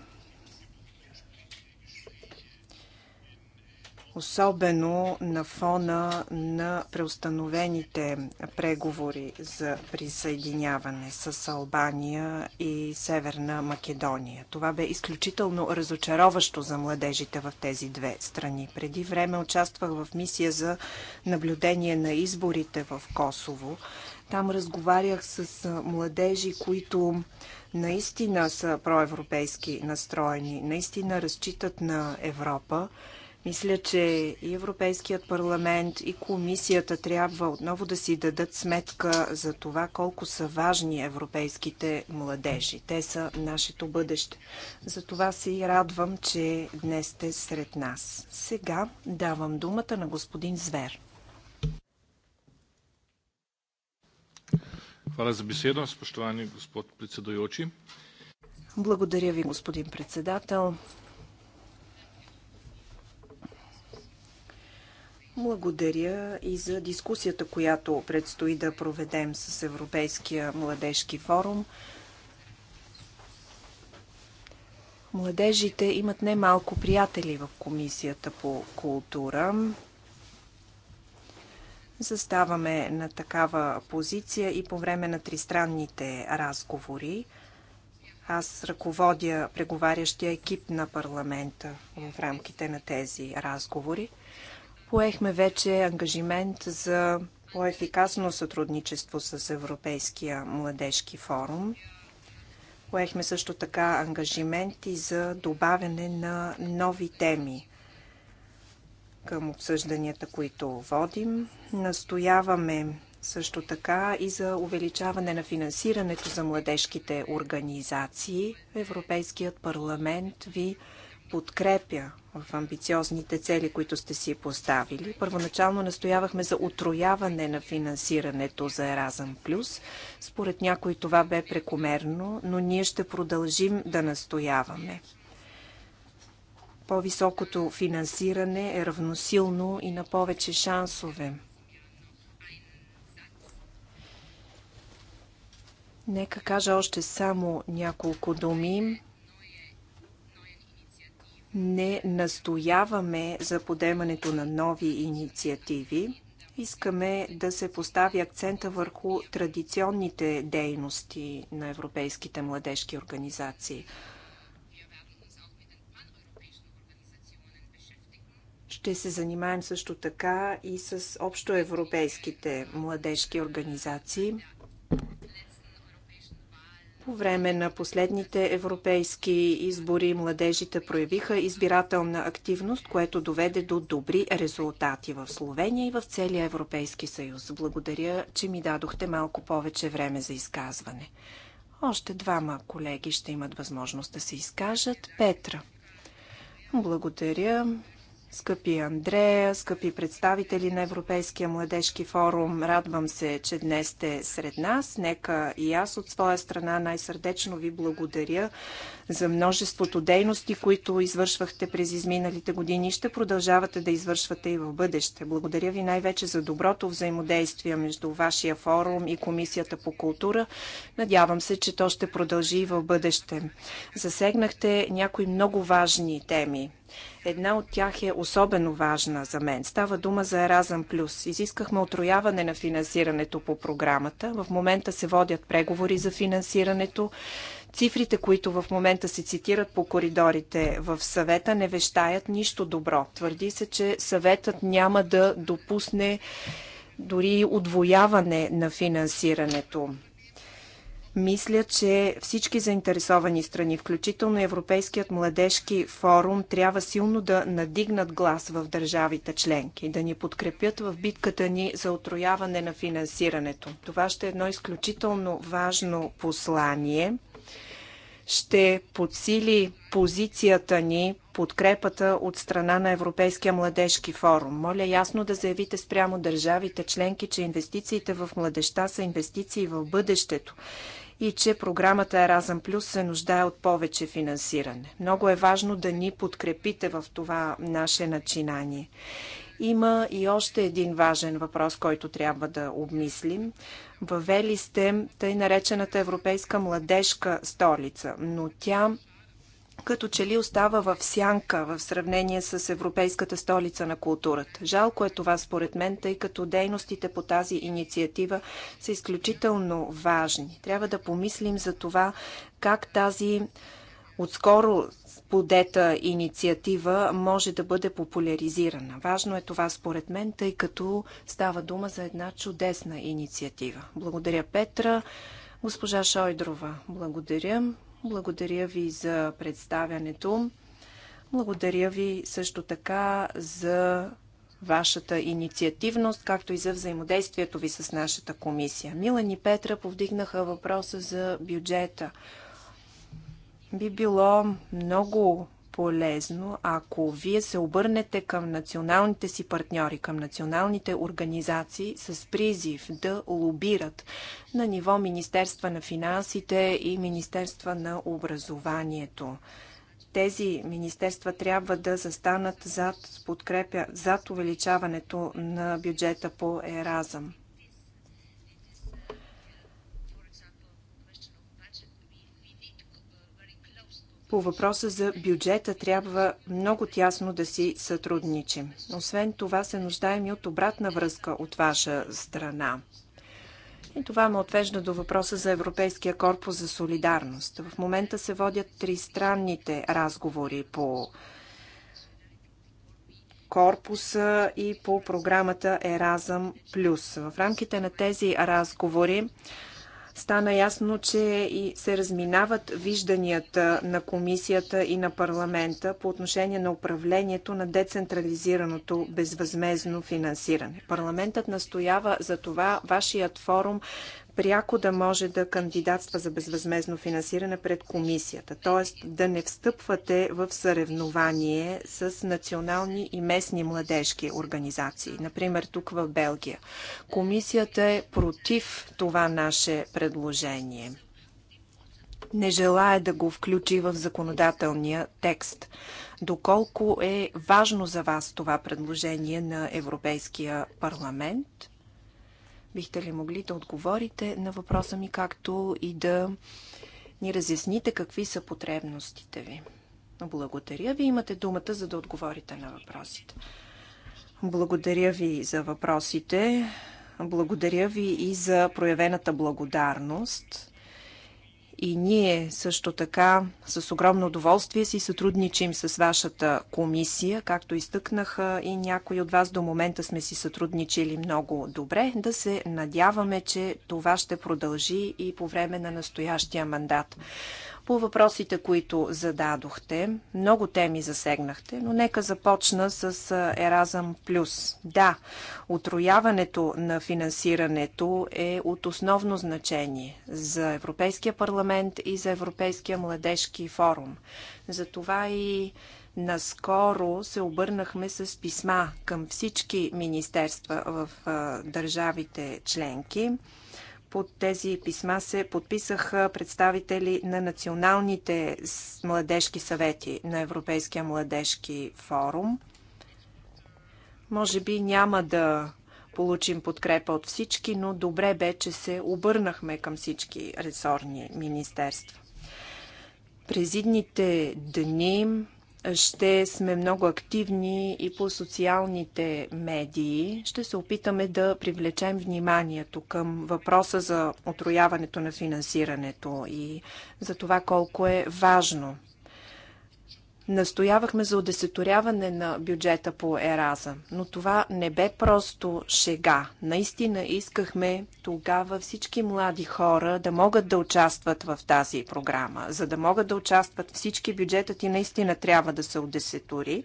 особено на фона на преустановените преговори за присъединяване с Албания и Северна Македония. Това бе изключително разочароващо за младежите в тези две страни. Преди време участвах в мисия за наблюдение на изборите в Косово. Там разговарях с младежи, които наистина са проевропейски настроени, наистина разчитат на Европа мисля, че и Европейският парламент, и комисията трябва отново да си дадат сметка за това колко са важни европейските младежи. Те са нашето бъдеще. За това се и радвам, че днес сте сред нас. Сега давам думата на господин Звер. Хвала за беседа, спочтовани господ predsedujoči. Благодаря ви, господин председател. Благодаря и за дискусията, която предстои да проведем с Европейския младежки форум. Младежите имат немалко приятели в Комисията по култура. Заставаме на такава позиция и по време на тристранните разговори. Аз ръководя преговарящия екип на парламента в рамките на тези разговори. Поехме вече ангажимент за по-ефикасно сътрудничество с Европейския младежки форум. Поехме също така ангажименти за добавяне на нови теми към обсъжданията, които водим. Настояваме също така и за увеличаване на финансирането за младежките организации. Европейският парламент ви подкрепя в амбициозните цели, които сте си поставили. Първоначално настоявахме за отрояване на финансирането за Еразъм Плюс. Според някои това бе прекомерно, но ние ще продължим да настояваме. По-високото финансиране е равносилно и на повече шансове. Нека кажа още само няколко думи не настояваме за подемането на нови инициативи. Искаме да се постави акцента върху традиционните дейности на европейските младежки организации. Ще се занимаем също така и с общоевропейските младежки организации. По време на последните европейски избори младежите проявиха избирателна активност, което доведе до добри резултати в Словения и в целия Европейски съюз. Благодаря, че ми дадохте малко повече време за изказване. Още двама колеги ще имат възможност да се изкажат. Петра. Благодаря. Скъпи Андрея, скъпи представители на Европейския младежки форум, радвам се, че днес сте сред нас. Нека и аз от своя страна най-сърдечно ви благодаря за множеството дейности, които извършвахте през изминалите години и ще продължавате да извършвате и в бъдеще. Благодаря ви най-вече за доброто взаимодействие между вашия форум и Комисията по култура. Надявам се, че то ще продължи и в бъдеще. Засегнахте някои много важни теми. Една от тях е особено важна за мен. Става дума за Еразъм Плюс. Изискахме отрояване на финансирането по програмата. В момента се водят преговори за финансирането. Цифрите, които в момента се цитират по коридорите в съвета, не вещаят нищо добро. Твърди се, че съветът няма да допусне дори отвояване на финансирането. Мисля, че всички заинтересовани страни, включително Европейският младежки форум, трябва силно да надигнат глас в държавите членки, да ни подкрепят в битката ни за отрояване на финансирането. Това ще е едно изключително важно послание ще подсили позицията ни, подкрепата от страна на Европейския младежки форум. Моля ясно да заявите спрямо държавите членки, че инвестициите в младеща са инвестиции в бъдещето и че програмата Еразъм Плюс се нуждае от повече финансиране. Много е важно да ни подкрепите в това наше начинание. Има и още един важен въпрос, който трябва да обмислим. Въвели сте тъй наречената Европейска младежка столица, но тя като че ли остава в сянка в сравнение с Европейската столица на културата. Жалко е това според мен, тъй като дейностите по тази инициатива са изключително важни. Трябва да помислим за това как тази отскоро подета инициатива може да бъде популяризирана. Важно е това според мен, тъй като става дума за една чудесна инициатива. Благодаря Петра, госпожа Шойдрова. Благодаря. Благодаря ви за представянето. Благодаря ви също така за вашата инициативност, както и за взаимодействието ви с нашата комисия. Милан и Петра повдигнаха въпроса за бюджета. Би било много полезно, ако вие се обърнете към националните си партньори, към националните организации с призив да лобират на ниво Министерства на финансите и Министерства на образованието. Тези министерства трябва да застанат зад подкрепя, зад увеличаването на бюджета по Еразъм. по въпроса за бюджета трябва много тясно да си сътрудничим. Освен това се нуждаем и от обратна връзка от ваша страна. И това ме отвежда до въпроса за Европейския корпус за солидарност. В момента се водят тристранните разговори по корпуса и по програмата Еразъм Плюс. В рамките на тези разговори стана ясно, че и се разминават вижданията на комисията и на парламента по отношение на управлението на децентрализираното безвъзмезно финансиране. Парламентът настоява за това вашият форум пряко да може да кандидатства за безвъзмезно финансиране пред комисията, т.е. да не встъпвате в съревнование с национални и местни младежки организации, например тук в Белгия. Комисията е против това наше предложение. Не желая да го включи в законодателния текст. Доколко е важно за вас това предложение на Европейския парламент? Бихте ли могли да отговорите на въпроса ми, както и да ни разясните какви са потребностите ви? Благодаря ви. Имате думата, за да отговорите на въпросите. Благодаря ви за въпросите. Благодаря ви и за проявената благодарност. И ние също така с огромно удоволствие си сътрудничим с вашата комисия. Както изтъкнаха и някои от вас до момента сме си сътрудничили много добре. Да се надяваме, че това ще продължи и по време на настоящия мандат. По въпросите, които зададохте, много теми засегнахте, но нека започна с Еразъм Плюс. Да, отрояването на финансирането е от основно значение за Европейския парламент и за Европейския младежки форум. Затова и Наскоро се обърнахме с писма към всички министерства в държавите членки под тези писма се подписаха представители на националните младежки съвети на Европейския младежки форум. Може би няма да получим подкрепа от всички, но добре бе, че се обърнахме към всички ресорни министерства. През идните дни ще сме много активни и по социалните медии. Ще се опитаме да привлечем вниманието към въпроса за отрояването на финансирането и за това колко е важно Настоявахме за удесеторяване на бюджета по Ераза, но това не бе просто шега. Наистина искахме тогава всички млади хора да могат да участват в тази програма. За да могат да участват всички, бюджетът и наистина трябва да се удесетори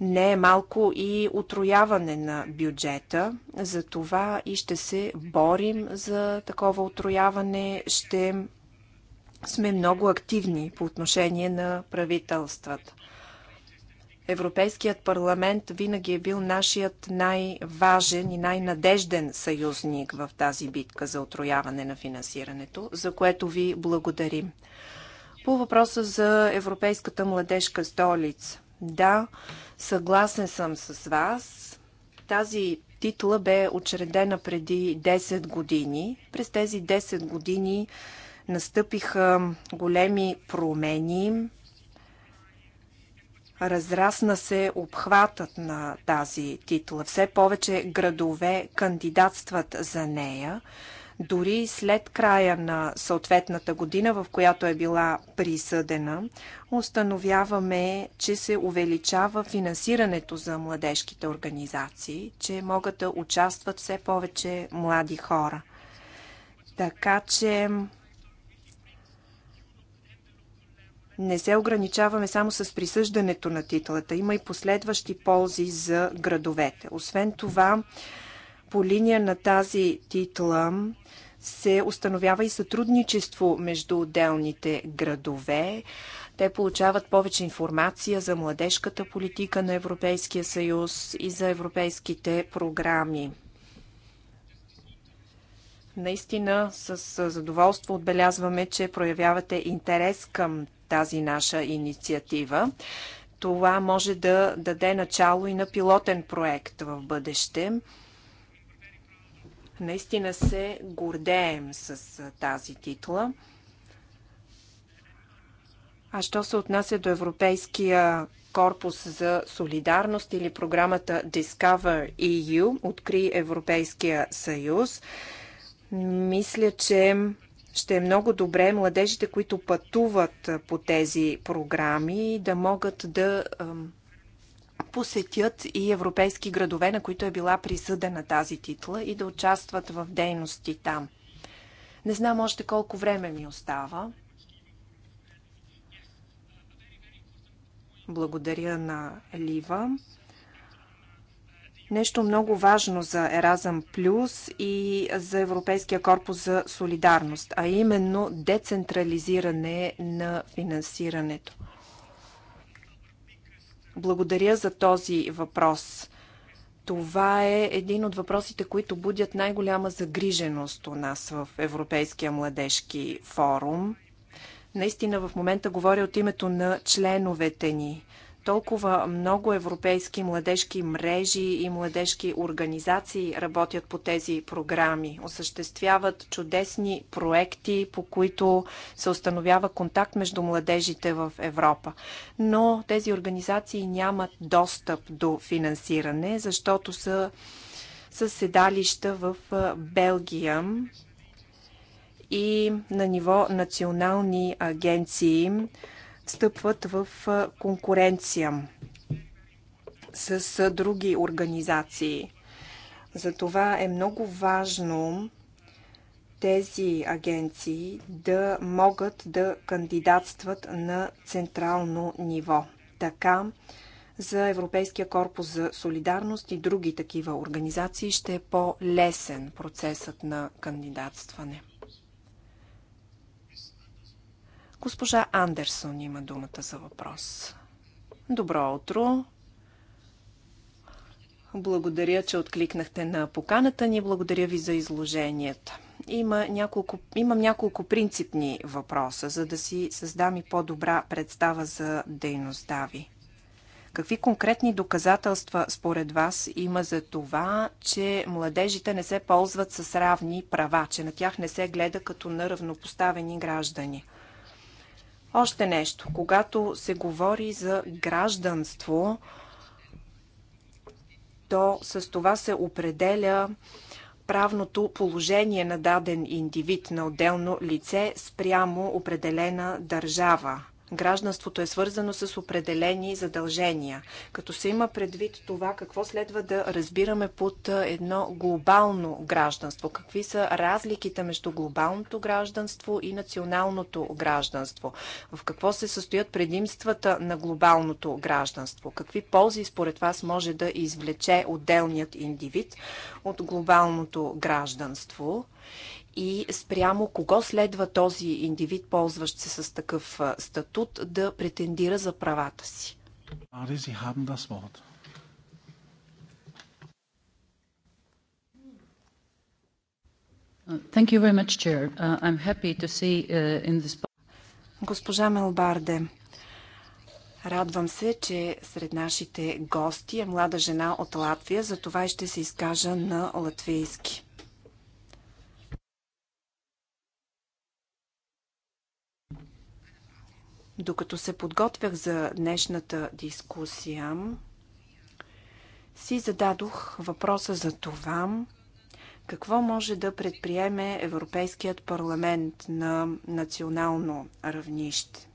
не е малко и отрояване на бюджета. За това и ще се борим за такова отрояване. Ще сме много активни по отношение на правителствата. Европейският парламент винаги е бил нашият най-важен и най-надежден съюзник в тази битка за отрояване на финансирането, за което ви благодарим. По въпроса за Европейската младежка столица. Да, съгласен съм с вас. Тази титла бе учредена преди 10 години. През тези 10 години настъпиха големи промени. Разрасна се обхватът на тази титла. Все повече градове кандидатстват за нея. Дори след края на съответната година, в която е била присъдена, установяваме, че се увеличава финансирането за младежките организации, че могат да участват все повече млади хора. Така че не се ограничаваме само с присъждането на титлата. Има и последващи ползи за градовете. Освен това, по линия на тази титла се установява и сътрудничество между отделните градове. Те получават повече информация за младежката политика на Европейския съюз и за европейските програми. Наистина с задоволство отбелязваме, че проявявате интерес към тази наша инициатива. Това може да даде начало и на пилотен проект в бъдеще. Наистина се гордеем с тази титла. А що се отнася до Европейския корпус за солидарност или програмата Discover EU, откри Европейския съюз, мисля, че ще е много добре младежите, които пътуват по тези програми, да могат да посетят и европейски градове, на които е била присъдена тази титла и да участват в дейности там. Не знам още колко време ми остава. Благодаря на Лива. Нещо много важно за Еразъм Плюс и за Европейския корпус за солидарност, а именно децентрализиране на финансирането. Благодаря за този въпрос. Това е един от въпросите, които будят най-голяма загриженост у нас в Европейския младежки форум. Наистина в момента говоря от името на членовете ни. Толкова много европейски младежки мрежи и младежки организации работят по тези програми, осъществяват чудесни проекти, по които се установява контакт между младежите в Европа. Но тези организации нямат достъп до финансиране, защото са със седалища в Белгия и на ниво национални агенции встъпват в конкуренция с други организации. Затова е много важно тези агенции да могат да кандидатстват на централно ниво. Така за Европейския корпус за солидарност и други такива организации ще е по-лесен процесът на кандидатстване. Госпожа Андерсон има думата за въпрос. Добро утро! Благодаря, че откликнахте на поканата ни. Благодаря ви за изложението. Има няколко, имам няколко принципни въпроса, за да си създам и по-добра представа за дейността ви. Какви конкретни доказателства според вас има за това, че младежите не се ползват с равни права, че на тях не се гледа като на равнопоставени граждани? Още нещо. Когато се говори за гражданство, то с това се определя правното положение на даден индивид, на отделно лице спрямо определена държава гражданството е свързано с определени задължения. Като се има предвид това, какво следва да разбираме под едно глобално гражданство, какви са разликите между глобалното гражданство и националното гражданство, в какво се състоят предимствата на глобалното гражданство, какви ползи според вас може да извлече отделният индивид от глобалното гражданство и спрямо кого следва този индивид, ползващ се с такъв статут, да претендира за правата си. Госпожа Мелбарде, Радвам се, че сред нашите гости е млада жена от Латвия, за това ще се изкажа на латвийски. Докато се подготвях за днешната дискусия, си зададох въпроса за това, какво може да предприеме Европейският парламент на национално равнище.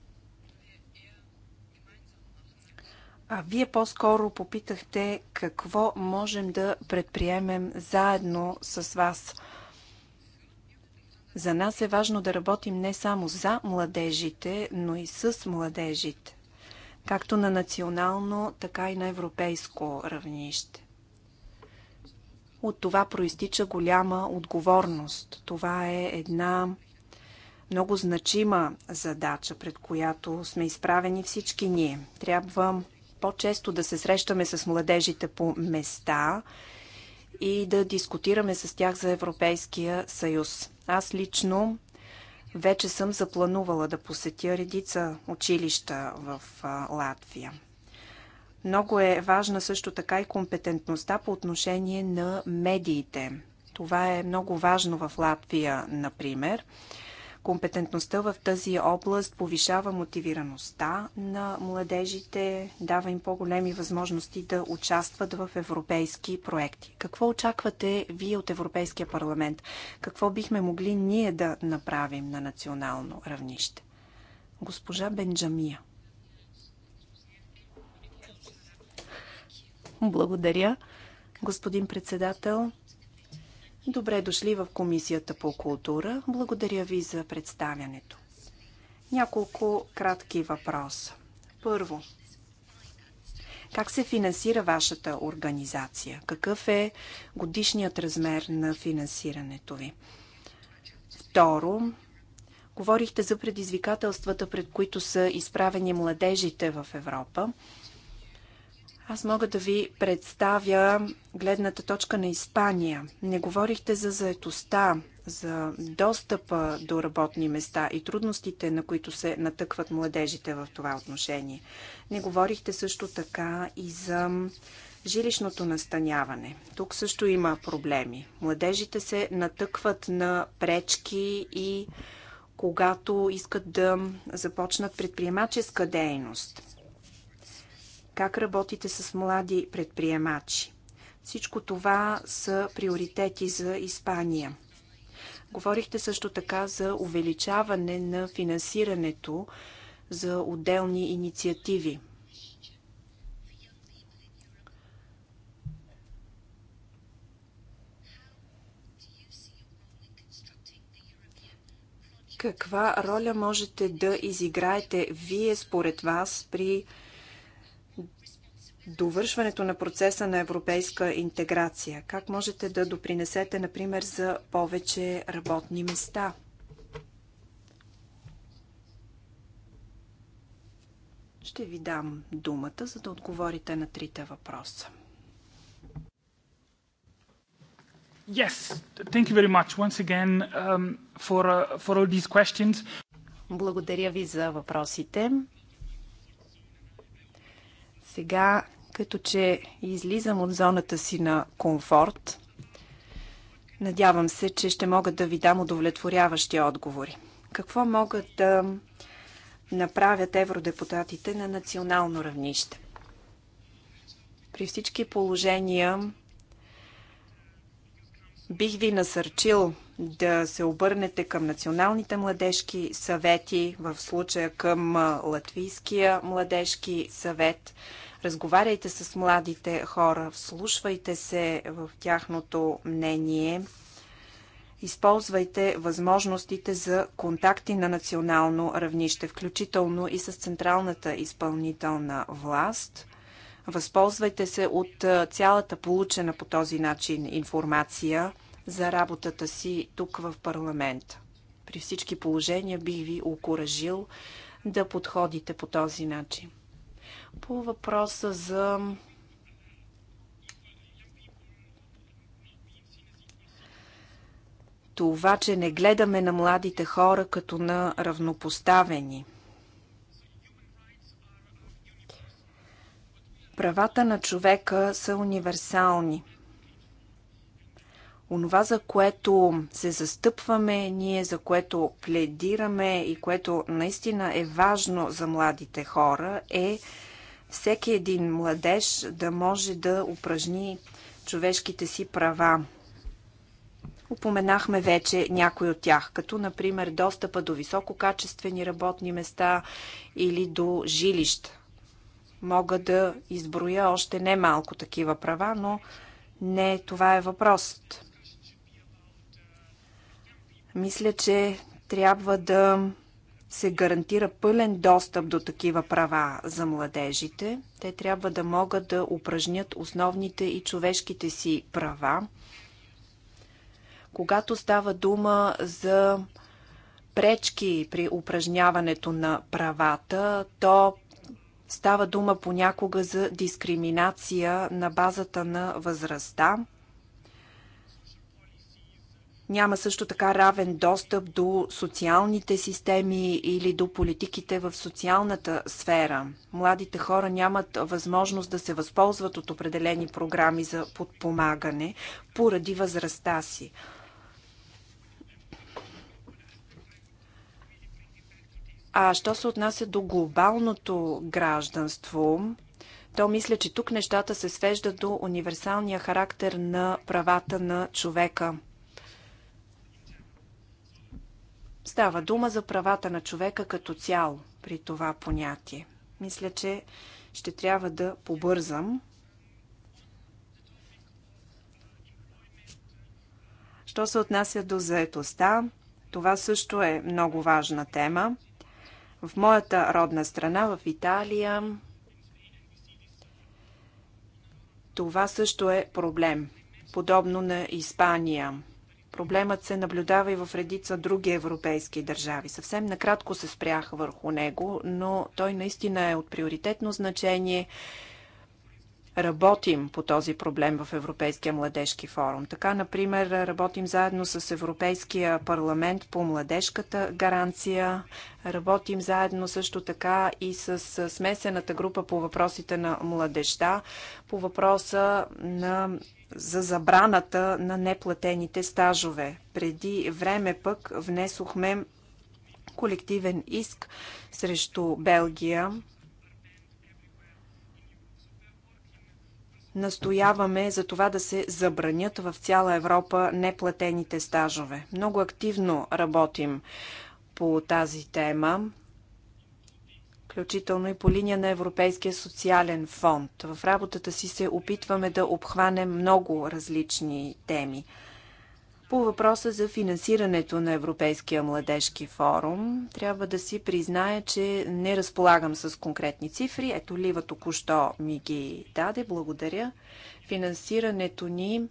А вие по-скоро попитахте какво можем да предприемем заедно с вас – за нас е важно да работим не само за младежите, но и с младежите, както на национално, така и на европейско равнище. От това проистича голяма отговорност. Това е една много значима задача, пред която сме изправени всички ние. Трябва по-често да се срещаме с младежите по места и да дискутираме с тях за Европейския съюз. Аз лично вече съм запланувала да посетя редица училища в Латвия. Много е важна също така и компетентността по отношение на медиите. Това е много важно в Латвия, например. Компетентността в тази област повишава мотивираността на младежите, дава им по-големи възможности да участват в европейски проекти. Какво очаквате вие от Европейския парламент? Какво бихме могли ние да направим на национално равнище? Госпожа Бенджамия. Благодаря, господин председател. Добре дошли в Комисията по култура. Благодаря ви за представянето. Няколко кратки въпроса. Първо, как се финансира вашата организация? Какъв е годишният размер на финансирането ви? Второ, говорихте за предизвикателствата, пред които са изправени младежите в Европа. Аз мога да ви представя гледната точка на Испания. Не говорихте за заетостта, за достъпа до работни места и трудностите, на които се натъкват младежите в това отношение. Не говорихте също така и за жилищното настаняване. Тук също има проблеми. Младежите се натъкват на пречки и когато искат да започнат предприемаческа дейност. Как работите с млади предприемачи? Всичко това са приоритети за Испания. Говорихте също така за увеличаване на финансирането за отделни инициативи. Каква роля можете да изиграете вие според вас при довършването на процеса на европейска интеграция? Как можете да допринесете, например, за повече работни места? Ще ви дам думата, за да отговорите на трите въпроса. Yes, thank you very much once again um, for, uh, for all these questions. Благодаря ви за въпросите. Сега като че излизам от зоната си на комфорт. Надявам се, че ще мога да ви дам удовлетворяващи отговори. Какво могат да направят евродепутатите на национално равнище? При всички положения бих ви насърчил да се обърнете към националните младежки съвети, в случая към Латвийския младежки съвет – разговаряйте с младите хора, вслушвайте се в тяхното мнение, използвайте възможностите за контакти на национално равнище, включително и с централната изпълнителна власт. Възползвайте се от цялата получена по този начин информация за работата си тук в парламента. При всички положения бих ви окоръжил да подходите по този начин. По въпроса за това, че не гледаме на младите хора като на равнопоставени. Правата на човека са универсални. Онова, за което се застъпваме, ние за което пледираме и което наистина е важно за младите хора, е всеки един младеж да може да упражни човешките си права. Упоменахме вече някои от тях, като например достъпа до висококачествени работни места или до жилища. Мога да изброя още не малко такива права, но не това е въпросът. Мисля, че трябва да се гарантира пълен достъп до такива права за младежите. Те трябва да могат да упражнят основните и човешките си права. Когато става дума за пречки при упражняването на правата, то става дума понякога за дискриминация на базата на възрастта няма също така равен достъп до социалните системи или до политиките в социалната сфера. Младите хора нямат възможност да се възползват от определени програми за подпомагане поради възрастта си. А що се отнася до глобалното гражданство, то мисля, че тук нещата се свеждат до универсалния характер на правата на човека – Става дума за правата на човека като цяло при това понятие. Мисля, че ще трябва да побързам. Що се отнася до заетостта, това също е много важна тема. В моята родна страна, в Италия, това също е проблем, подобно на Испания – Проблемът се наблюдава и в редица други европейски държави. Съвсем накратко се спрях върху него, но той наистина е от приоритетно значение работим по този проблем в Европейския младежки форум. Така, например, работим заедно с Европейския парламент по младежката гаранция. Работим заедно също така и с смесената група по въпросите на младежта, по въпроса на за забраната на неплатените стажове. Преди време пък внесохме колективен иск срещу Белгия. Настояваме за това да се забранят в цяла Европа неплатените стажове. Много активно работим по тази тема включително и по линия на Европейския социален фонд. В работата си се опитваме да обхванем много различни теми. По въпроса за финансирането на Европейския младежки форум, трябва да си призная, че не разполагам с конкретни цифри. Ето Лива току-що ми ги даде. Благодаря. Финансирането ни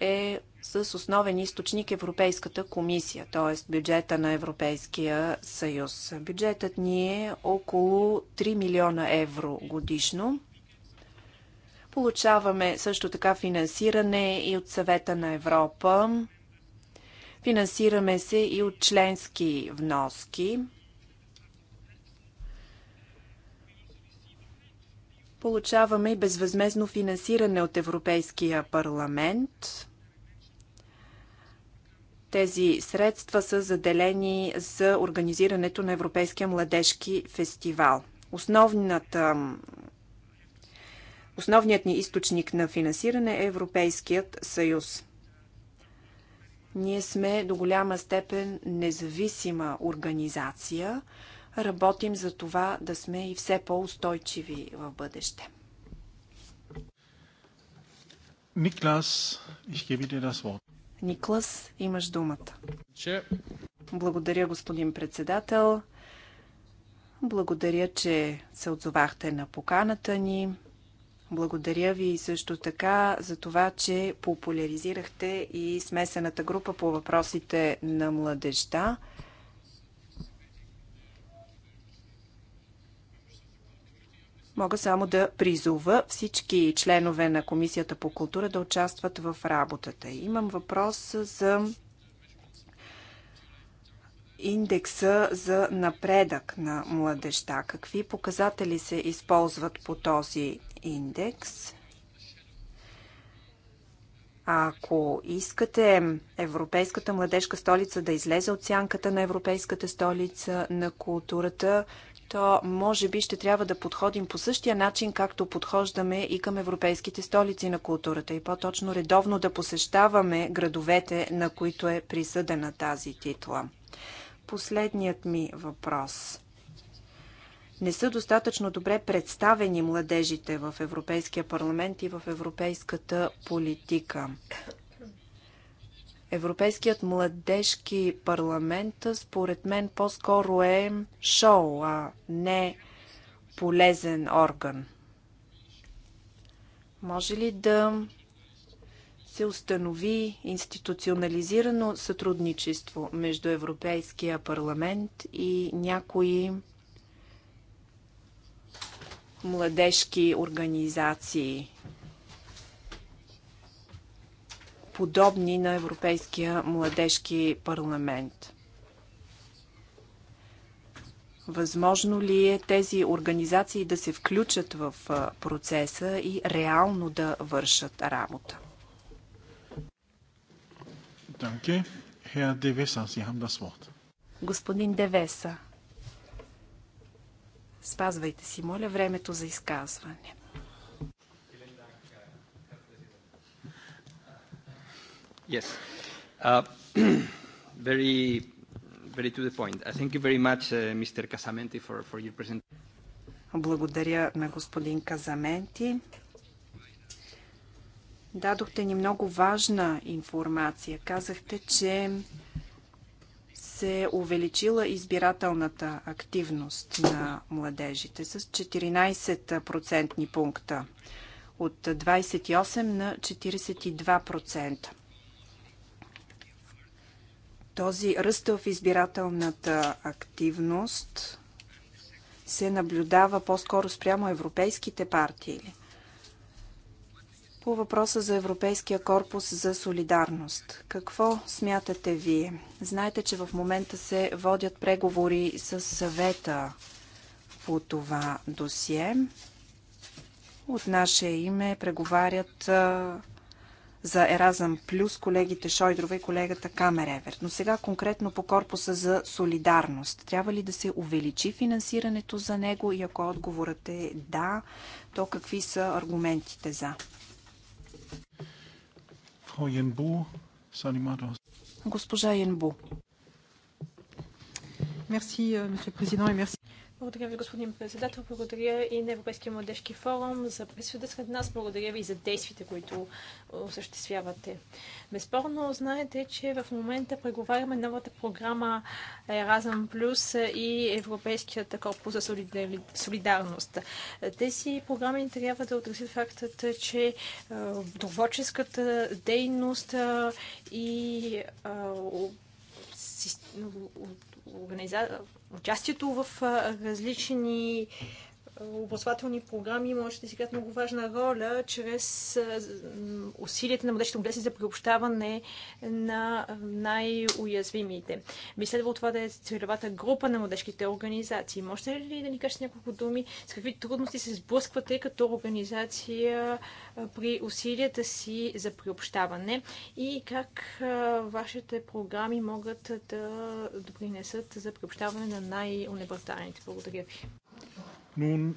е с основен източник Европейската комисия, т.е. бюджета на Европейския съюз. Бюджетът ни е около 3 милиона евро годишно. Получаваме също така финансиране и от съвета на Европа. Финансираме се и от членски вноски. Получаваме и безвъзмезно финансиране от Европейския парламент. Тези средства са заделени за организирането на Европейския младежки фестивал. Основната Основният ни източник на финансиране е Европейският съюз. Ние сме до голяма степен независима организация – Работим за това да сме и все по-устойчиви в бъдеще. Никлас, Никлас, имаш думата. Че. Благодаря, господин председател. Благодаря, че се отзовахте на поканата ни. Благодаря ви също така за това, че популяризирахте и смесената група по въпросите на младежта. Мога само да призова всички членове на Комисията по култура да участват в работата. Имам въпрос за индекса за напредък на младеща. Какви показатели се използват по този индекс? ако искате Европейската младежка столица да излезе от сянката на Европейската столица на културата, то може би ще трябва да подходим по същия начин, както подхождаме и към европейските столици на културата и по-точно редовно да посещаваме градовете, на които е присъдена тази титла. Последният ми въпрос. Не са достатъчно добре представени младежите в Европейския парламент и в европейската политика. Европейският младежки парламент, според мен, по-скоро е шоу, а не полезен орган. Може ли да се установи институционализирано сътрудничество между Европейския парламент и някои младежки организации подобни на Европейския младежки парламент? Възможно ли е тези организации да се включат в процеса и реално да вършат работа? Господин Девеса, спазвайте си, моля, времето за изказване. Yes. Uh, very to the point. Uh, thank you very much, uh, Mr. Casamenti, for your presentation. Благодаря на господин Казаменти. Дадохте ни много важна информация. Казахте, че се е увеличила избирателната активност на младежите с 14% пункта от 28 на 42%. Този ръст в избирателната активност се наблюдава по-скоро спрямо европейските партии ли? по въпроса за Европейския корпус за солидарност. Какво смятате вие? Знаете, че в момента се водят преговори с съвета по това досие. От наше име преговарят за Еразъм Плюс колегите Шойдрова и колегата Камеревер. Но сега конкретно по корпуса за солидарност. Трябва ли да се увеличи финансирането за него и ако отговорът е да, то какви са аргументите за? Госпожа Янбу. Мерси, месье президент, и мерси. Благодаря ви, господин председател. Благодаря и на Европейския младежки форум за присъда сред нас. Благодаря ви за действията, които осъществявате. Безспорно, знаете, че в момента преговаряме новата програма Еразъм Плюс и Европейският корпус за солидарност. Тези програми трябва да отразят фактът, че доброческата е, дейност е, и е, организация участието в различни образователни програми може да играят много важна роля чрез усилията на младежите облезни за приобщаване на най-уязвимите. Би следвало това да е целевата група на младежките организации. Можете ли да ни кажете няколко думи с какви трудности се сблъсквате като организация при усилията си за приобщаване и как вашите програми могат да допринесат за приобщаване на най-унебъртаните? Благодаря ви. Nun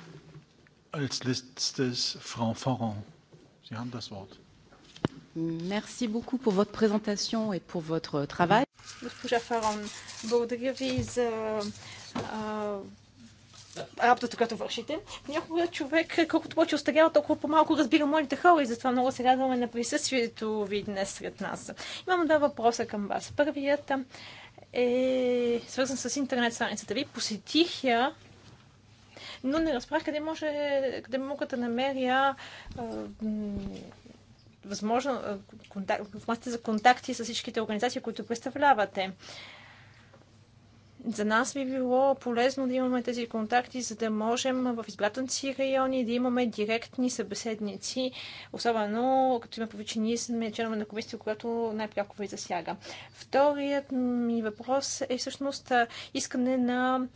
als letztes Frau Sie haben das Wort. Merci beaucoup pour votre présentation et pour votre travail. Госпожа Фарон, благодаря ви за работата, която вършите. Някога човек, колкото повече остарява, толкова по-малко разбира моите хора и затова много се радваме на присъствието ви днес сред нас. Имам два въпроса към вас. Първият е свързан с интернет страницата ви. Посетих я но не разбрах къде, може, къде мога да намеря възможно контакт, за контакти с всичките организации, които представлявате. За нас би било полезно да имаме тези контакти, за да можем в избирателните си райони да имаме директни събеседници, особено като има повече ние сме членове на комисия, която най-пряко ви засяга. Вторият ми въпрос е всъщност искане на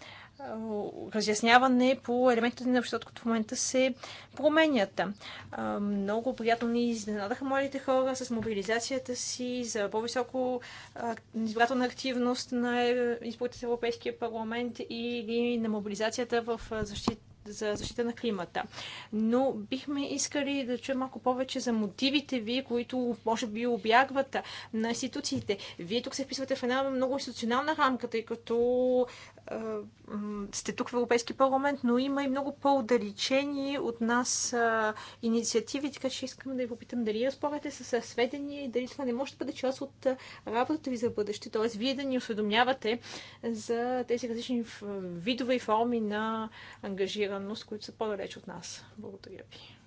разясняване по елементите на обществото, които в момента се променят. Много приятно ни изненадаха младите хора с мобилизацията си за по-високо избирателна активност на изборите с Европейския парламент или на мобилизацията в защита за защита на климата. Но бихме искали да чуем малко повече за мотивите ви, които може би обягват на институциите. Вие тук се вписвате в една много институционална рамка, тъй като е, сте тук в Европейски парламент, но има и много по-удалечени от нас а, е, инициативи, така че искам да ви попитам дали разполагате с е, сведения и дали това не може да бъде част от работата ви за бъдеще, т.е. вие да ни осведомявате за тези различни видове и форми на ангажираност, които са по-далеч от нас. Благодаря ви.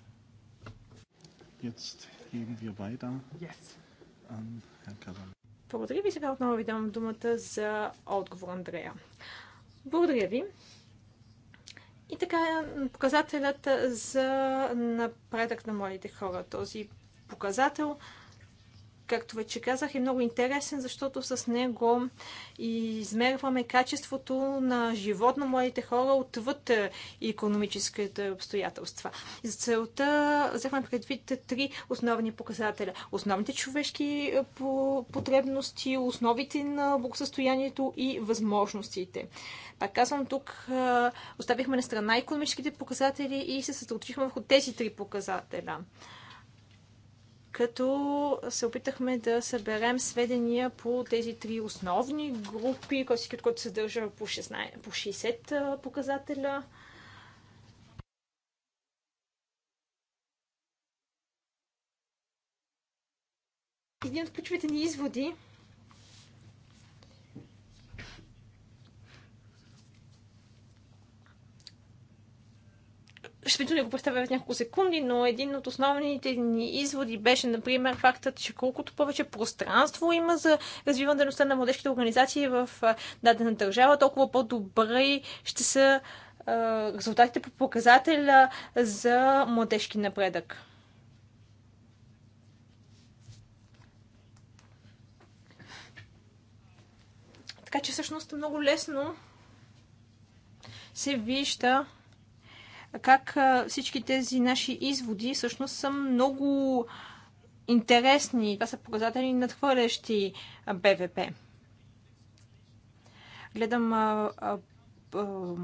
Благодаря ви. Сега отново ви дам думата за отговор, Андрея. Благодаря ви. И така, показателят за напредък на младите хора. Този показател както вече казах, е много интересен, защото с него измерваме качеството на живот на младите хора отвъд економическите обстоятелства. За целта взехме предвид три основни показателя. Основните човешки е, потребности, основите на благосъстоянието и възможностите. Пак казвам, тук е, оставихме на страна економическите показатели и се съсредоточихме върху тези три показателя като се опитахме да съберем сведения по тези три основни групи, всеки който се държа по 60, по 60 показателя. Един от ключовите ни изводи Ще го представя в няколко секунди, но един от основните ни изводи беше, например, фактът, че колкото повече пространство има за развиване дейността на младежките организации в дадена държава, толкова по-добре ще са резултатите по показателя за младежки напредък. Така че всъщност много лесно се вижда как всички тези наши изводи всъщност са много интересни. Това са показатели надхвърлящи БВП. Гледам а, а, а,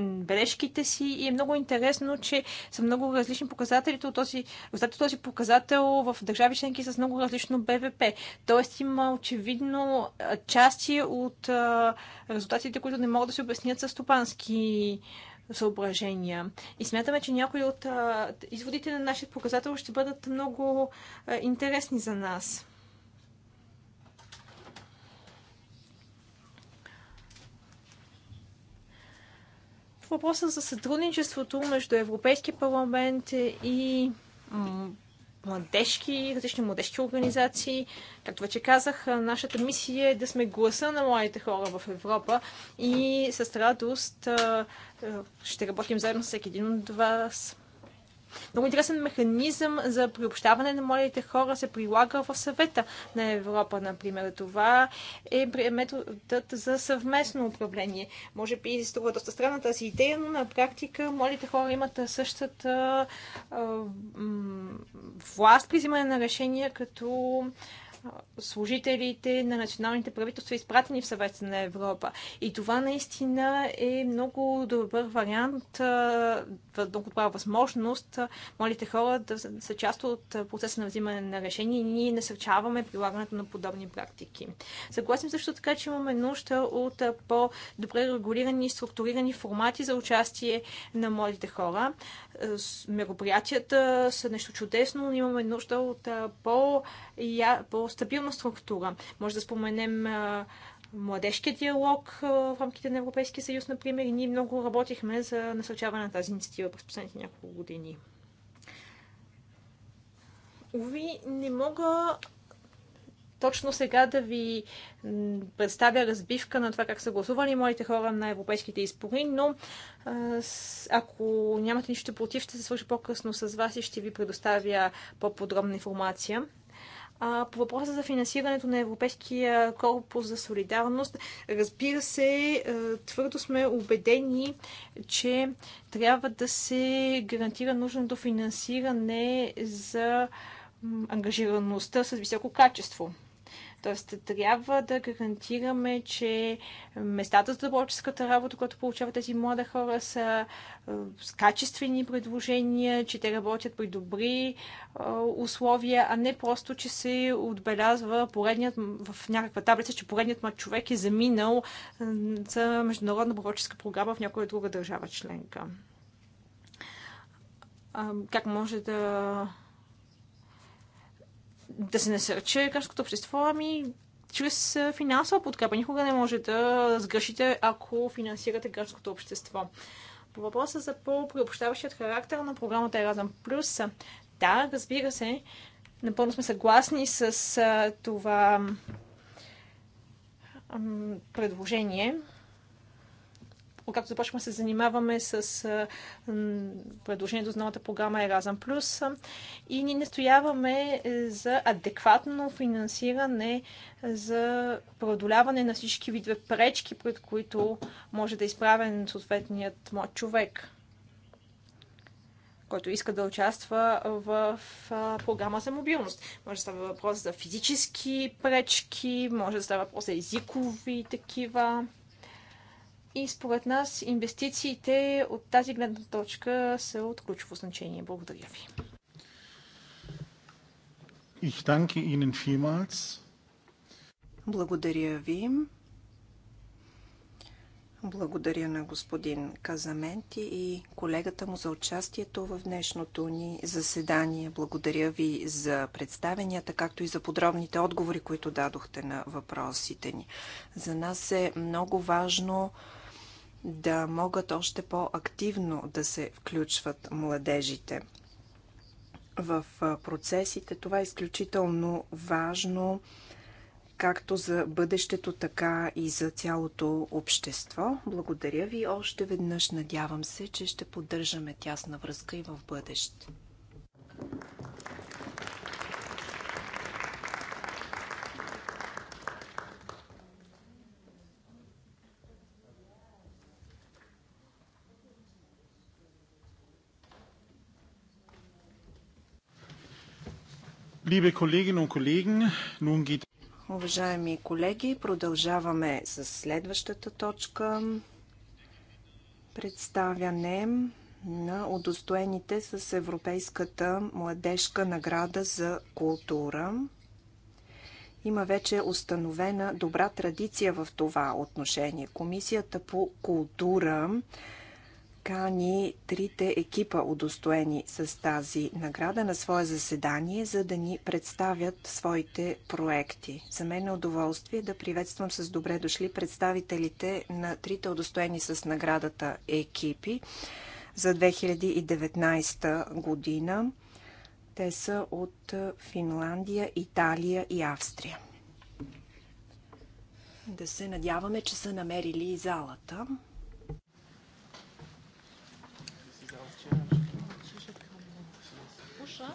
бележките си и е много интересно, че са много различни показателите от този, от този показател в държави членки с много различно БВП. Тоест има очевидно части от резултатите, които не могат да се обяснят с стопански съображения. И смятаме, че някои от а, изводите на нашия показател ще бъдат много а, интересни за нас. Въпросът за сътрудничеството между Европейския парламент и младежки, различни младежки организации. Както вече казах, нашата мисия е да сме гласа на младите хора в Европа и с радост ще работим заедно с всеки един от вас. Много интересен механизъм за приобщаване на младите хора се прилага в съвета на Европа, например. Това е методът за съвместно управление. Може би струва доста странна тази идея, но на практика младите хора имат същата власт при взимане на решения като служителите на националните правителства, изпратени в съвета на Европа. И това наистина е много добър вариант, много добра възможност младите хора да са част от процеса на взимане на решения и ние насърчаваме прилагането на подобни практики. Съгласим също така, че имаме нужда от по-добре регулирани и структурирани формати за участие на младите хора. Мероприятията са нещо чудесно, но имаме нужда от по-добре по стабилна структура. Може да споменем младежкия диалог в рамките на Европейския съюз, например, и ние много работихме за насърчаване на тази инициатива през последните няколко години. Уви, не мога точно сега да ви представя разбивка на това как са гласували моите хора на европейските избори, но ако нямате нищо против, ще се свържа по-късно с вас и ще ви предоставя по-подробна информация. А, по въпроса за финансирането на Европейския корпус за солидарност, разбира се, е, твърдо сме убедени, че трябва да се гарантира нужното финансиране за ангажираността с високо качество. Тоест, трябва да гарантираме, че местата за доброческата работа, която получават тези млади хора, са е, с качествени предложения, че те работят при добри е, условия, а не просто, че се отбелязва поредният в някаква таблица, че поредният млад човек е заминал е, за международна доброческа програма в някоя друга държава членка. Как може да да се насърче гражданското общество, ами чрез финансова подкрепа. Никога не може да сгрешите, ако финансирате гражданското общество. По въпроса за по-приобщаващият характер на програмата Еразъм Плюс, да, разбира се, напълно сме съгласни с това предложение. Откакто започваме се занимаваме с предложението за новата програма Еразъм Плюс и ние настояваме е, за адекватно финансиране за преодоляване на всички видове пречки, пред които може да е изправен съответният млад човек който иска да участва в програма за мобилност. Може да става въпрос за физически пречки, може да става въпрос за езикови такива. И според нас инвестициите от тази гледна точка са от ключово значение. Благодаря ви. Ich danke Ihnen vielmals. Благодаря ви. Благодаря на господин Казаменти и колегата му за участието в днешното ни заседание. Благодаря ви за представенията, както и за подробните отговори, които дадохте на въпросите ни. За нас е много важно да могат още по-активно да се включват младежите в процесите. Това е изключително важно както за бъдещето, така и за цялото общество. Благодаря ви още веднъж. Надявам се, че ще поддържаме тясна връзка и в бъдеще. Уважаеми колеги, продължаваме с следващата точка. Представяне на удостоените с Европейската младежка награда за култура. Има вече установена добра традиция в това отношение. Комисията по култура покани трите екипа, удостоени с тази награда, на свое заседание, за да ни представят своите проекти. За мен е удоволствие да приветствам с добре дошли представителите на трите удостоени с наградата екипи за 2019 година. Те са от Финландия, Италия и Австрия. Да се надяваме, че са намерили и залата. ça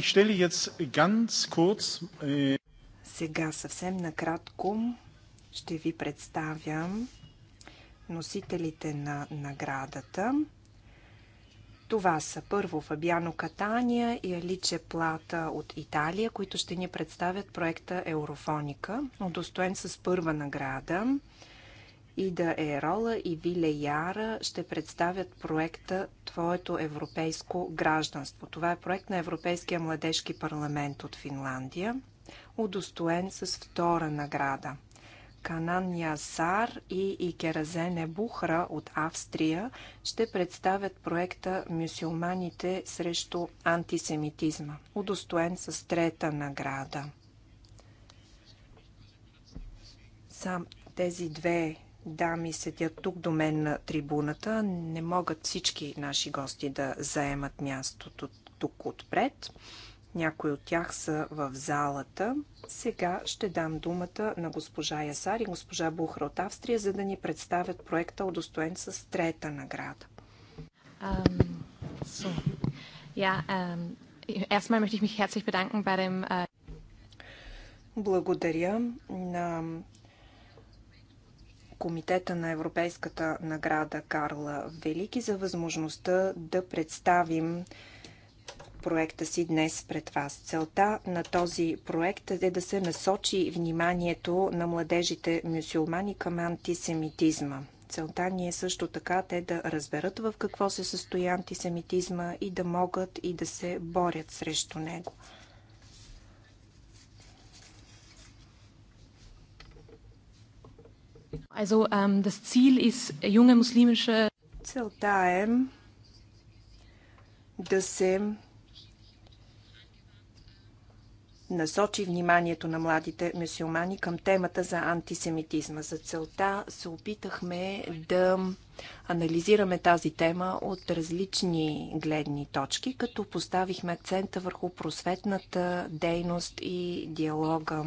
Ich stelle jetzt ganz kurz, äh... Сега съвсем накратко ще ви представям носителите на наградата. Това са първо Фабиано Катания и Аличе Плата от Италия, които ще ни представят проекта Еврофоника, удостоен с първа награда. Ида Ерола и Виле Яра ще представят проекта Твоето европейско гражданство. Това е проект на Европейския младежки парламент от Финландия, удостоен с втора награда. Канан Ясар и Икеразене Бухра от Австрия ще представят проекта Мюсюлманите срещу антисемитизма, удостоен с трета награда. Сам тези две дами седят тук до мен на трибуната. Не могат всички наши гости да заемат мястото тук отпред. Някои от тях са в залата. Сега ще дам думата на госпожа Ясар и госпожа Бухра от Австрия, за да ни представят проекта удостоен с трета награда. Um, so. yeah, um, erstmal möchte ich mich herzlich bedanken bei dem, uh... Благодаря на Комитета на Европейската награда Карла Велики за възможността да представим проекта си днес пред вас. Целта на този проект е да се насочи вниманието на младежите мюсюлмани към антисемитизма. Целта ни е също така те да разберат в какво се състои антисемитизма и да могат и да се борят срещу него. Ähm, целта е да се насочи вниманието на младите мюсюлмани към темата за антисемитизма. За целта се опитахме да анализираме тази тема от различни гледни точки, като поставихме акцента върху просветната дейност и диалога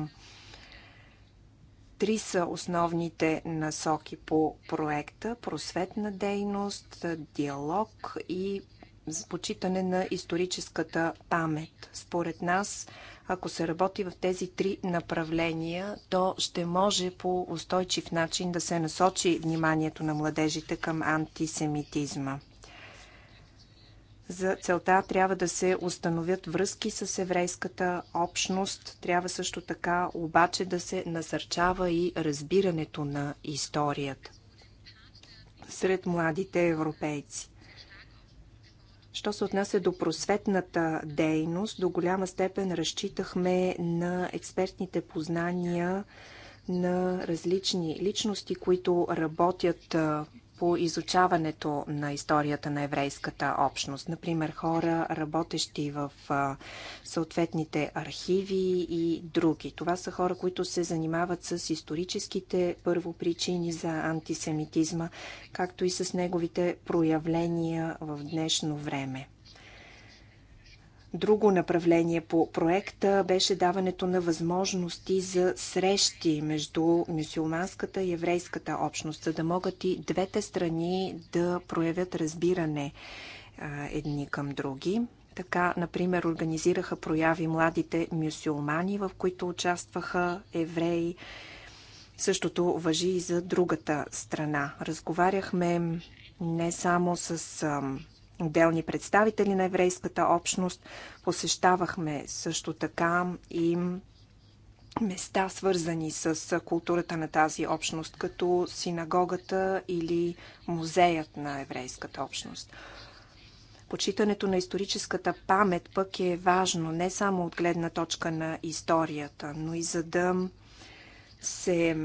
Три са основните насоки по проекта просветна дейност, диалог и почитане на историческата памет. Според нас, ако се работи в тези три направления, то ще може по устойчив начин да се насочи вниманието на младежите към антисемитизма. За целта трябва да се установят връзки с еврейската общност. Трябва също така обаче да се насърчава и разбирането на историята сред младите европейци. Що се отнася до просветната дейност, до голяма степен разчитахме на експертните познания на различни личности, които работят по изучаването на историята на еврейската общност. Например, хора, работещи в съответните архиви и други. Това са хора, които се занимават с историческите първопричини за антисемитизма, както и с неговите проявления в днешно време. Друго направление по проекта беше даването на възможности за срещи между мюсюлманската и еврейската общност, за да могат и двете страни да проявят разбиране едни към други. Така, например, организираха прояви младите мюсюлмани, в които участваха евреи. Същото въжи и за другата страна. Разговаряхме не само с отделни представители на еврейската общност. Посещавахме също така и места, свързани с културата на тази общност, като синагогата или музеят на еврейската общност. Почитането на историческата памет пък е важно не само от гледна точка на историята, но и за да се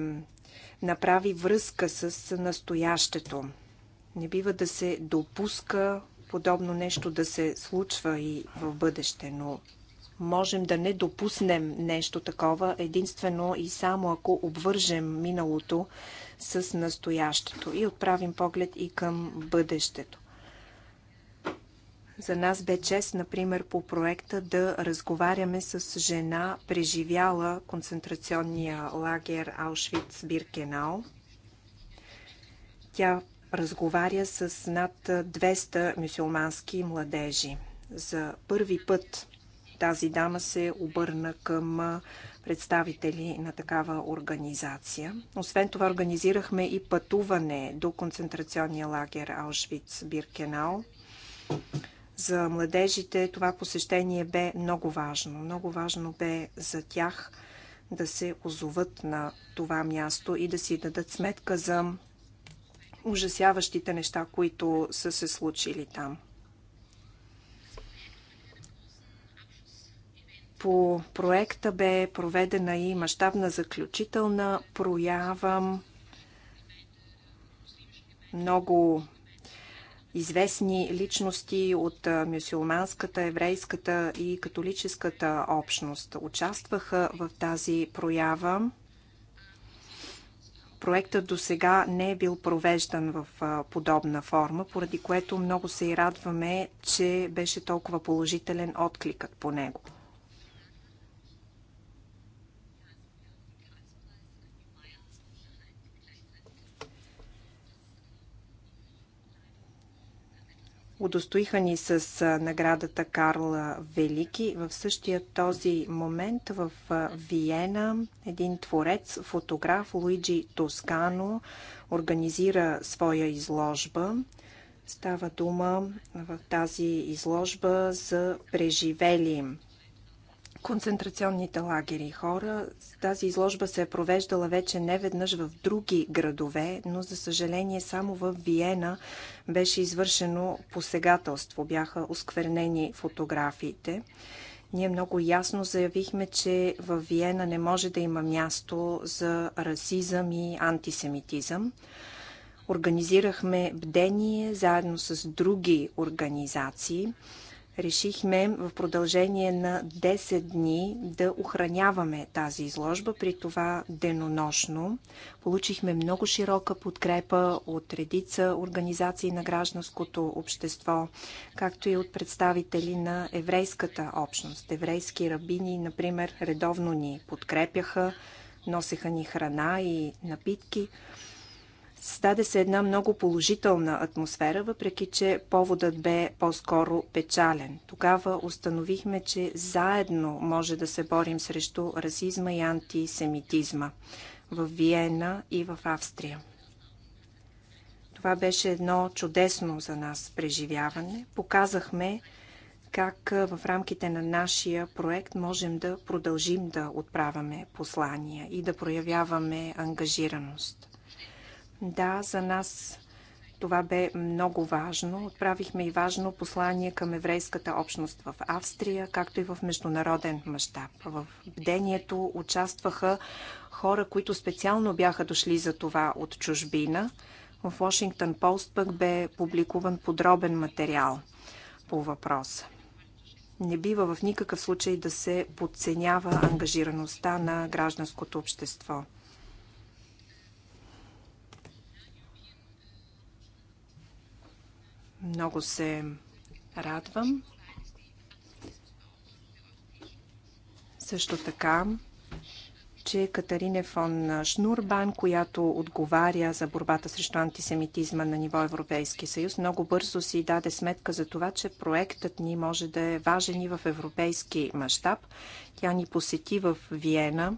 направи връзка с настоящето. Не бива да се допуска подобно нещо да се случва и в бъдеще, но можем да не допуснем нещо такова единствено и само ако обвържем миналото с настоящето и отправим поглед и към бъдещето. За нас бе чест, например, по проекта да разговаряме с жена, преживяла концентрационния лагер Аушвиц-Биркенау. Тя разговаря с над 200 мюсюлмански младежи. За първи път тази дама се обърна към представители на такава организация. Освен това организирахме и пътуване до концентрационния лагер аушвиц биркенал За младежите това посещение бе много важно. Много важно бе за тях да се озоват на това място и да си дадат сметка за ужасяващите неща, които са се случили там. По проекта бе проведена и мащабна заключителна проява. Много известни личности от мюсюлманската, еврейската и католическата общност участваха в тази проява. Проектът до сега не е бил провеждан в подобна форма, поради което много се и радваме, че беше толкова положителен откликът по него. Удостоиха ни с наградата Карл Велики. В същия този момент в Виена един творец, фотограф Луиджи Тоскано организира своя изложба. Става дума в тази изложба за преживели концентрационните лагери хора. Тази изложба се е провеждала вече не веднъж в други градове, но за съжаление само в Виена беше извършено посегателство. Бяха осквернени фотографиите. Ние много ясно заявихме, че в Виена не може да има място за расизъм и антисемитизъм. Организирахме бдение заедно с други организации – решихме в продължение на 10 дни да охраняваме тази изложба, при това денонощно. Получихме много широка подкрепа от редица организации на гражданското общество, както и от представители на еврейската общност. Еврейски рабини, например, редовно ни подкрепяха, носеха ни храна и напитки. Създаде се една много положителна атмосфера, въпреки че поводът бе по-скоро печален. Тогава установихме, че заедно може да се борим срещу расизма и антисемитизма в Виена и в Австрия. Това беше едно чудесно за нас преживяване. Показахме как в рамките на нашия проект можем да продължим да отправяме послания и да проявяваме ангажираност. Да, за нас това бе много важно. Отправихме и важно послание към еврейската общност в Австрия, както и в международен мащаб. В бдението участваха хора, които специално бяха дошли за това от чужбина. В Вашингтон Пост пък бе публикуван подробен материал по въпроса. Не бива в никакъв случай да се подценява ангажираността на гражданското общество. Много се радвам. Също така, че Катарине фон Шнурбан, която отговаря за борбата срещу антисемитизма на ниво Европейски съюз, много бързо си даде сметка за това, че проектът ни може да е важен и в европейски мащаб. Тя ни посети в Виена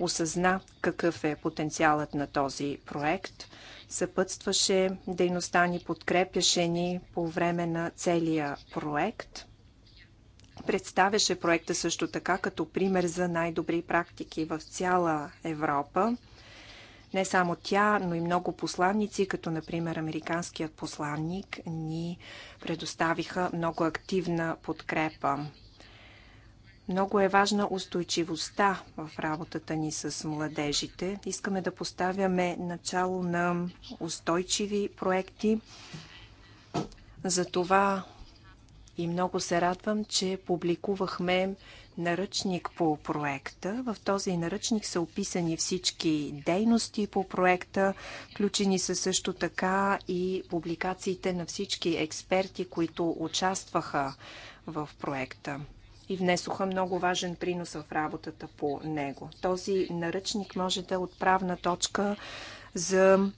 осъзна какъв е потенциалът на този проект. Съпътстваше дейността ни, подкрепяше ни по време на целия проект. Представяше проекта също така като пример за най-добри практики в цяла Европа. Не само тя, но и много посланници, като например американският посланник, ни предоставиха много активна подкрепа. Много е важна устойчивостта в работата ни с младежите. Искаме да поставяме начало на устойчиви проекти. Затова и много се радвам, че публикувахме наръчник по проекта. В този наръчник са описани всички дейности по проекта. Включени са също така и публикациите на всички експерти, които участваха в проекта и внесоха много важен принос в работата по него. Този наръчник може да е отправна точка за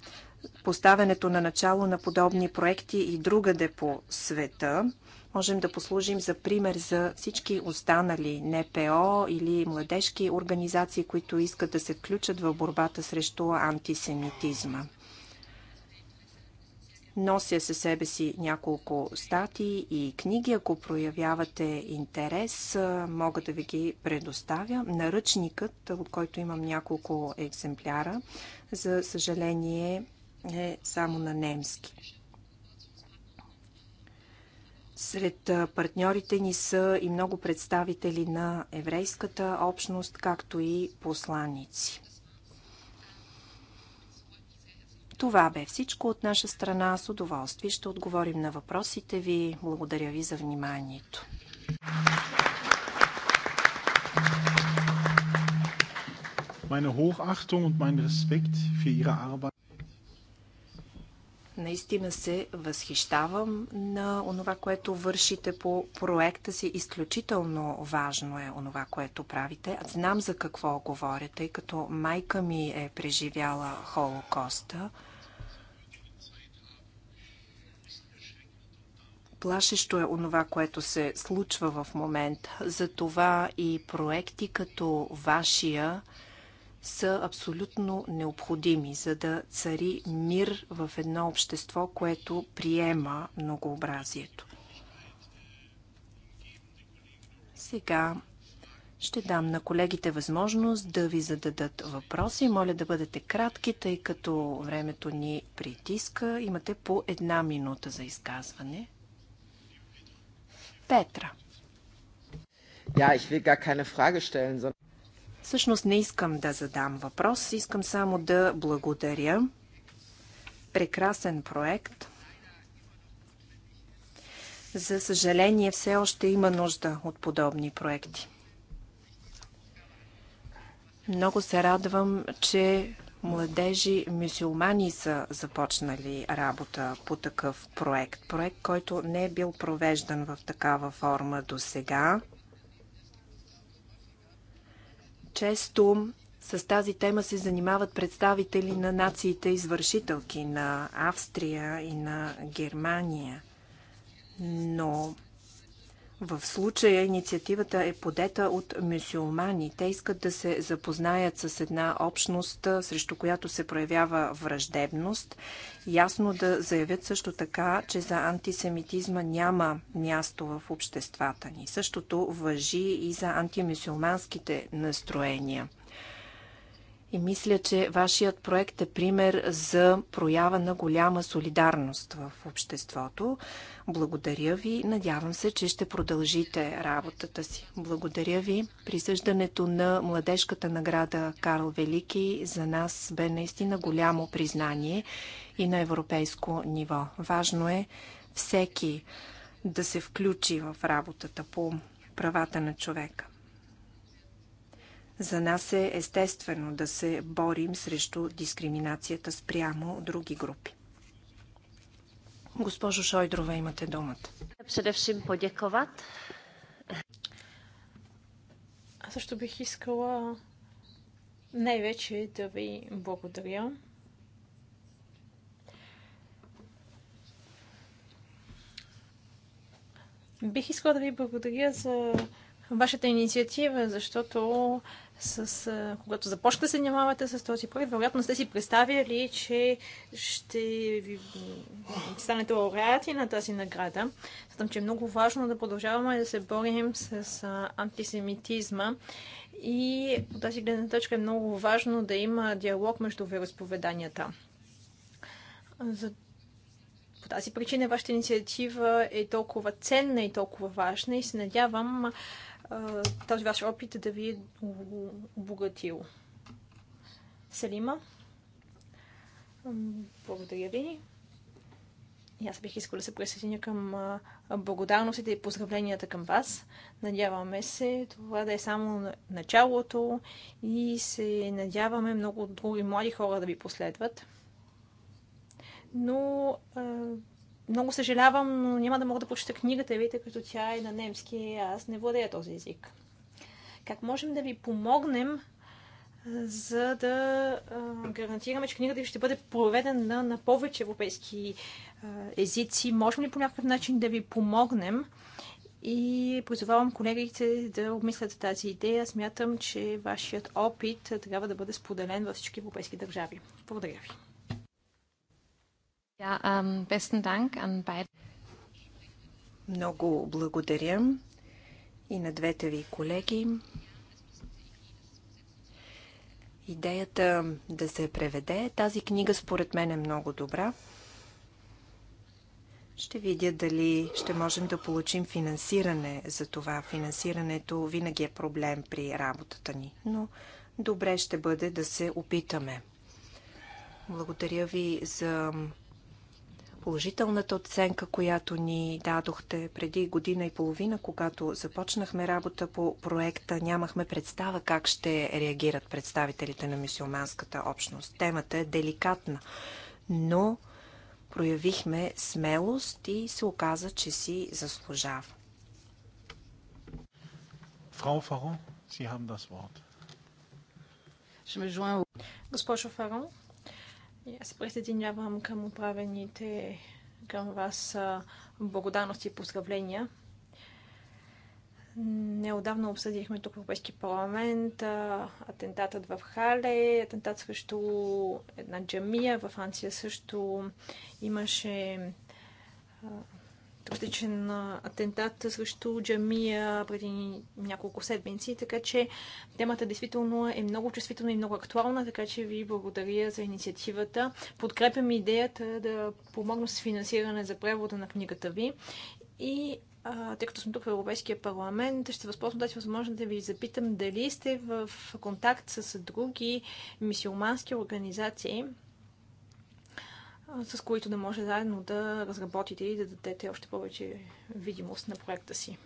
поставянето на начало на подобни проекти и другаде по света. Можем да послужим за пример за всички останали НПО или младежки организации, които искат да се включат в борбата срещу антисемитизма. Нося със себе си няколко статии и книги. Ако проявявате интерес, мога да ви ги предоставя. Наръчникът, от който имам няколко екземпляра, за съжаление е само на немски. Сред партньорите ни са и много представители на еврейската общност, както и посланици. Това бе всичко от наша страна. С удоволствие ще отговорим на въпросите ви. Благодаря ви за вниманието. Наистина се възхищавам на онова, което вършите по проекта си. Изключително важно е онова, което правите. Аз знам за какво говорите, тъй като майка ми е преживяла Холокоста. Плашещо е онова, което се случва в момента. Затова и проекти като вашия са абсолютно необходими, за да цари мир в едно общество, което приема многообразието. Сега ще дам на колегите възможност да ви зададат въпроси. Моля да бъдете кратки, тъй като времето ни притиска. Имате по една минута за изказване. Петра. Ja, ich will gar keine Frage stellen, sondern... Всъщност не искам да задам въпрос, искам само да благодаря. Прекрасен проект. За съжаление, все още има нужда от подобни проекти. Много се радвам, че младежи мюсюлмани са започнали работа по такъв проект. Проект, който не е бил провеждан в такава форма до сега. Често с тази тема се занимават представители на нациите извършителки на Австрия и на Германия. Но в случая инициативата е подета от мюсюлмани. Те искат да се запознаят с една общност, срещу която се проявява враждебност. Ясно да заявят също така, че за антисемитизма няма място в обществата ни. Същото въжи и за антимюсюлманските настроения. И мисля, че вашият проект е пример за проява на голяма солидарност в обществото. Благодаря ви. Надявам се, че ще продължите работата си. Благодаря ви. Присъждането на младежката награда Карл Велики за нас бе наистина голямо признание и на европейско ниво. Важно е всеки да се включи в работата по правата на човека. За нас е естествено да се борим срещу дискриминацията спрямо други групи. Госпожо Шойдрова, имате думата. Предевшим подяковат. Аз също бих искала най-вече да ви благодаря. Бих искала да ви благодаря за вашата инициатива, защото с, а, когато започнете да се занимавате с този проект, вероятно сте си представили, че ще ви станете лауреати на тази награда. Съдам, че е много важно да продължаваме да се борим с а, антисемитизма и от тази гледна точка е много важно да има диалог между вероисповеданията. За по тази причина вашата инициатива е толкова ценна и толкова важна и се надявам този ваш опит да ви е обогатил. Селима, благодаря ви. И аз бих искала да се присъединя към благодарностите и поздравленията към вас. Надяваме се това да е само началото и се надяваме много други млади хора да ви последват. Но много съжалявам, но няма да мога да прочета книгата ви, тъй като тя е на немски и аз не владея този език. Как можем да ви помогнем, за да гарантираме, че книгата ви ще бъде проведена на повече европейски езици? Можем ли по някакъв начин да ви помогнем? И призовавам колегите да обмислят тази идея. Смятам, че вашият опит трябва да бъде споделен във всички европейски държави. Благодаря ви. Ähm, много благодаря и на двете ви колеги. Идеята да се преведе тази книга според мен е много добра. Ще видя дали ще можем да получим финансиране за това. Финансирането винаги е проблем при работата ни, но добре ще бъде да се опитаме. Благодаря ви за положителната оценка, която ни дадохте преди година и половина, когато започнахме работа по проекта, нямахме представа как ще реагират представителите на мисиоманската общност. Темата е деликатна, но проявихме смелост и се оказа, че си заслужава. Фрау Фарон, си хам das Госпожо Фарон, и аз присъединявам към отправените към вас благодарности и поздравления. Неодавно обсъдихме тук в Европейски парламент атентатът в Хале, атентат срещу една джамия. Във Франция също имаше терористичен атентат срещу джамия преди няколко седмици, така че темата действително е много чувствителна и много актуална, така че ви благодаря за инициативата. Подкрепям идеята да помогна с финансиране за превода на книгата ви и тъй като сме тук в Европейския парламент, ще възползвам тази възможност да ви запитам дали сте в контакт с други мисиомански организации, с които да може заедно да разработите и да дадете още повече видимост на проекта си.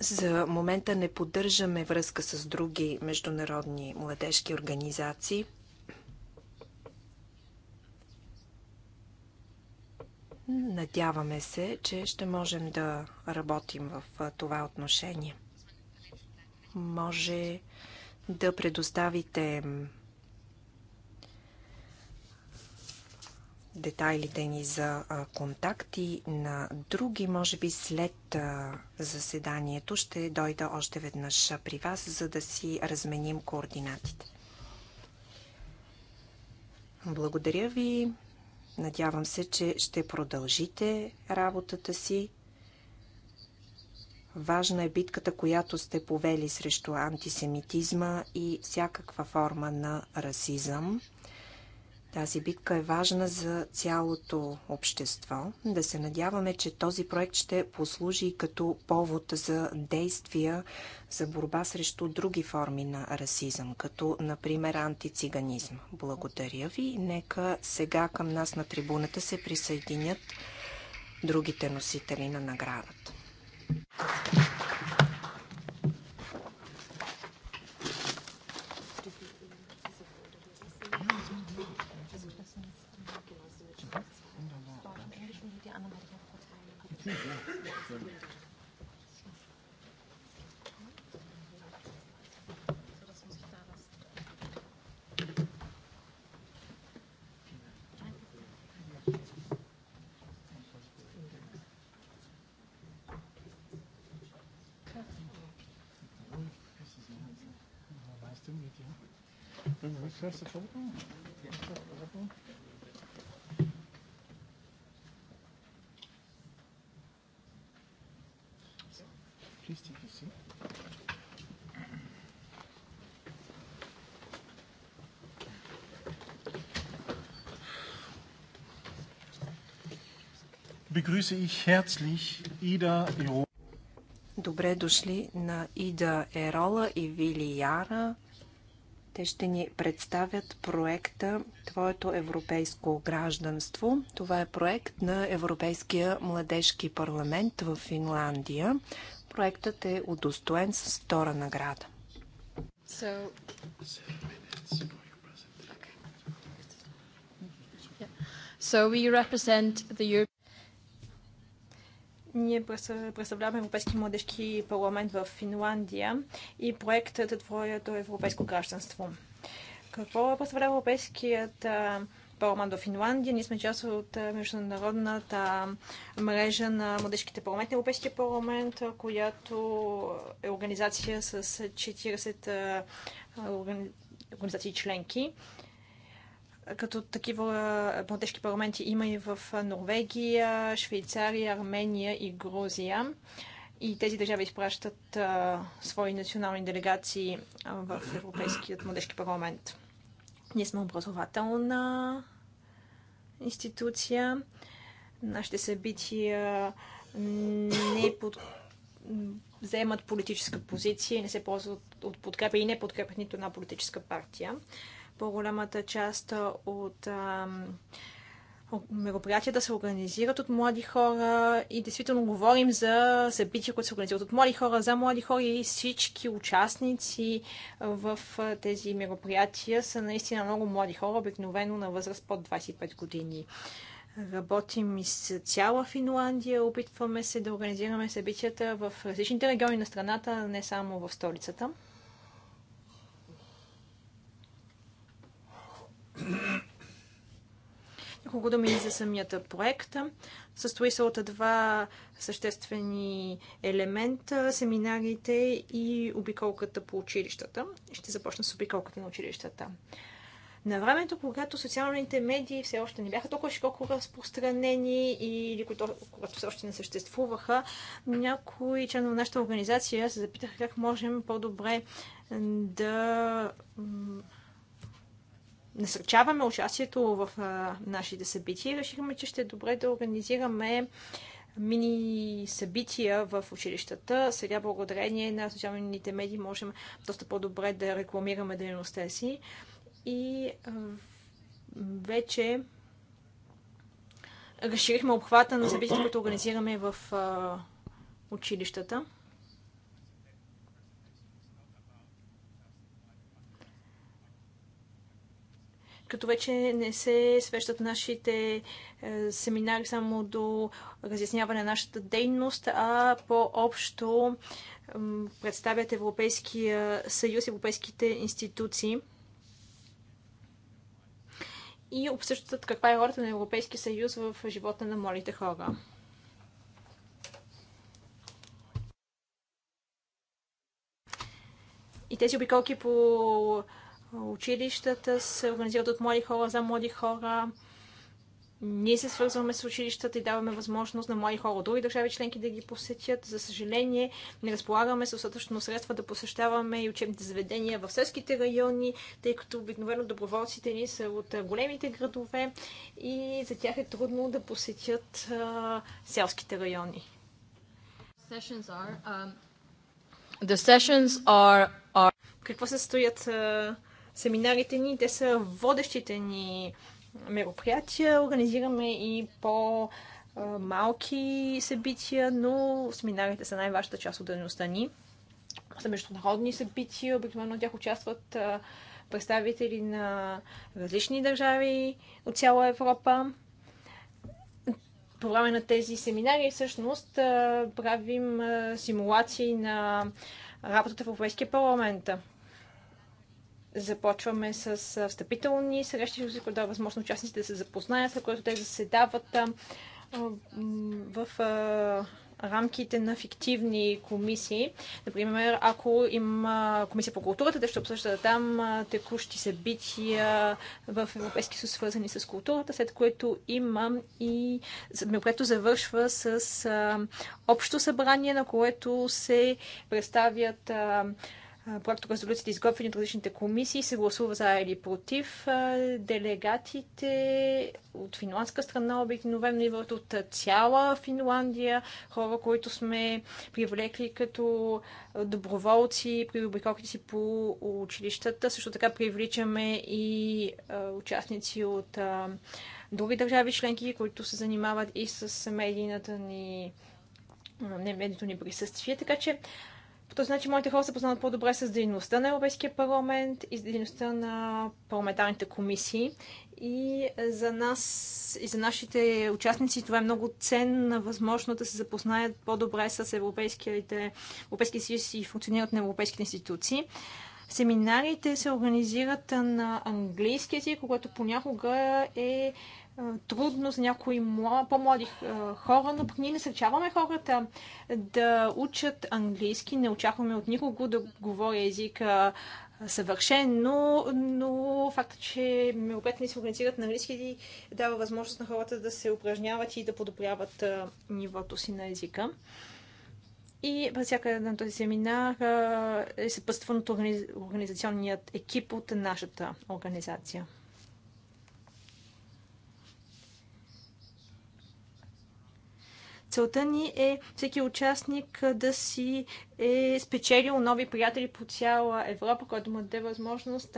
За момента не поддържаме връзка с други международни младежки организации. Надяваме се, че ще можем да работим в това отношение. Може да предоставите детайлите ни за контакти на други, може би след заседанието ще дойда още веднъж при вас, за да си разменим координатите. Благодаря ви. Надявам се, че ще продължите работата си. Важна е битката, която сте повели срещу антисемитизма и всякаква форма на расизъм. Тази битка е важна за цялото общество. Да се надяваме, че този проект ще послужи като повод за действия за борба срещу други форми на расизъм, като например антициганизм. Благодаря ви. Нека сега към нас на трибуната се присъединят другите носители на наградата. Nice to meet Das ist ja all, begrüße ich herzlich Ida Erola. Добре дошли на Ида Ерола и Вили Яра. Те ще ни представят проекта Твоето европейско гражданство. Това е проект на Европейския младежки парламент в Финландия. Проектът е удостоен с втора награда. So... So we represent the Europe... Ние представляваме Европейски младежки парламент в Финландия и проектът е Твоето европейско гражданство. Какво представлява Европейският парламент в Финландия? Ние сме част от международната мрежа на младежките парламент на Европейския парламент, която е организация с 40 организации членки като такива младежки парламенти има и в Норвегия, Швейцария, Армения и Грузия. И тези държави изпращат а, свои национални делегации в Европейският младежки парламент. Ние сме образователна институция. Нашите събития не под... вземат политическа позиция, и не се ползват от подкрепа и не подкрепят нито една политическа партия. По-голямата част от мероприятията се организират от млади хора и действително говорим за събития, които се организират от млади хора, за млади хора и всички участници в тези мероприятия са наистина много млади хора, обикновено на възраст под 25 години. Работим из цяла Финландия, опитваме се да организираме събитията в различните региони на страната, не само в столицата. Няколко думи за самият проект. Състои се от два съществени елемента семинарите и обиколката по училищата. Ще започна с обиколката на училищата. На времето, когато социалните медии все още не бяха толкова широко разпространени или когато все още не съществуваха, някои членове на нашата организация се запитаха как можем по-добре да насърчаваме участието в а, нашите събития и решихме, че ще е добре да организираме мини събития в училищата. Сега благодарение на социалните медии можем доста по-добре да рекламираме дейността си. И а, вече разширихме обхвата на събитията, които организираме в а, училищата. като вече не се свещат нашите е, семинари само до разясняване на нашата дейност, а по-общо представят Европейския съюз, европейските институции и обсъждат каква е ролята на Европейския съюз в живота на младите хора. И тези обиколки по Училищата се организират от млади хора за млади хора. Ние се свързваме с училищата и даваме възможност на млади хора от други държави членки да ги посетят. За съжаление, не разполагаме с достатъчно средства да посещаваме и учебните заведения в селските райони, тъй като обикновено доброволците ни са от големите градове и за тях е трудно да посетят а, селските райони. Are, um... are, are... Какво се стоят а семинарите ни. Те са водещите ни мероприятия. Организираме и по малки събития, но семинарите са най-важната част от дейността ни. Са международни събития, обикновено тях участват представители на различни държави от цяла Европа. По време на тези семинари всъщност правим симулации на работата в Европейския парламент. Започваме с встъпителни срещи, за които дава възможно участниците да се запознаят, след което те заседават в рамките на фиктивни комисии. Например, ако има комисия по културата, те ще обсъждат там текущи събития в Европейски съюз, свързани с културата, след което има и което завършва с общо събрание, на което се представят проекторезолюциите, изготвени от различните комисии, се гласува за или против. Делегатите от финландска страна обикновено и от цяла Финландия, хора, които сме привлекли като доброволци при обиколките си по училищата. Също така привличаме и участници от други държави членки, които се занимават и с медийната ни, не, медийното ни присъствие. Така че по този начин моите хора се познават по-добре с дейността на Европейския парламент и с дейността на парламентарните комисии. И за нас и за нашите участници това е много ценна възможност да се запознаят по-добре с Европейските, европейски съюз и функционират на европейските институции. Семинарите се организират на английски език, което понякога е трудно за някои по-млади хора, но пък ние насърчаваме хората да учат английски. Не очакваме от никого да говоря езика съвършен, но факта, че мероприятията се организират на английски, дава възможност на хората да се упражняват и да подобряват нивото си на езика. И във всяка на този семинар е съпътстван от организационният екип от нашата организация. Целта ни е всеки участник да си е спечелил нови приятели по цяла Европа, който му даде възможност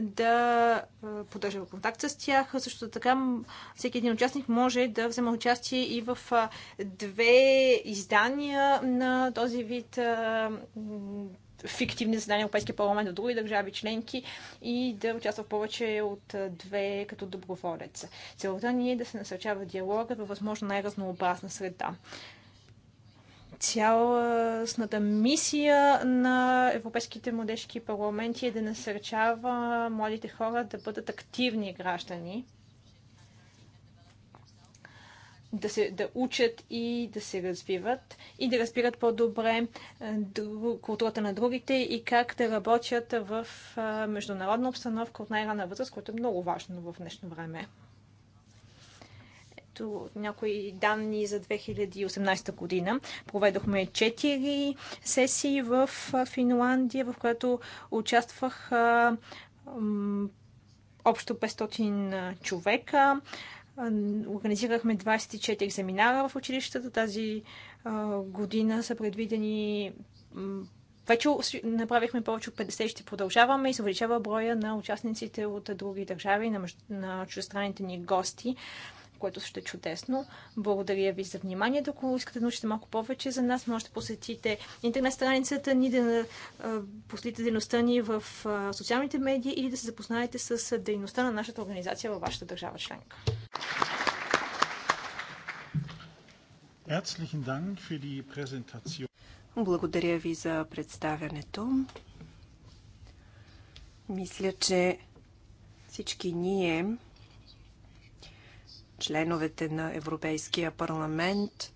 да поддържа контакт с тях. Също така всеки един участник може да взема участие и в две издания на този вид фиктивни заседания на Европейския парламент от други държави членки и да участва в повече от две като доброволец. Целта ни е да се насърчава диалога във възможно най-разнообразна среда цялостната мисия на европейските младежки парламенти е да насърчава младите хора да бъдат активни граждани да, се, да учат и да се развиват и да разбират по-добре е, културата на другите и как да работят в е, международна обстановка от най-рана възраст, което е много важно в днешно време. Ето някои данни за 2018 година. Проведохме 4 сесии в е, Финландия, в която участвах общо 500 човека. Организирахме 24 семинара в училищата. Тази година са предвидени вече направихме повече от 50 ще продължаваме и се увеличава броя на участниците от други държави, на, чужестранните ни гости, което ще е чудесно. Благодаря ви за вниманието. Ако искате да научите малко повече за нас, може да посетите интернет страницата ни, да посетите дейността ни в социалните медии или да се запознаете с дейността на нашата организация във вашата държава членка. Благодаря ви за представянето. Мисля, че всички ние, членовете на Европейския парламент,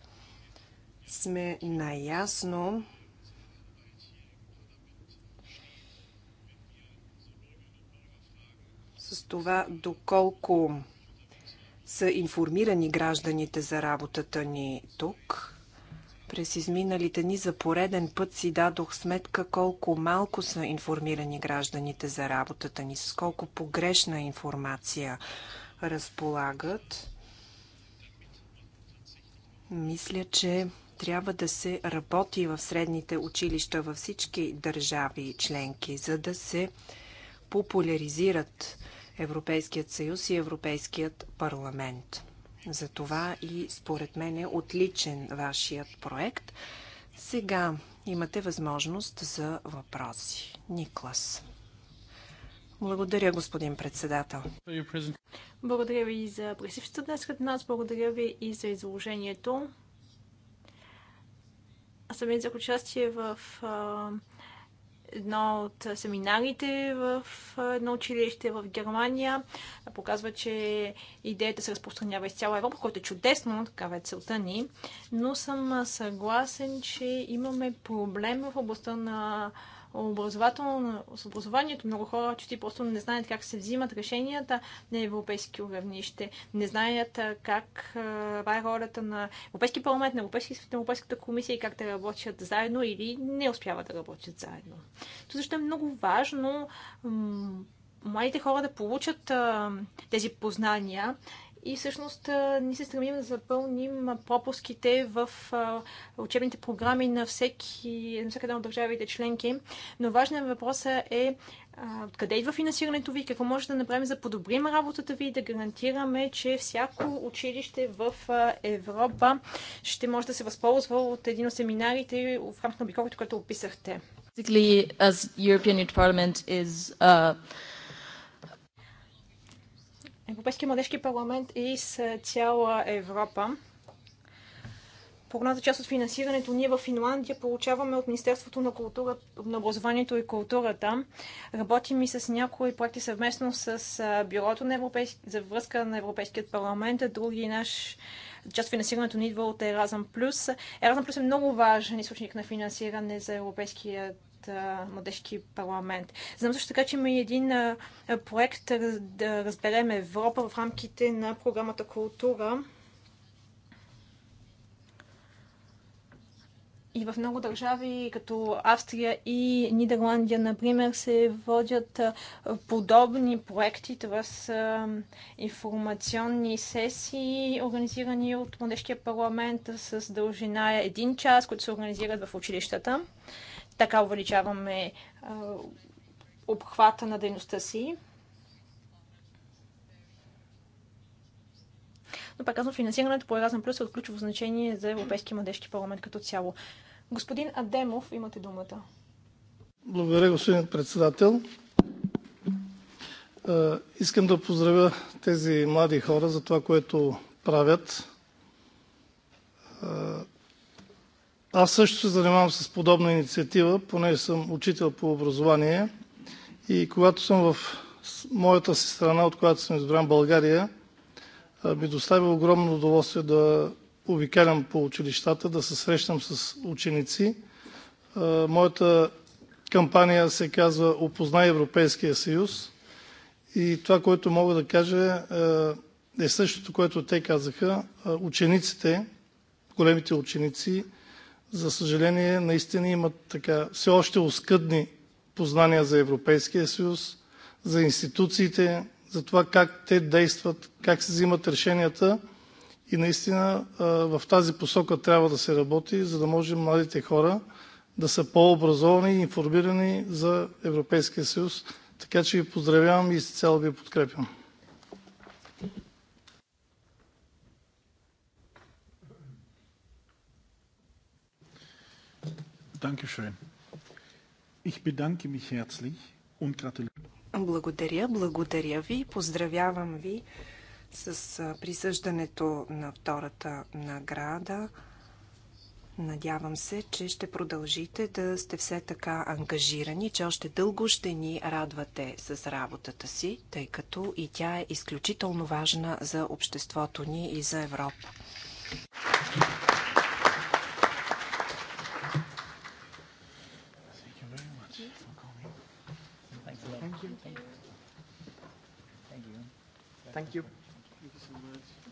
сме наясно, с това доколко са информирани гражданите за работата ни тук. През изминалите ни за пореден път си дадох сметка колко малко са информирани гражданите за работата ни, с колко погрешна информация разполагат. Мисля, че трябва да се работи в средните училища във всички държави членки, за да се популяризират Европейският съюз и Европейският парламент. Затова и според мен е отличен вашият проект. Сега имате възможност за въпроси. Никлас. Благодаря, господин председател. Благодаря ви за присъщата днес като нас. Благодаря ви и за изложението. Аз самият за участие в едно от семинарите в едно училище в Германия. Показва, че идеята се разпространява из цяла Европа, което е чудесно, такава е целта ни. Но съм съгласен, че имаме проблем в областта на с образованието. Много хора чути просто не знаят как се взимат решенията на европейски уравнище, не знаят как е ролята на Европейски парламент, на, Европейски, на Европейската комисия и как да работят заедно или не успяват да работят заедно. То защо е много важно младите хора да получат а, тези познания и всъщност ние се стремим да запълним пропуските в учебните програми на, всеки, на всяка една от държавите членки. Но важният въпросът е къде идва финансирането ви, какво може да направим за подобрим работата ви и да гарантираме, че всяко училище в Европа ще може да се възползва от един от семинарите в рамките на обиколката, което описахте. Basically, as European Parliament is uh, Европейския младежки парламент и с цяла Европа. по една част от финансирането ние в Финландия получаваме от Министерството на, култура, на образованието и културата. Работим и с някои проекти съвместно с Бюрото на Европейски, за връзка на Европейският парламент, а други наш част от финансирането ни идва от Еразъм Плюс. Еразъм Плюс е много важен източник на финансиране за европейския младежки парламент. Знам също така, че има и един проект да разберем Европа в рамките на програмата Култура. И в много държави, като Австрия и Нидерландия, например, се водят подобни проекти. Това са информационни сесии, организирани от Младежкия парламент с дължина един час, които се организират в училищата. Така увеличаваме обхвата на дейността си. Но пак казвам, финансирането по Еразен Плюс е от ключово значение за Европейския младежки парламент като цяло. Господин Адемов, имате думата. Благодаря, господин председател. Искам да поздравя тези млади хора за това, което правят. Аз също се занимавам с подобна инициатива, понеже съм учител по образование и когато съм в моята си страна, от която съм избран България, ми доставя огромно удоволствие да обикалям по училищата, да се срещам с ученици. Моята кампания се казва Опознай Европейския съюз и това, което мога да кажа е същото, което те казаха. Учениците, големите ученици, за съжаление, наистина имат така все още оскъдни познания за Европейския съюз, за институциите, за това как те действат, как се взимат решенията. И наистина в тази посока трябва да се работи, за да може младите хора да са по-образовани и информирани за Европейския съюз. Така че Ви поздравявам и изцяло Ви подкрепям. Dankeschön. Ich bedanke mich herzlich und gratuliere. Благодаря, благодаря ви. Поздравявам ви с присъждането на втората награда. Надявам се, че ще продължите да сте все така ангажирани, че още дълго ще ни радвате с работата си, тъй като и тя е изключително важна за обществото ни и за Европа. Thank you. Thank you so much.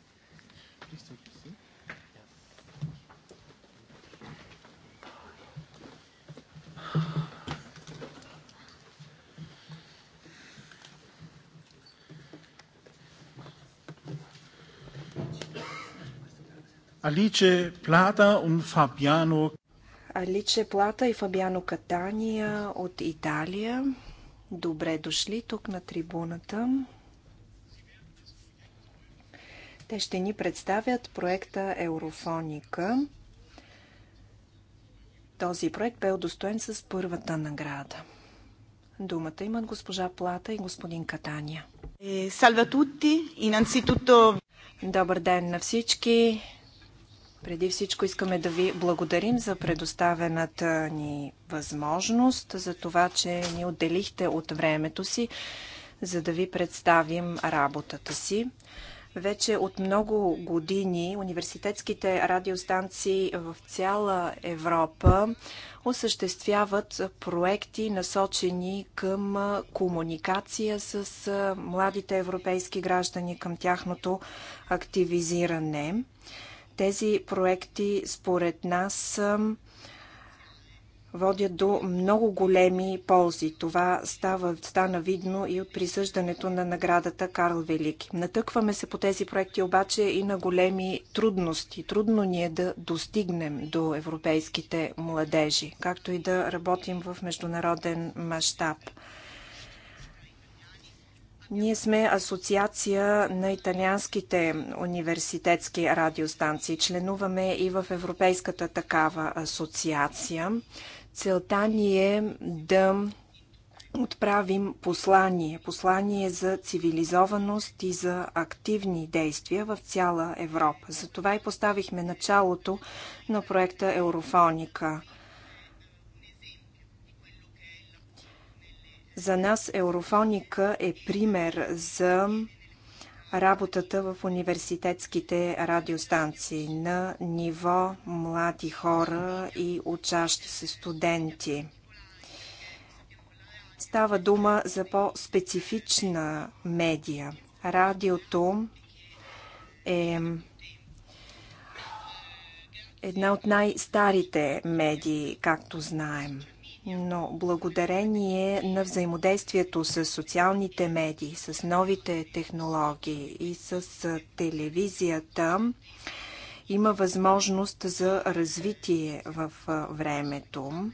Аличе Плата и Фабиано. Аличе Плата и Фабиано Катания от Италия. Добре дошли тук на трибуната. Те ще ни представят проекта Еврофоника. Този проект бе удостоен с първата награда. Думата имат госпожа Плата и господин Катания. Е, салва Добър ден на всички. Преди всичко искаме да ви благодарим за предоставената ни възможност, за това, че ни отделихте от времето си, за да ви представим работата си. Вече от много години университетските радиостанции в цяла Европа осъществяват проекти, насочени към комуникация с младите европейски граждани, към тяхното активизиране. Тези проекти, според нас, водят до много големи ползи. Това става, стана видно и от присъждането на наградата Карл Велики. Натъкваме се по тези проекти обаче и на големи трудности. Трудно ни е да достигнем до европейските младежи, както и да работим в международен мащаб. Ние сме асоциация на италианските университетски радиостанции. Членуваме и в Европейската такава асоциация. Целта ни е да отправим послание. Послание за цивилизованост и за активни действия в цяла Европа. Затова и поставихме началото на проекта Еврофоника – За нас Еврофоника е пример за работата в университетските радиостанции на ниво млади хора и учащи се студенти. Става дума за по-специфична медия. Радиото е една от най-старите медии, както знаем – но благодарение на взаимодействието с социалните медии, с новите технологии и с телевизията, има възможност за развитие в времето.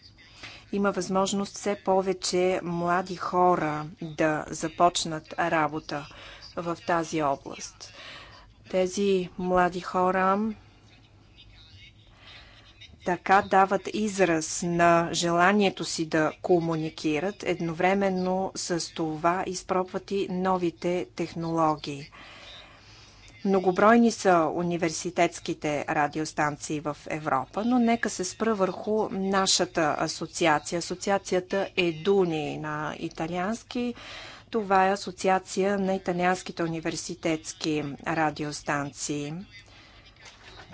Има възможност все повече млади хора да започнат работа в тази област. Тези млади хора така дават израз на желанието си да комуникират, едновременно с това изпробват и новите технологии. Многобройни са университетските радиостанции в Европа, но нека се спра върху нашата асоциация, асоциацията Е Дуни на италиански. Това е асоциация на италианските университетски радиостанции.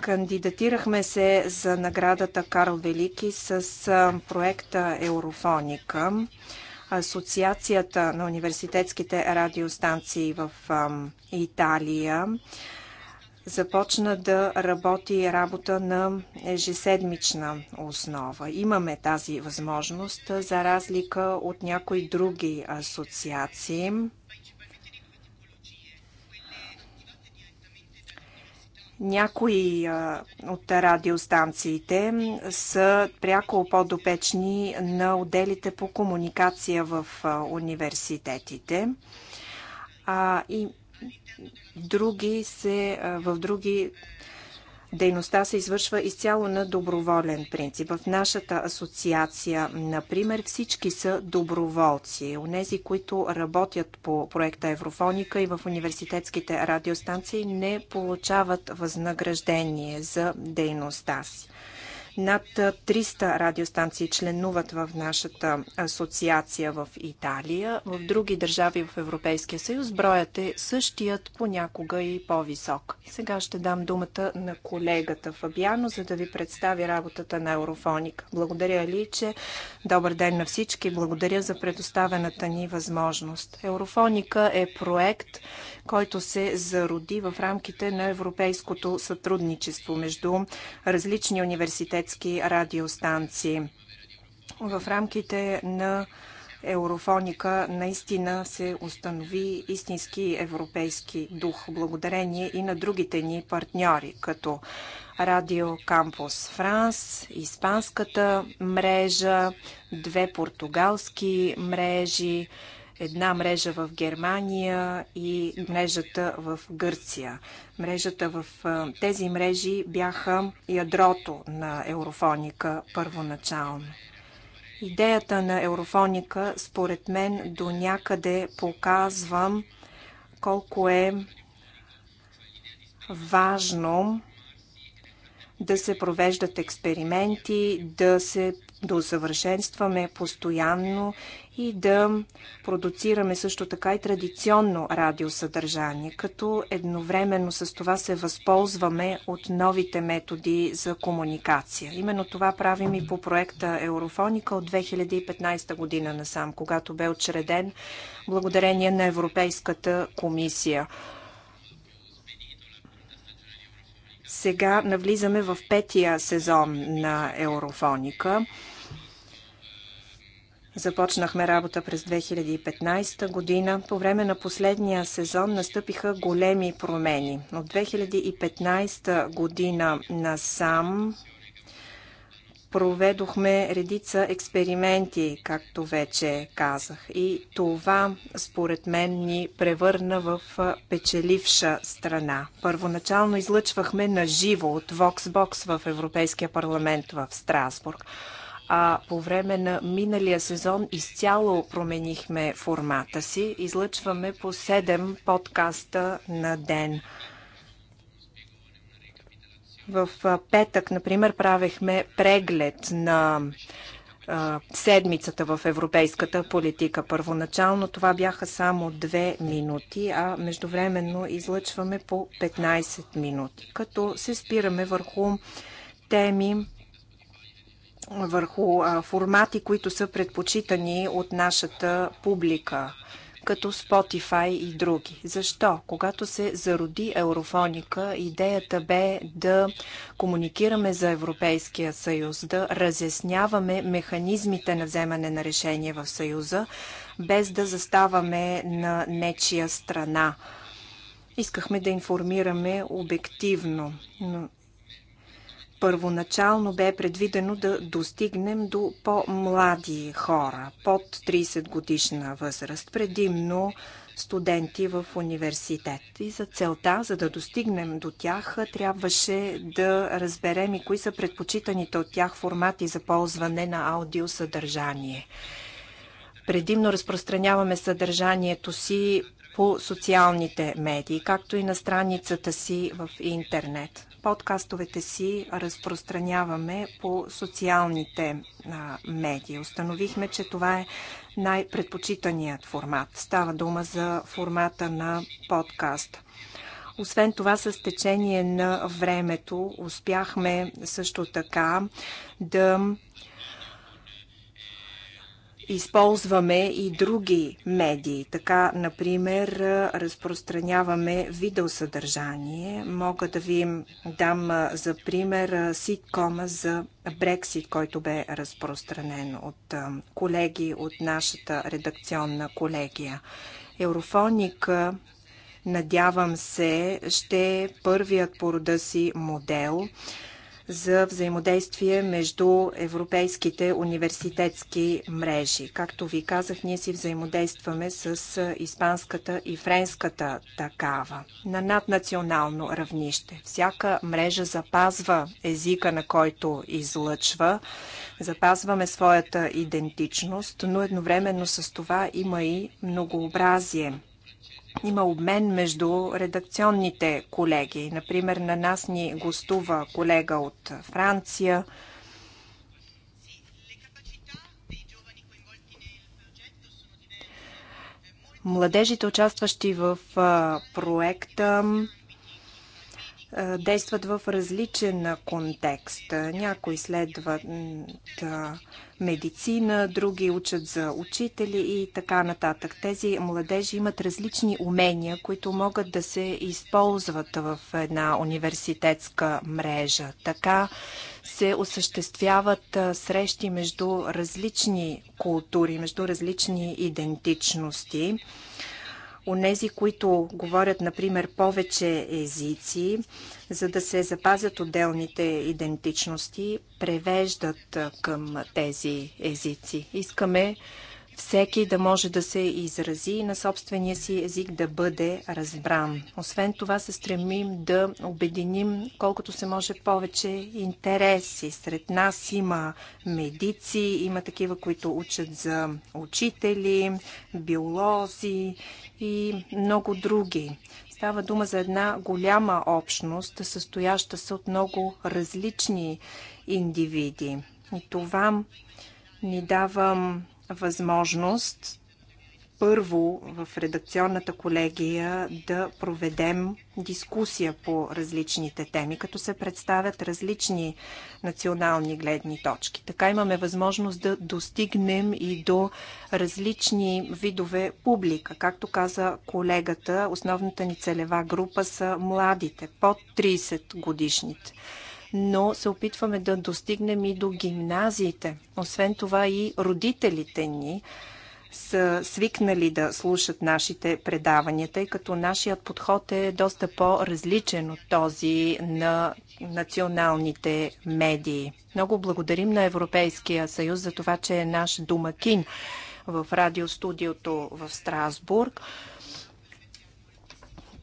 Кандидатирахме се за наградата Карл Велики с проекта Еврофоника. Асоциацията на университетските радиостанции в Италия започна да работи работа на ежеседмична основа. Имаме тази възможност за разлика от някои други асоциации. Някои от радиостанциите са пряко подопечни на отделите по комуникация в университетите. А, и други се, в други дейността се извършва изцяло на доброволен принцип. В нашата асоциация, например, всички са доброволци. Онези, които работят по проекта Еврофоника и в университетските радиостанции не получават възнаграждение за дейността си. Над 300 радиостанции членуват в нашата асоциация в Италия. В други държави в Европейския съюз броят е същият, понякога и по-висок. Сега ще дам думата на колегата Фабиано, за да ви представи работата на Еврофоник. Благодаря ли, че добър ден на всички. Благодаря за предоставената ни възможност. Еврофоника е проект, който се зароди в рамките на европейското сътрудничество между различни университетски радиостанции. В рамките на Еврофоника наистина се установи истински европейски дух, благодарение и на другите ни партньори, като Радио Кампус Франс, Испанската мрежа, две португалски мрежи, една мрежа в Германия и мрежата в Гърция. Мрежата в тези мрежи бяха ядрото на Еврофоника първоначално. Идеята на Еврофоника, според мен, до някъде показва колко е важно да се провеждат експерименти, да се да усъвършенстваме постоянно и да продуцираме също така и традиционно радиосъдържание, като едновременно с това се възползваме от новите методи за комуникация. Именно това правим и по проекта Еврофоника от 2015 година насам, когато бе очреден благодарение на Европейската комисия. Сега навлизаме в петия сезон на Еврофоника – Започнахме работа през 2015 година. По време на последния сезон настъпиха големи промени. От 2015 година насам проведохме редица експерименти, както вече казах. И това, според мен, ни превърна в печеливша страна. Първоначално излъчвахме на живо от Box в Европейския парламент в Страсбург а по време на миналия сезон изцяло променихме формата си. Излъчваме по 7 подкаста на ден. В петък, например, правехме преглед на седмицата в европейската политика. Първоначално това бяха само 2 минути, а междувременно излъчваме по 15 минути, като се спираме върху теми, върху формати, които са предпочитани от нашата публика, като Spotify и други. Защо? Когато се зароди Еврофоника, идеята бе да комуникираме за Европейския съюз, да разясняваме механизмите на вземане на решение в съюза, без да заставаме на нечия страна. Искахме да информираме обективно, но първоначално бе предвидено да достигнем до по-млади хора, под 30 годишна възраст, предимно студенти в университет. И за целта, за да достигнем до тях, трябваше да разберем и кои са предпочитаните от тях формати за ползване на аудиосъдържание. Предимно разпространяваме съдържанието си по социалните медии, както и на страницата си в интернет. Подкастовете си разпространяваме по социалните а, медии. Установихме, че това е най-предпочитаният формат. Става дума за формата на подкаст. Освен това, с течение на времето успяхме също така да използваме и други медии. Така, например, разпространяваме видеосъдържание. Мога да ви дам за пример ситкома за Брексит, който бе разпространен от колеги от нашата редакционна колегия. Еврофоник, надявам се, ще е първият по рода си модел – за взаимодействие между европейските университетски мрежи. Както ви казах, ние си взаимодействаме с испанската и френската такава на наднационално равнище. Всяка мрежа запазва езика, на който излъчва, запазваме своята идентичност, но едновременно с това има и многообразие има обмен между редакционните колеги. Например, на нас ни гостува колега от Франция. Младежите, участващи в проекта, действат в различен контекст. Някои следват медицина, други учат за учители и така нататък. Тези младежи имат различни умения, които могат да се използват в една университетска мрежа. Така се осъществяват срещи между различни култури, между различни идентичности онези, които говорят, например, повече езици, за да се запазят отделните идентичности, превеждат към тези езици. Искаме всеки да може да се изрази и на собствения си език да бъде разбран. Освен това се стремим да обединим колкото се може повече интереси. Сред нас има медици, има такива, които учат за учители, биолози и много други. Става дума за една голяма общност, състояща се от много различни индивиди. И това ни дава възможност първо в редакционната колегия да проведем дискусия по различните теми, като се представят различни национални гледни точки. Така имаме възможност да достигнем и до различни видове публика. Както каза колегата, основната ни целева група са младите, под 30 годишните но се опитваме да достигнем и до гимназиите. Освен това и родителите ни са свикнали да слушат нашите предавания, тъй като нашият подход е доста по-различен от този на националните медии. Много благодарим на Европейския съюз за това, че е наш домакин в радиостудиото в Страсбург.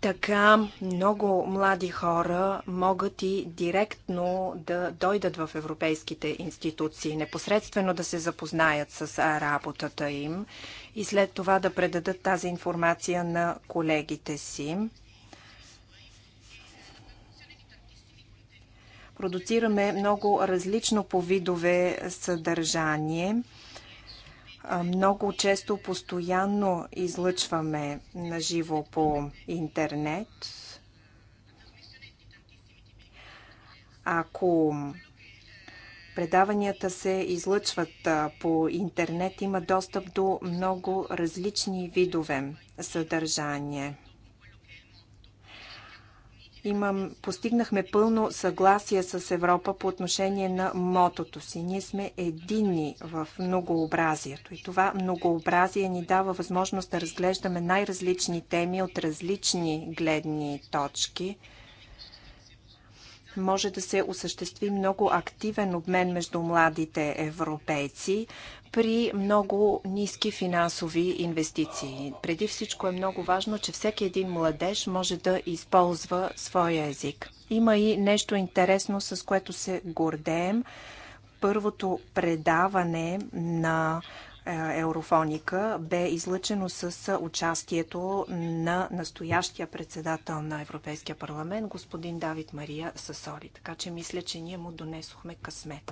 Така много млади хора могат и директно да дойдат в европейските институции, непосредствено да се запознаят с работата им и след това да предадат тази информация на колегите си. Продуцираме много различно по видове съдържание – много често постоянно излъчваме на живо по интернет. Ако предаванията се излъчват по интернет, има достъп до много различни видове съдържание имам, постигнахме пълно съгласие с Европа по отношение на мотото си. Ние сме единни в многообразието и това многообразие ни дава възможност да разглеждаме най-различни теми от различни гледни точки. Може да се осъществи много активен обмен между младите европейци при много ниски финансови инвестиции. Преди всичко е много важно, че всеки един младеж може да използва своя език. Има и нещо интересно, с което се гордеем. Първото предаване на е, Еврофоника бе излъчено с участието на настоящия председател на Европейския парламент, господин Давид Мария Сасоли. Така че мисля, че ние му донесохме късмет.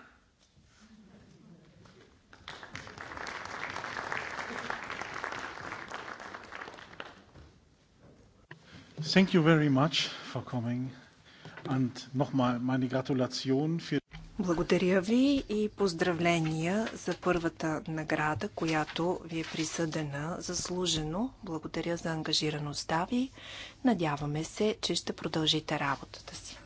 Thank you very much for coming. And nochmal meine Gratulation für благодаря ви и поздравления за първата награда, която ви е присъдена заслужено. Благодаря за ангажираността ви. Надяваме се, че ще продължите работата си.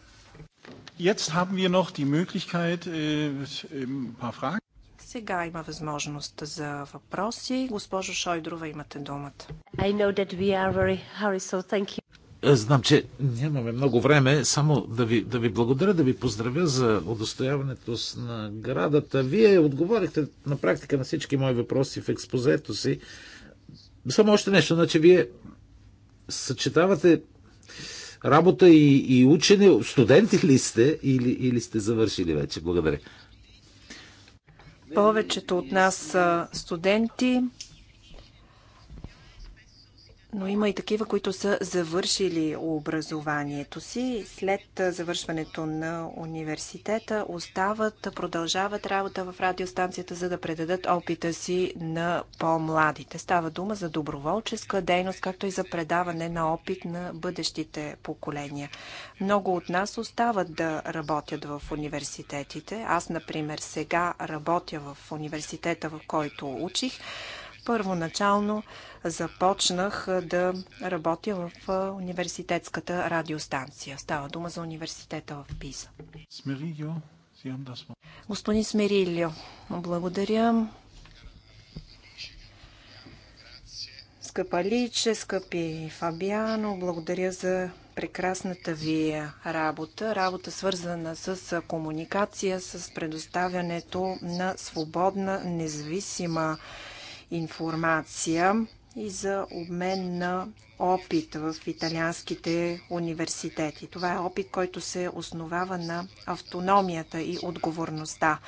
Äh, Сега има възможност за въпроси. Госпожо Шойдрова, имате думата. Е, знам, че нямаме много време. Само да ви, да ви благодаря, да ви поздравя за удостояването с наградата. Вие отговорихте на практика на всички мои въпроси в експозето си. Само още нещо, значи вие съчетавате работа и, и учене. Студенти ли сте или, или сте завършили вече? Благодаря. Повечето от нас са студенти. Но има и такива, които са завършили образованието си. След завършването на университета остават, продължават работа в радиостанцията, за да предадат опита си на по-младите. Става дума за доброволческа дейност, както и за предаване на опит на бъдещите поколения. Много от нас остават да работят в университетите. Аз, например, сега работя в университета, в който учих. Първоначално започнах да работя в университетската радиостанция. Става дума за университета в Пиза. Господин Смерилио, благодаря. Скъпа Личе, скъпи Фабиано, благодаря за прекрасната ви работа. Работа свързана с комуникация, с предоставянето на свободна, независима информация и за обмен на опит в италианските университети. Това е опит, който се основава на автономията и отговорността.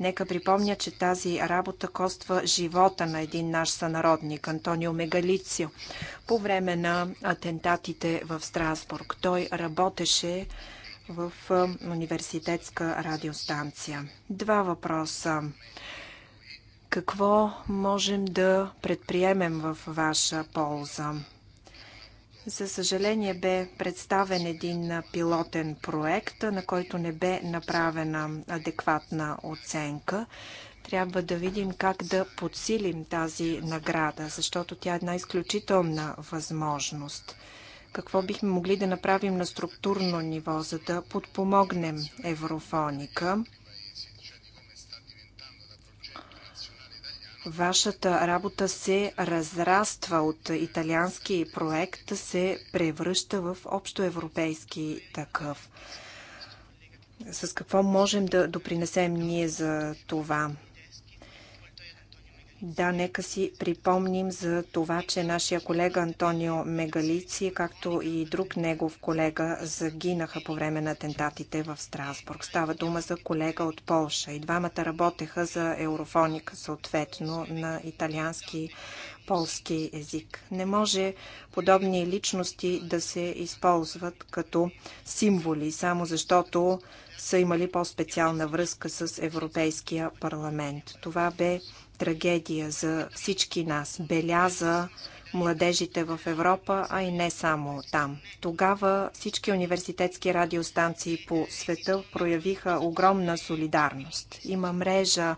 Нека припомня, че тази работа коства живота на един наш сънародник, Антонио Мегалицио. По време на атентатите в Страсбург той работеше в университетска радиостанция. Два въпроса какво можем да предприемем в ваша полза? За съжаление бе представен един пилотен проект, на който не бе направена адекватна оценка. Трябва да видим как да подсилим тази награда, защото тя е една изключителна възможност. Какво бихме могли да направим на структурно ниво, за да подпомогнем еврофоника? Вашата работа се разраства от италиански проект, се превръща в общоевропейски такъв. С какво можем да допринесем ние за това? Да, нека си припомним за това, че нашия колега Антонио Мегалици, както и друг негов колега, загинаха по време на атентатите в Страсбург. Става дума за колега от Полша. И двамата работеха за еврофоника, съответно, на италиански полски език. Не може подобни личности да се използват като символи, само защото са имали по-специална връзка с Европейския парламент. Това бе трагедия за всички нас. Беляза младежите в Европа, а и не само там. Тогава всички университетски радиостанции по света проявиха огромна солидарност. Има мрежа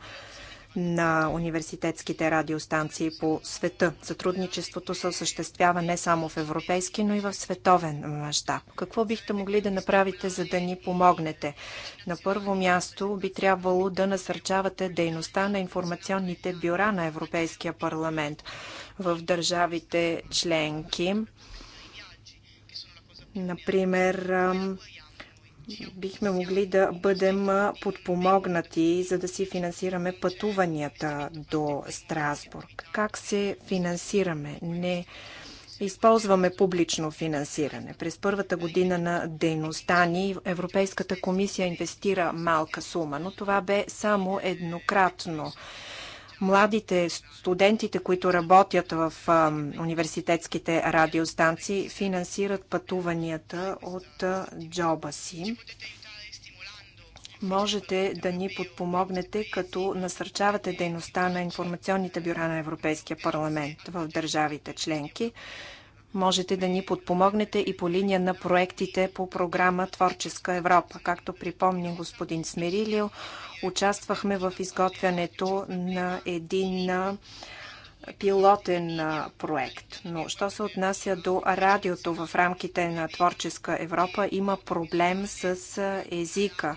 на университетските радиостанции по света. Сътрудничеството се осъществява не само в европейски, но и в световен мащаб. Какво бихте могли да направите, за да ни помогнете? На първо място би трябвало да насърчавате дейността на информационните бюра на Европейския парламент в държавите членки. Например, бихме могли да бъдем подпомогнати, за да си финансираме пътуванията до Страсбург. Как се финансираме? Не използваме публично финансиране. През първата година на дейността ни Европейската комисия инвестира малка сума, но това бе само еднократно младите студентите, които работят в университетските радиостанции, финансират пътуванията от джоба си. Можете да ни подпомогнете, като насърчавате дейността на информационните бюра на Европейския парламент в държавите членки можете да ни подпомогнете и по линия на проектите по програма Творческа Европа. Както припомним, господин Смерилио, участвахме в изготвянето на един пилотен проект. Но що се отнася до радиото в рамките на Творческа Европа, има проблем с езика.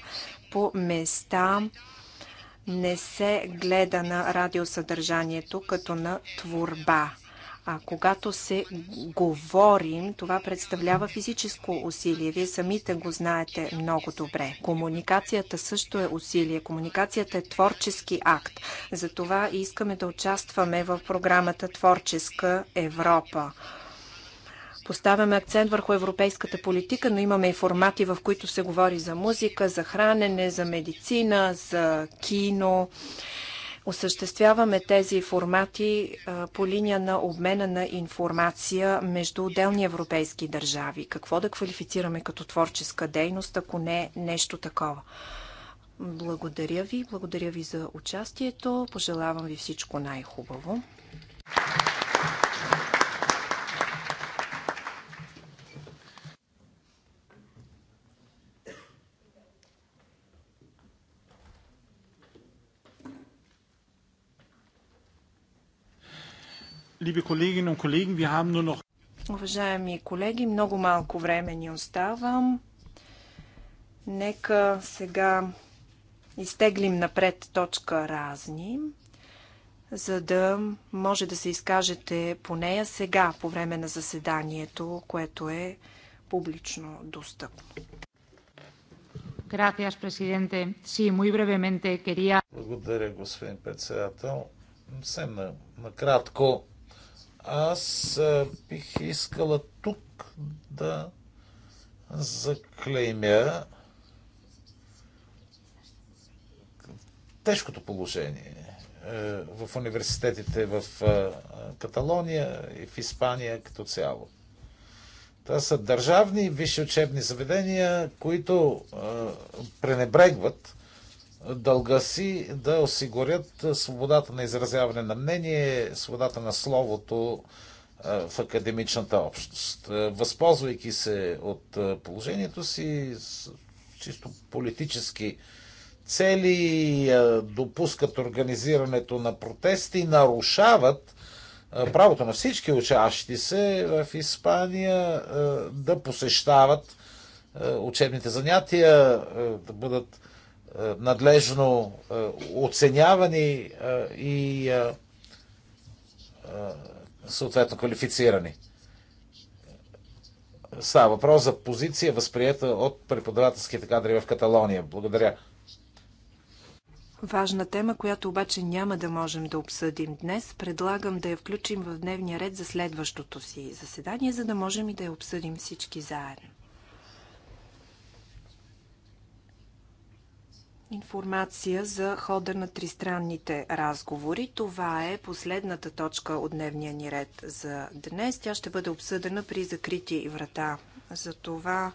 По места не се гледа на радиосъдържанието като на творба. А когато се говорим, това представлява физическо усилие. Вие самите го знаете много добре. Комуникацията също е усилие. Комуникацията е творчески акт. Затова искаме да участваме в програмата Творческа Европа. Поставяме акцент върху европейската политика, но имаме и формати, в които се говори за музика, за хранене, за медицина, за кино. Осъществяваме тези формати по линия на обмена на информация между отделни европейски държави. Какво да квалифицираме като творческа дейност, ако не нещо такова? Благодаря ви, благодаря ви за участието. Пожелавам ви всичко най-хубаво. Уважаеми колеги, много малко време ни оставам. Нека сега изтеглим напред точка разни, за да може да се изкажете по нея сега, по време на заседанието, което е публично достъпно. Благодаря, господин председател. на накратко аз бих искала тук да заклеймя тежкото положение е, в университетите в Каталония и в Испания като цяло. Това са държавни висши учебни заведения, които пренебрегват дълга си да осигурят свободата на изразяване на мнение, свободата на словото в академичната общност. Възползвайки се от положението си, чисто политически цели, допускат организирането на протести, нарушават правото на всички учащи се в Испания да посещават учебните занятия, да бъдат е, надлежно е, оценявани е, и съответно квалифицирани. Става въпрос за позиция, възприета от преподавателските кадри в Каталония. Благодаря. Важна тема, която обаче няма да можем да обсъдим днес, предлагам да я включим в дневния ред за следващото си заседание, за да можем и да я обсъдим всички заедно. Информация за хода на тристранните разговори. Това е последната точка от дневния ни ред за днес. Тя ще бъде обсъдена при закрити врата. Затова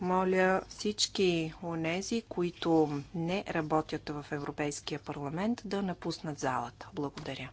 моля всички онези, които не работят в Европейския парламент, да напуснат залата. Благодаря.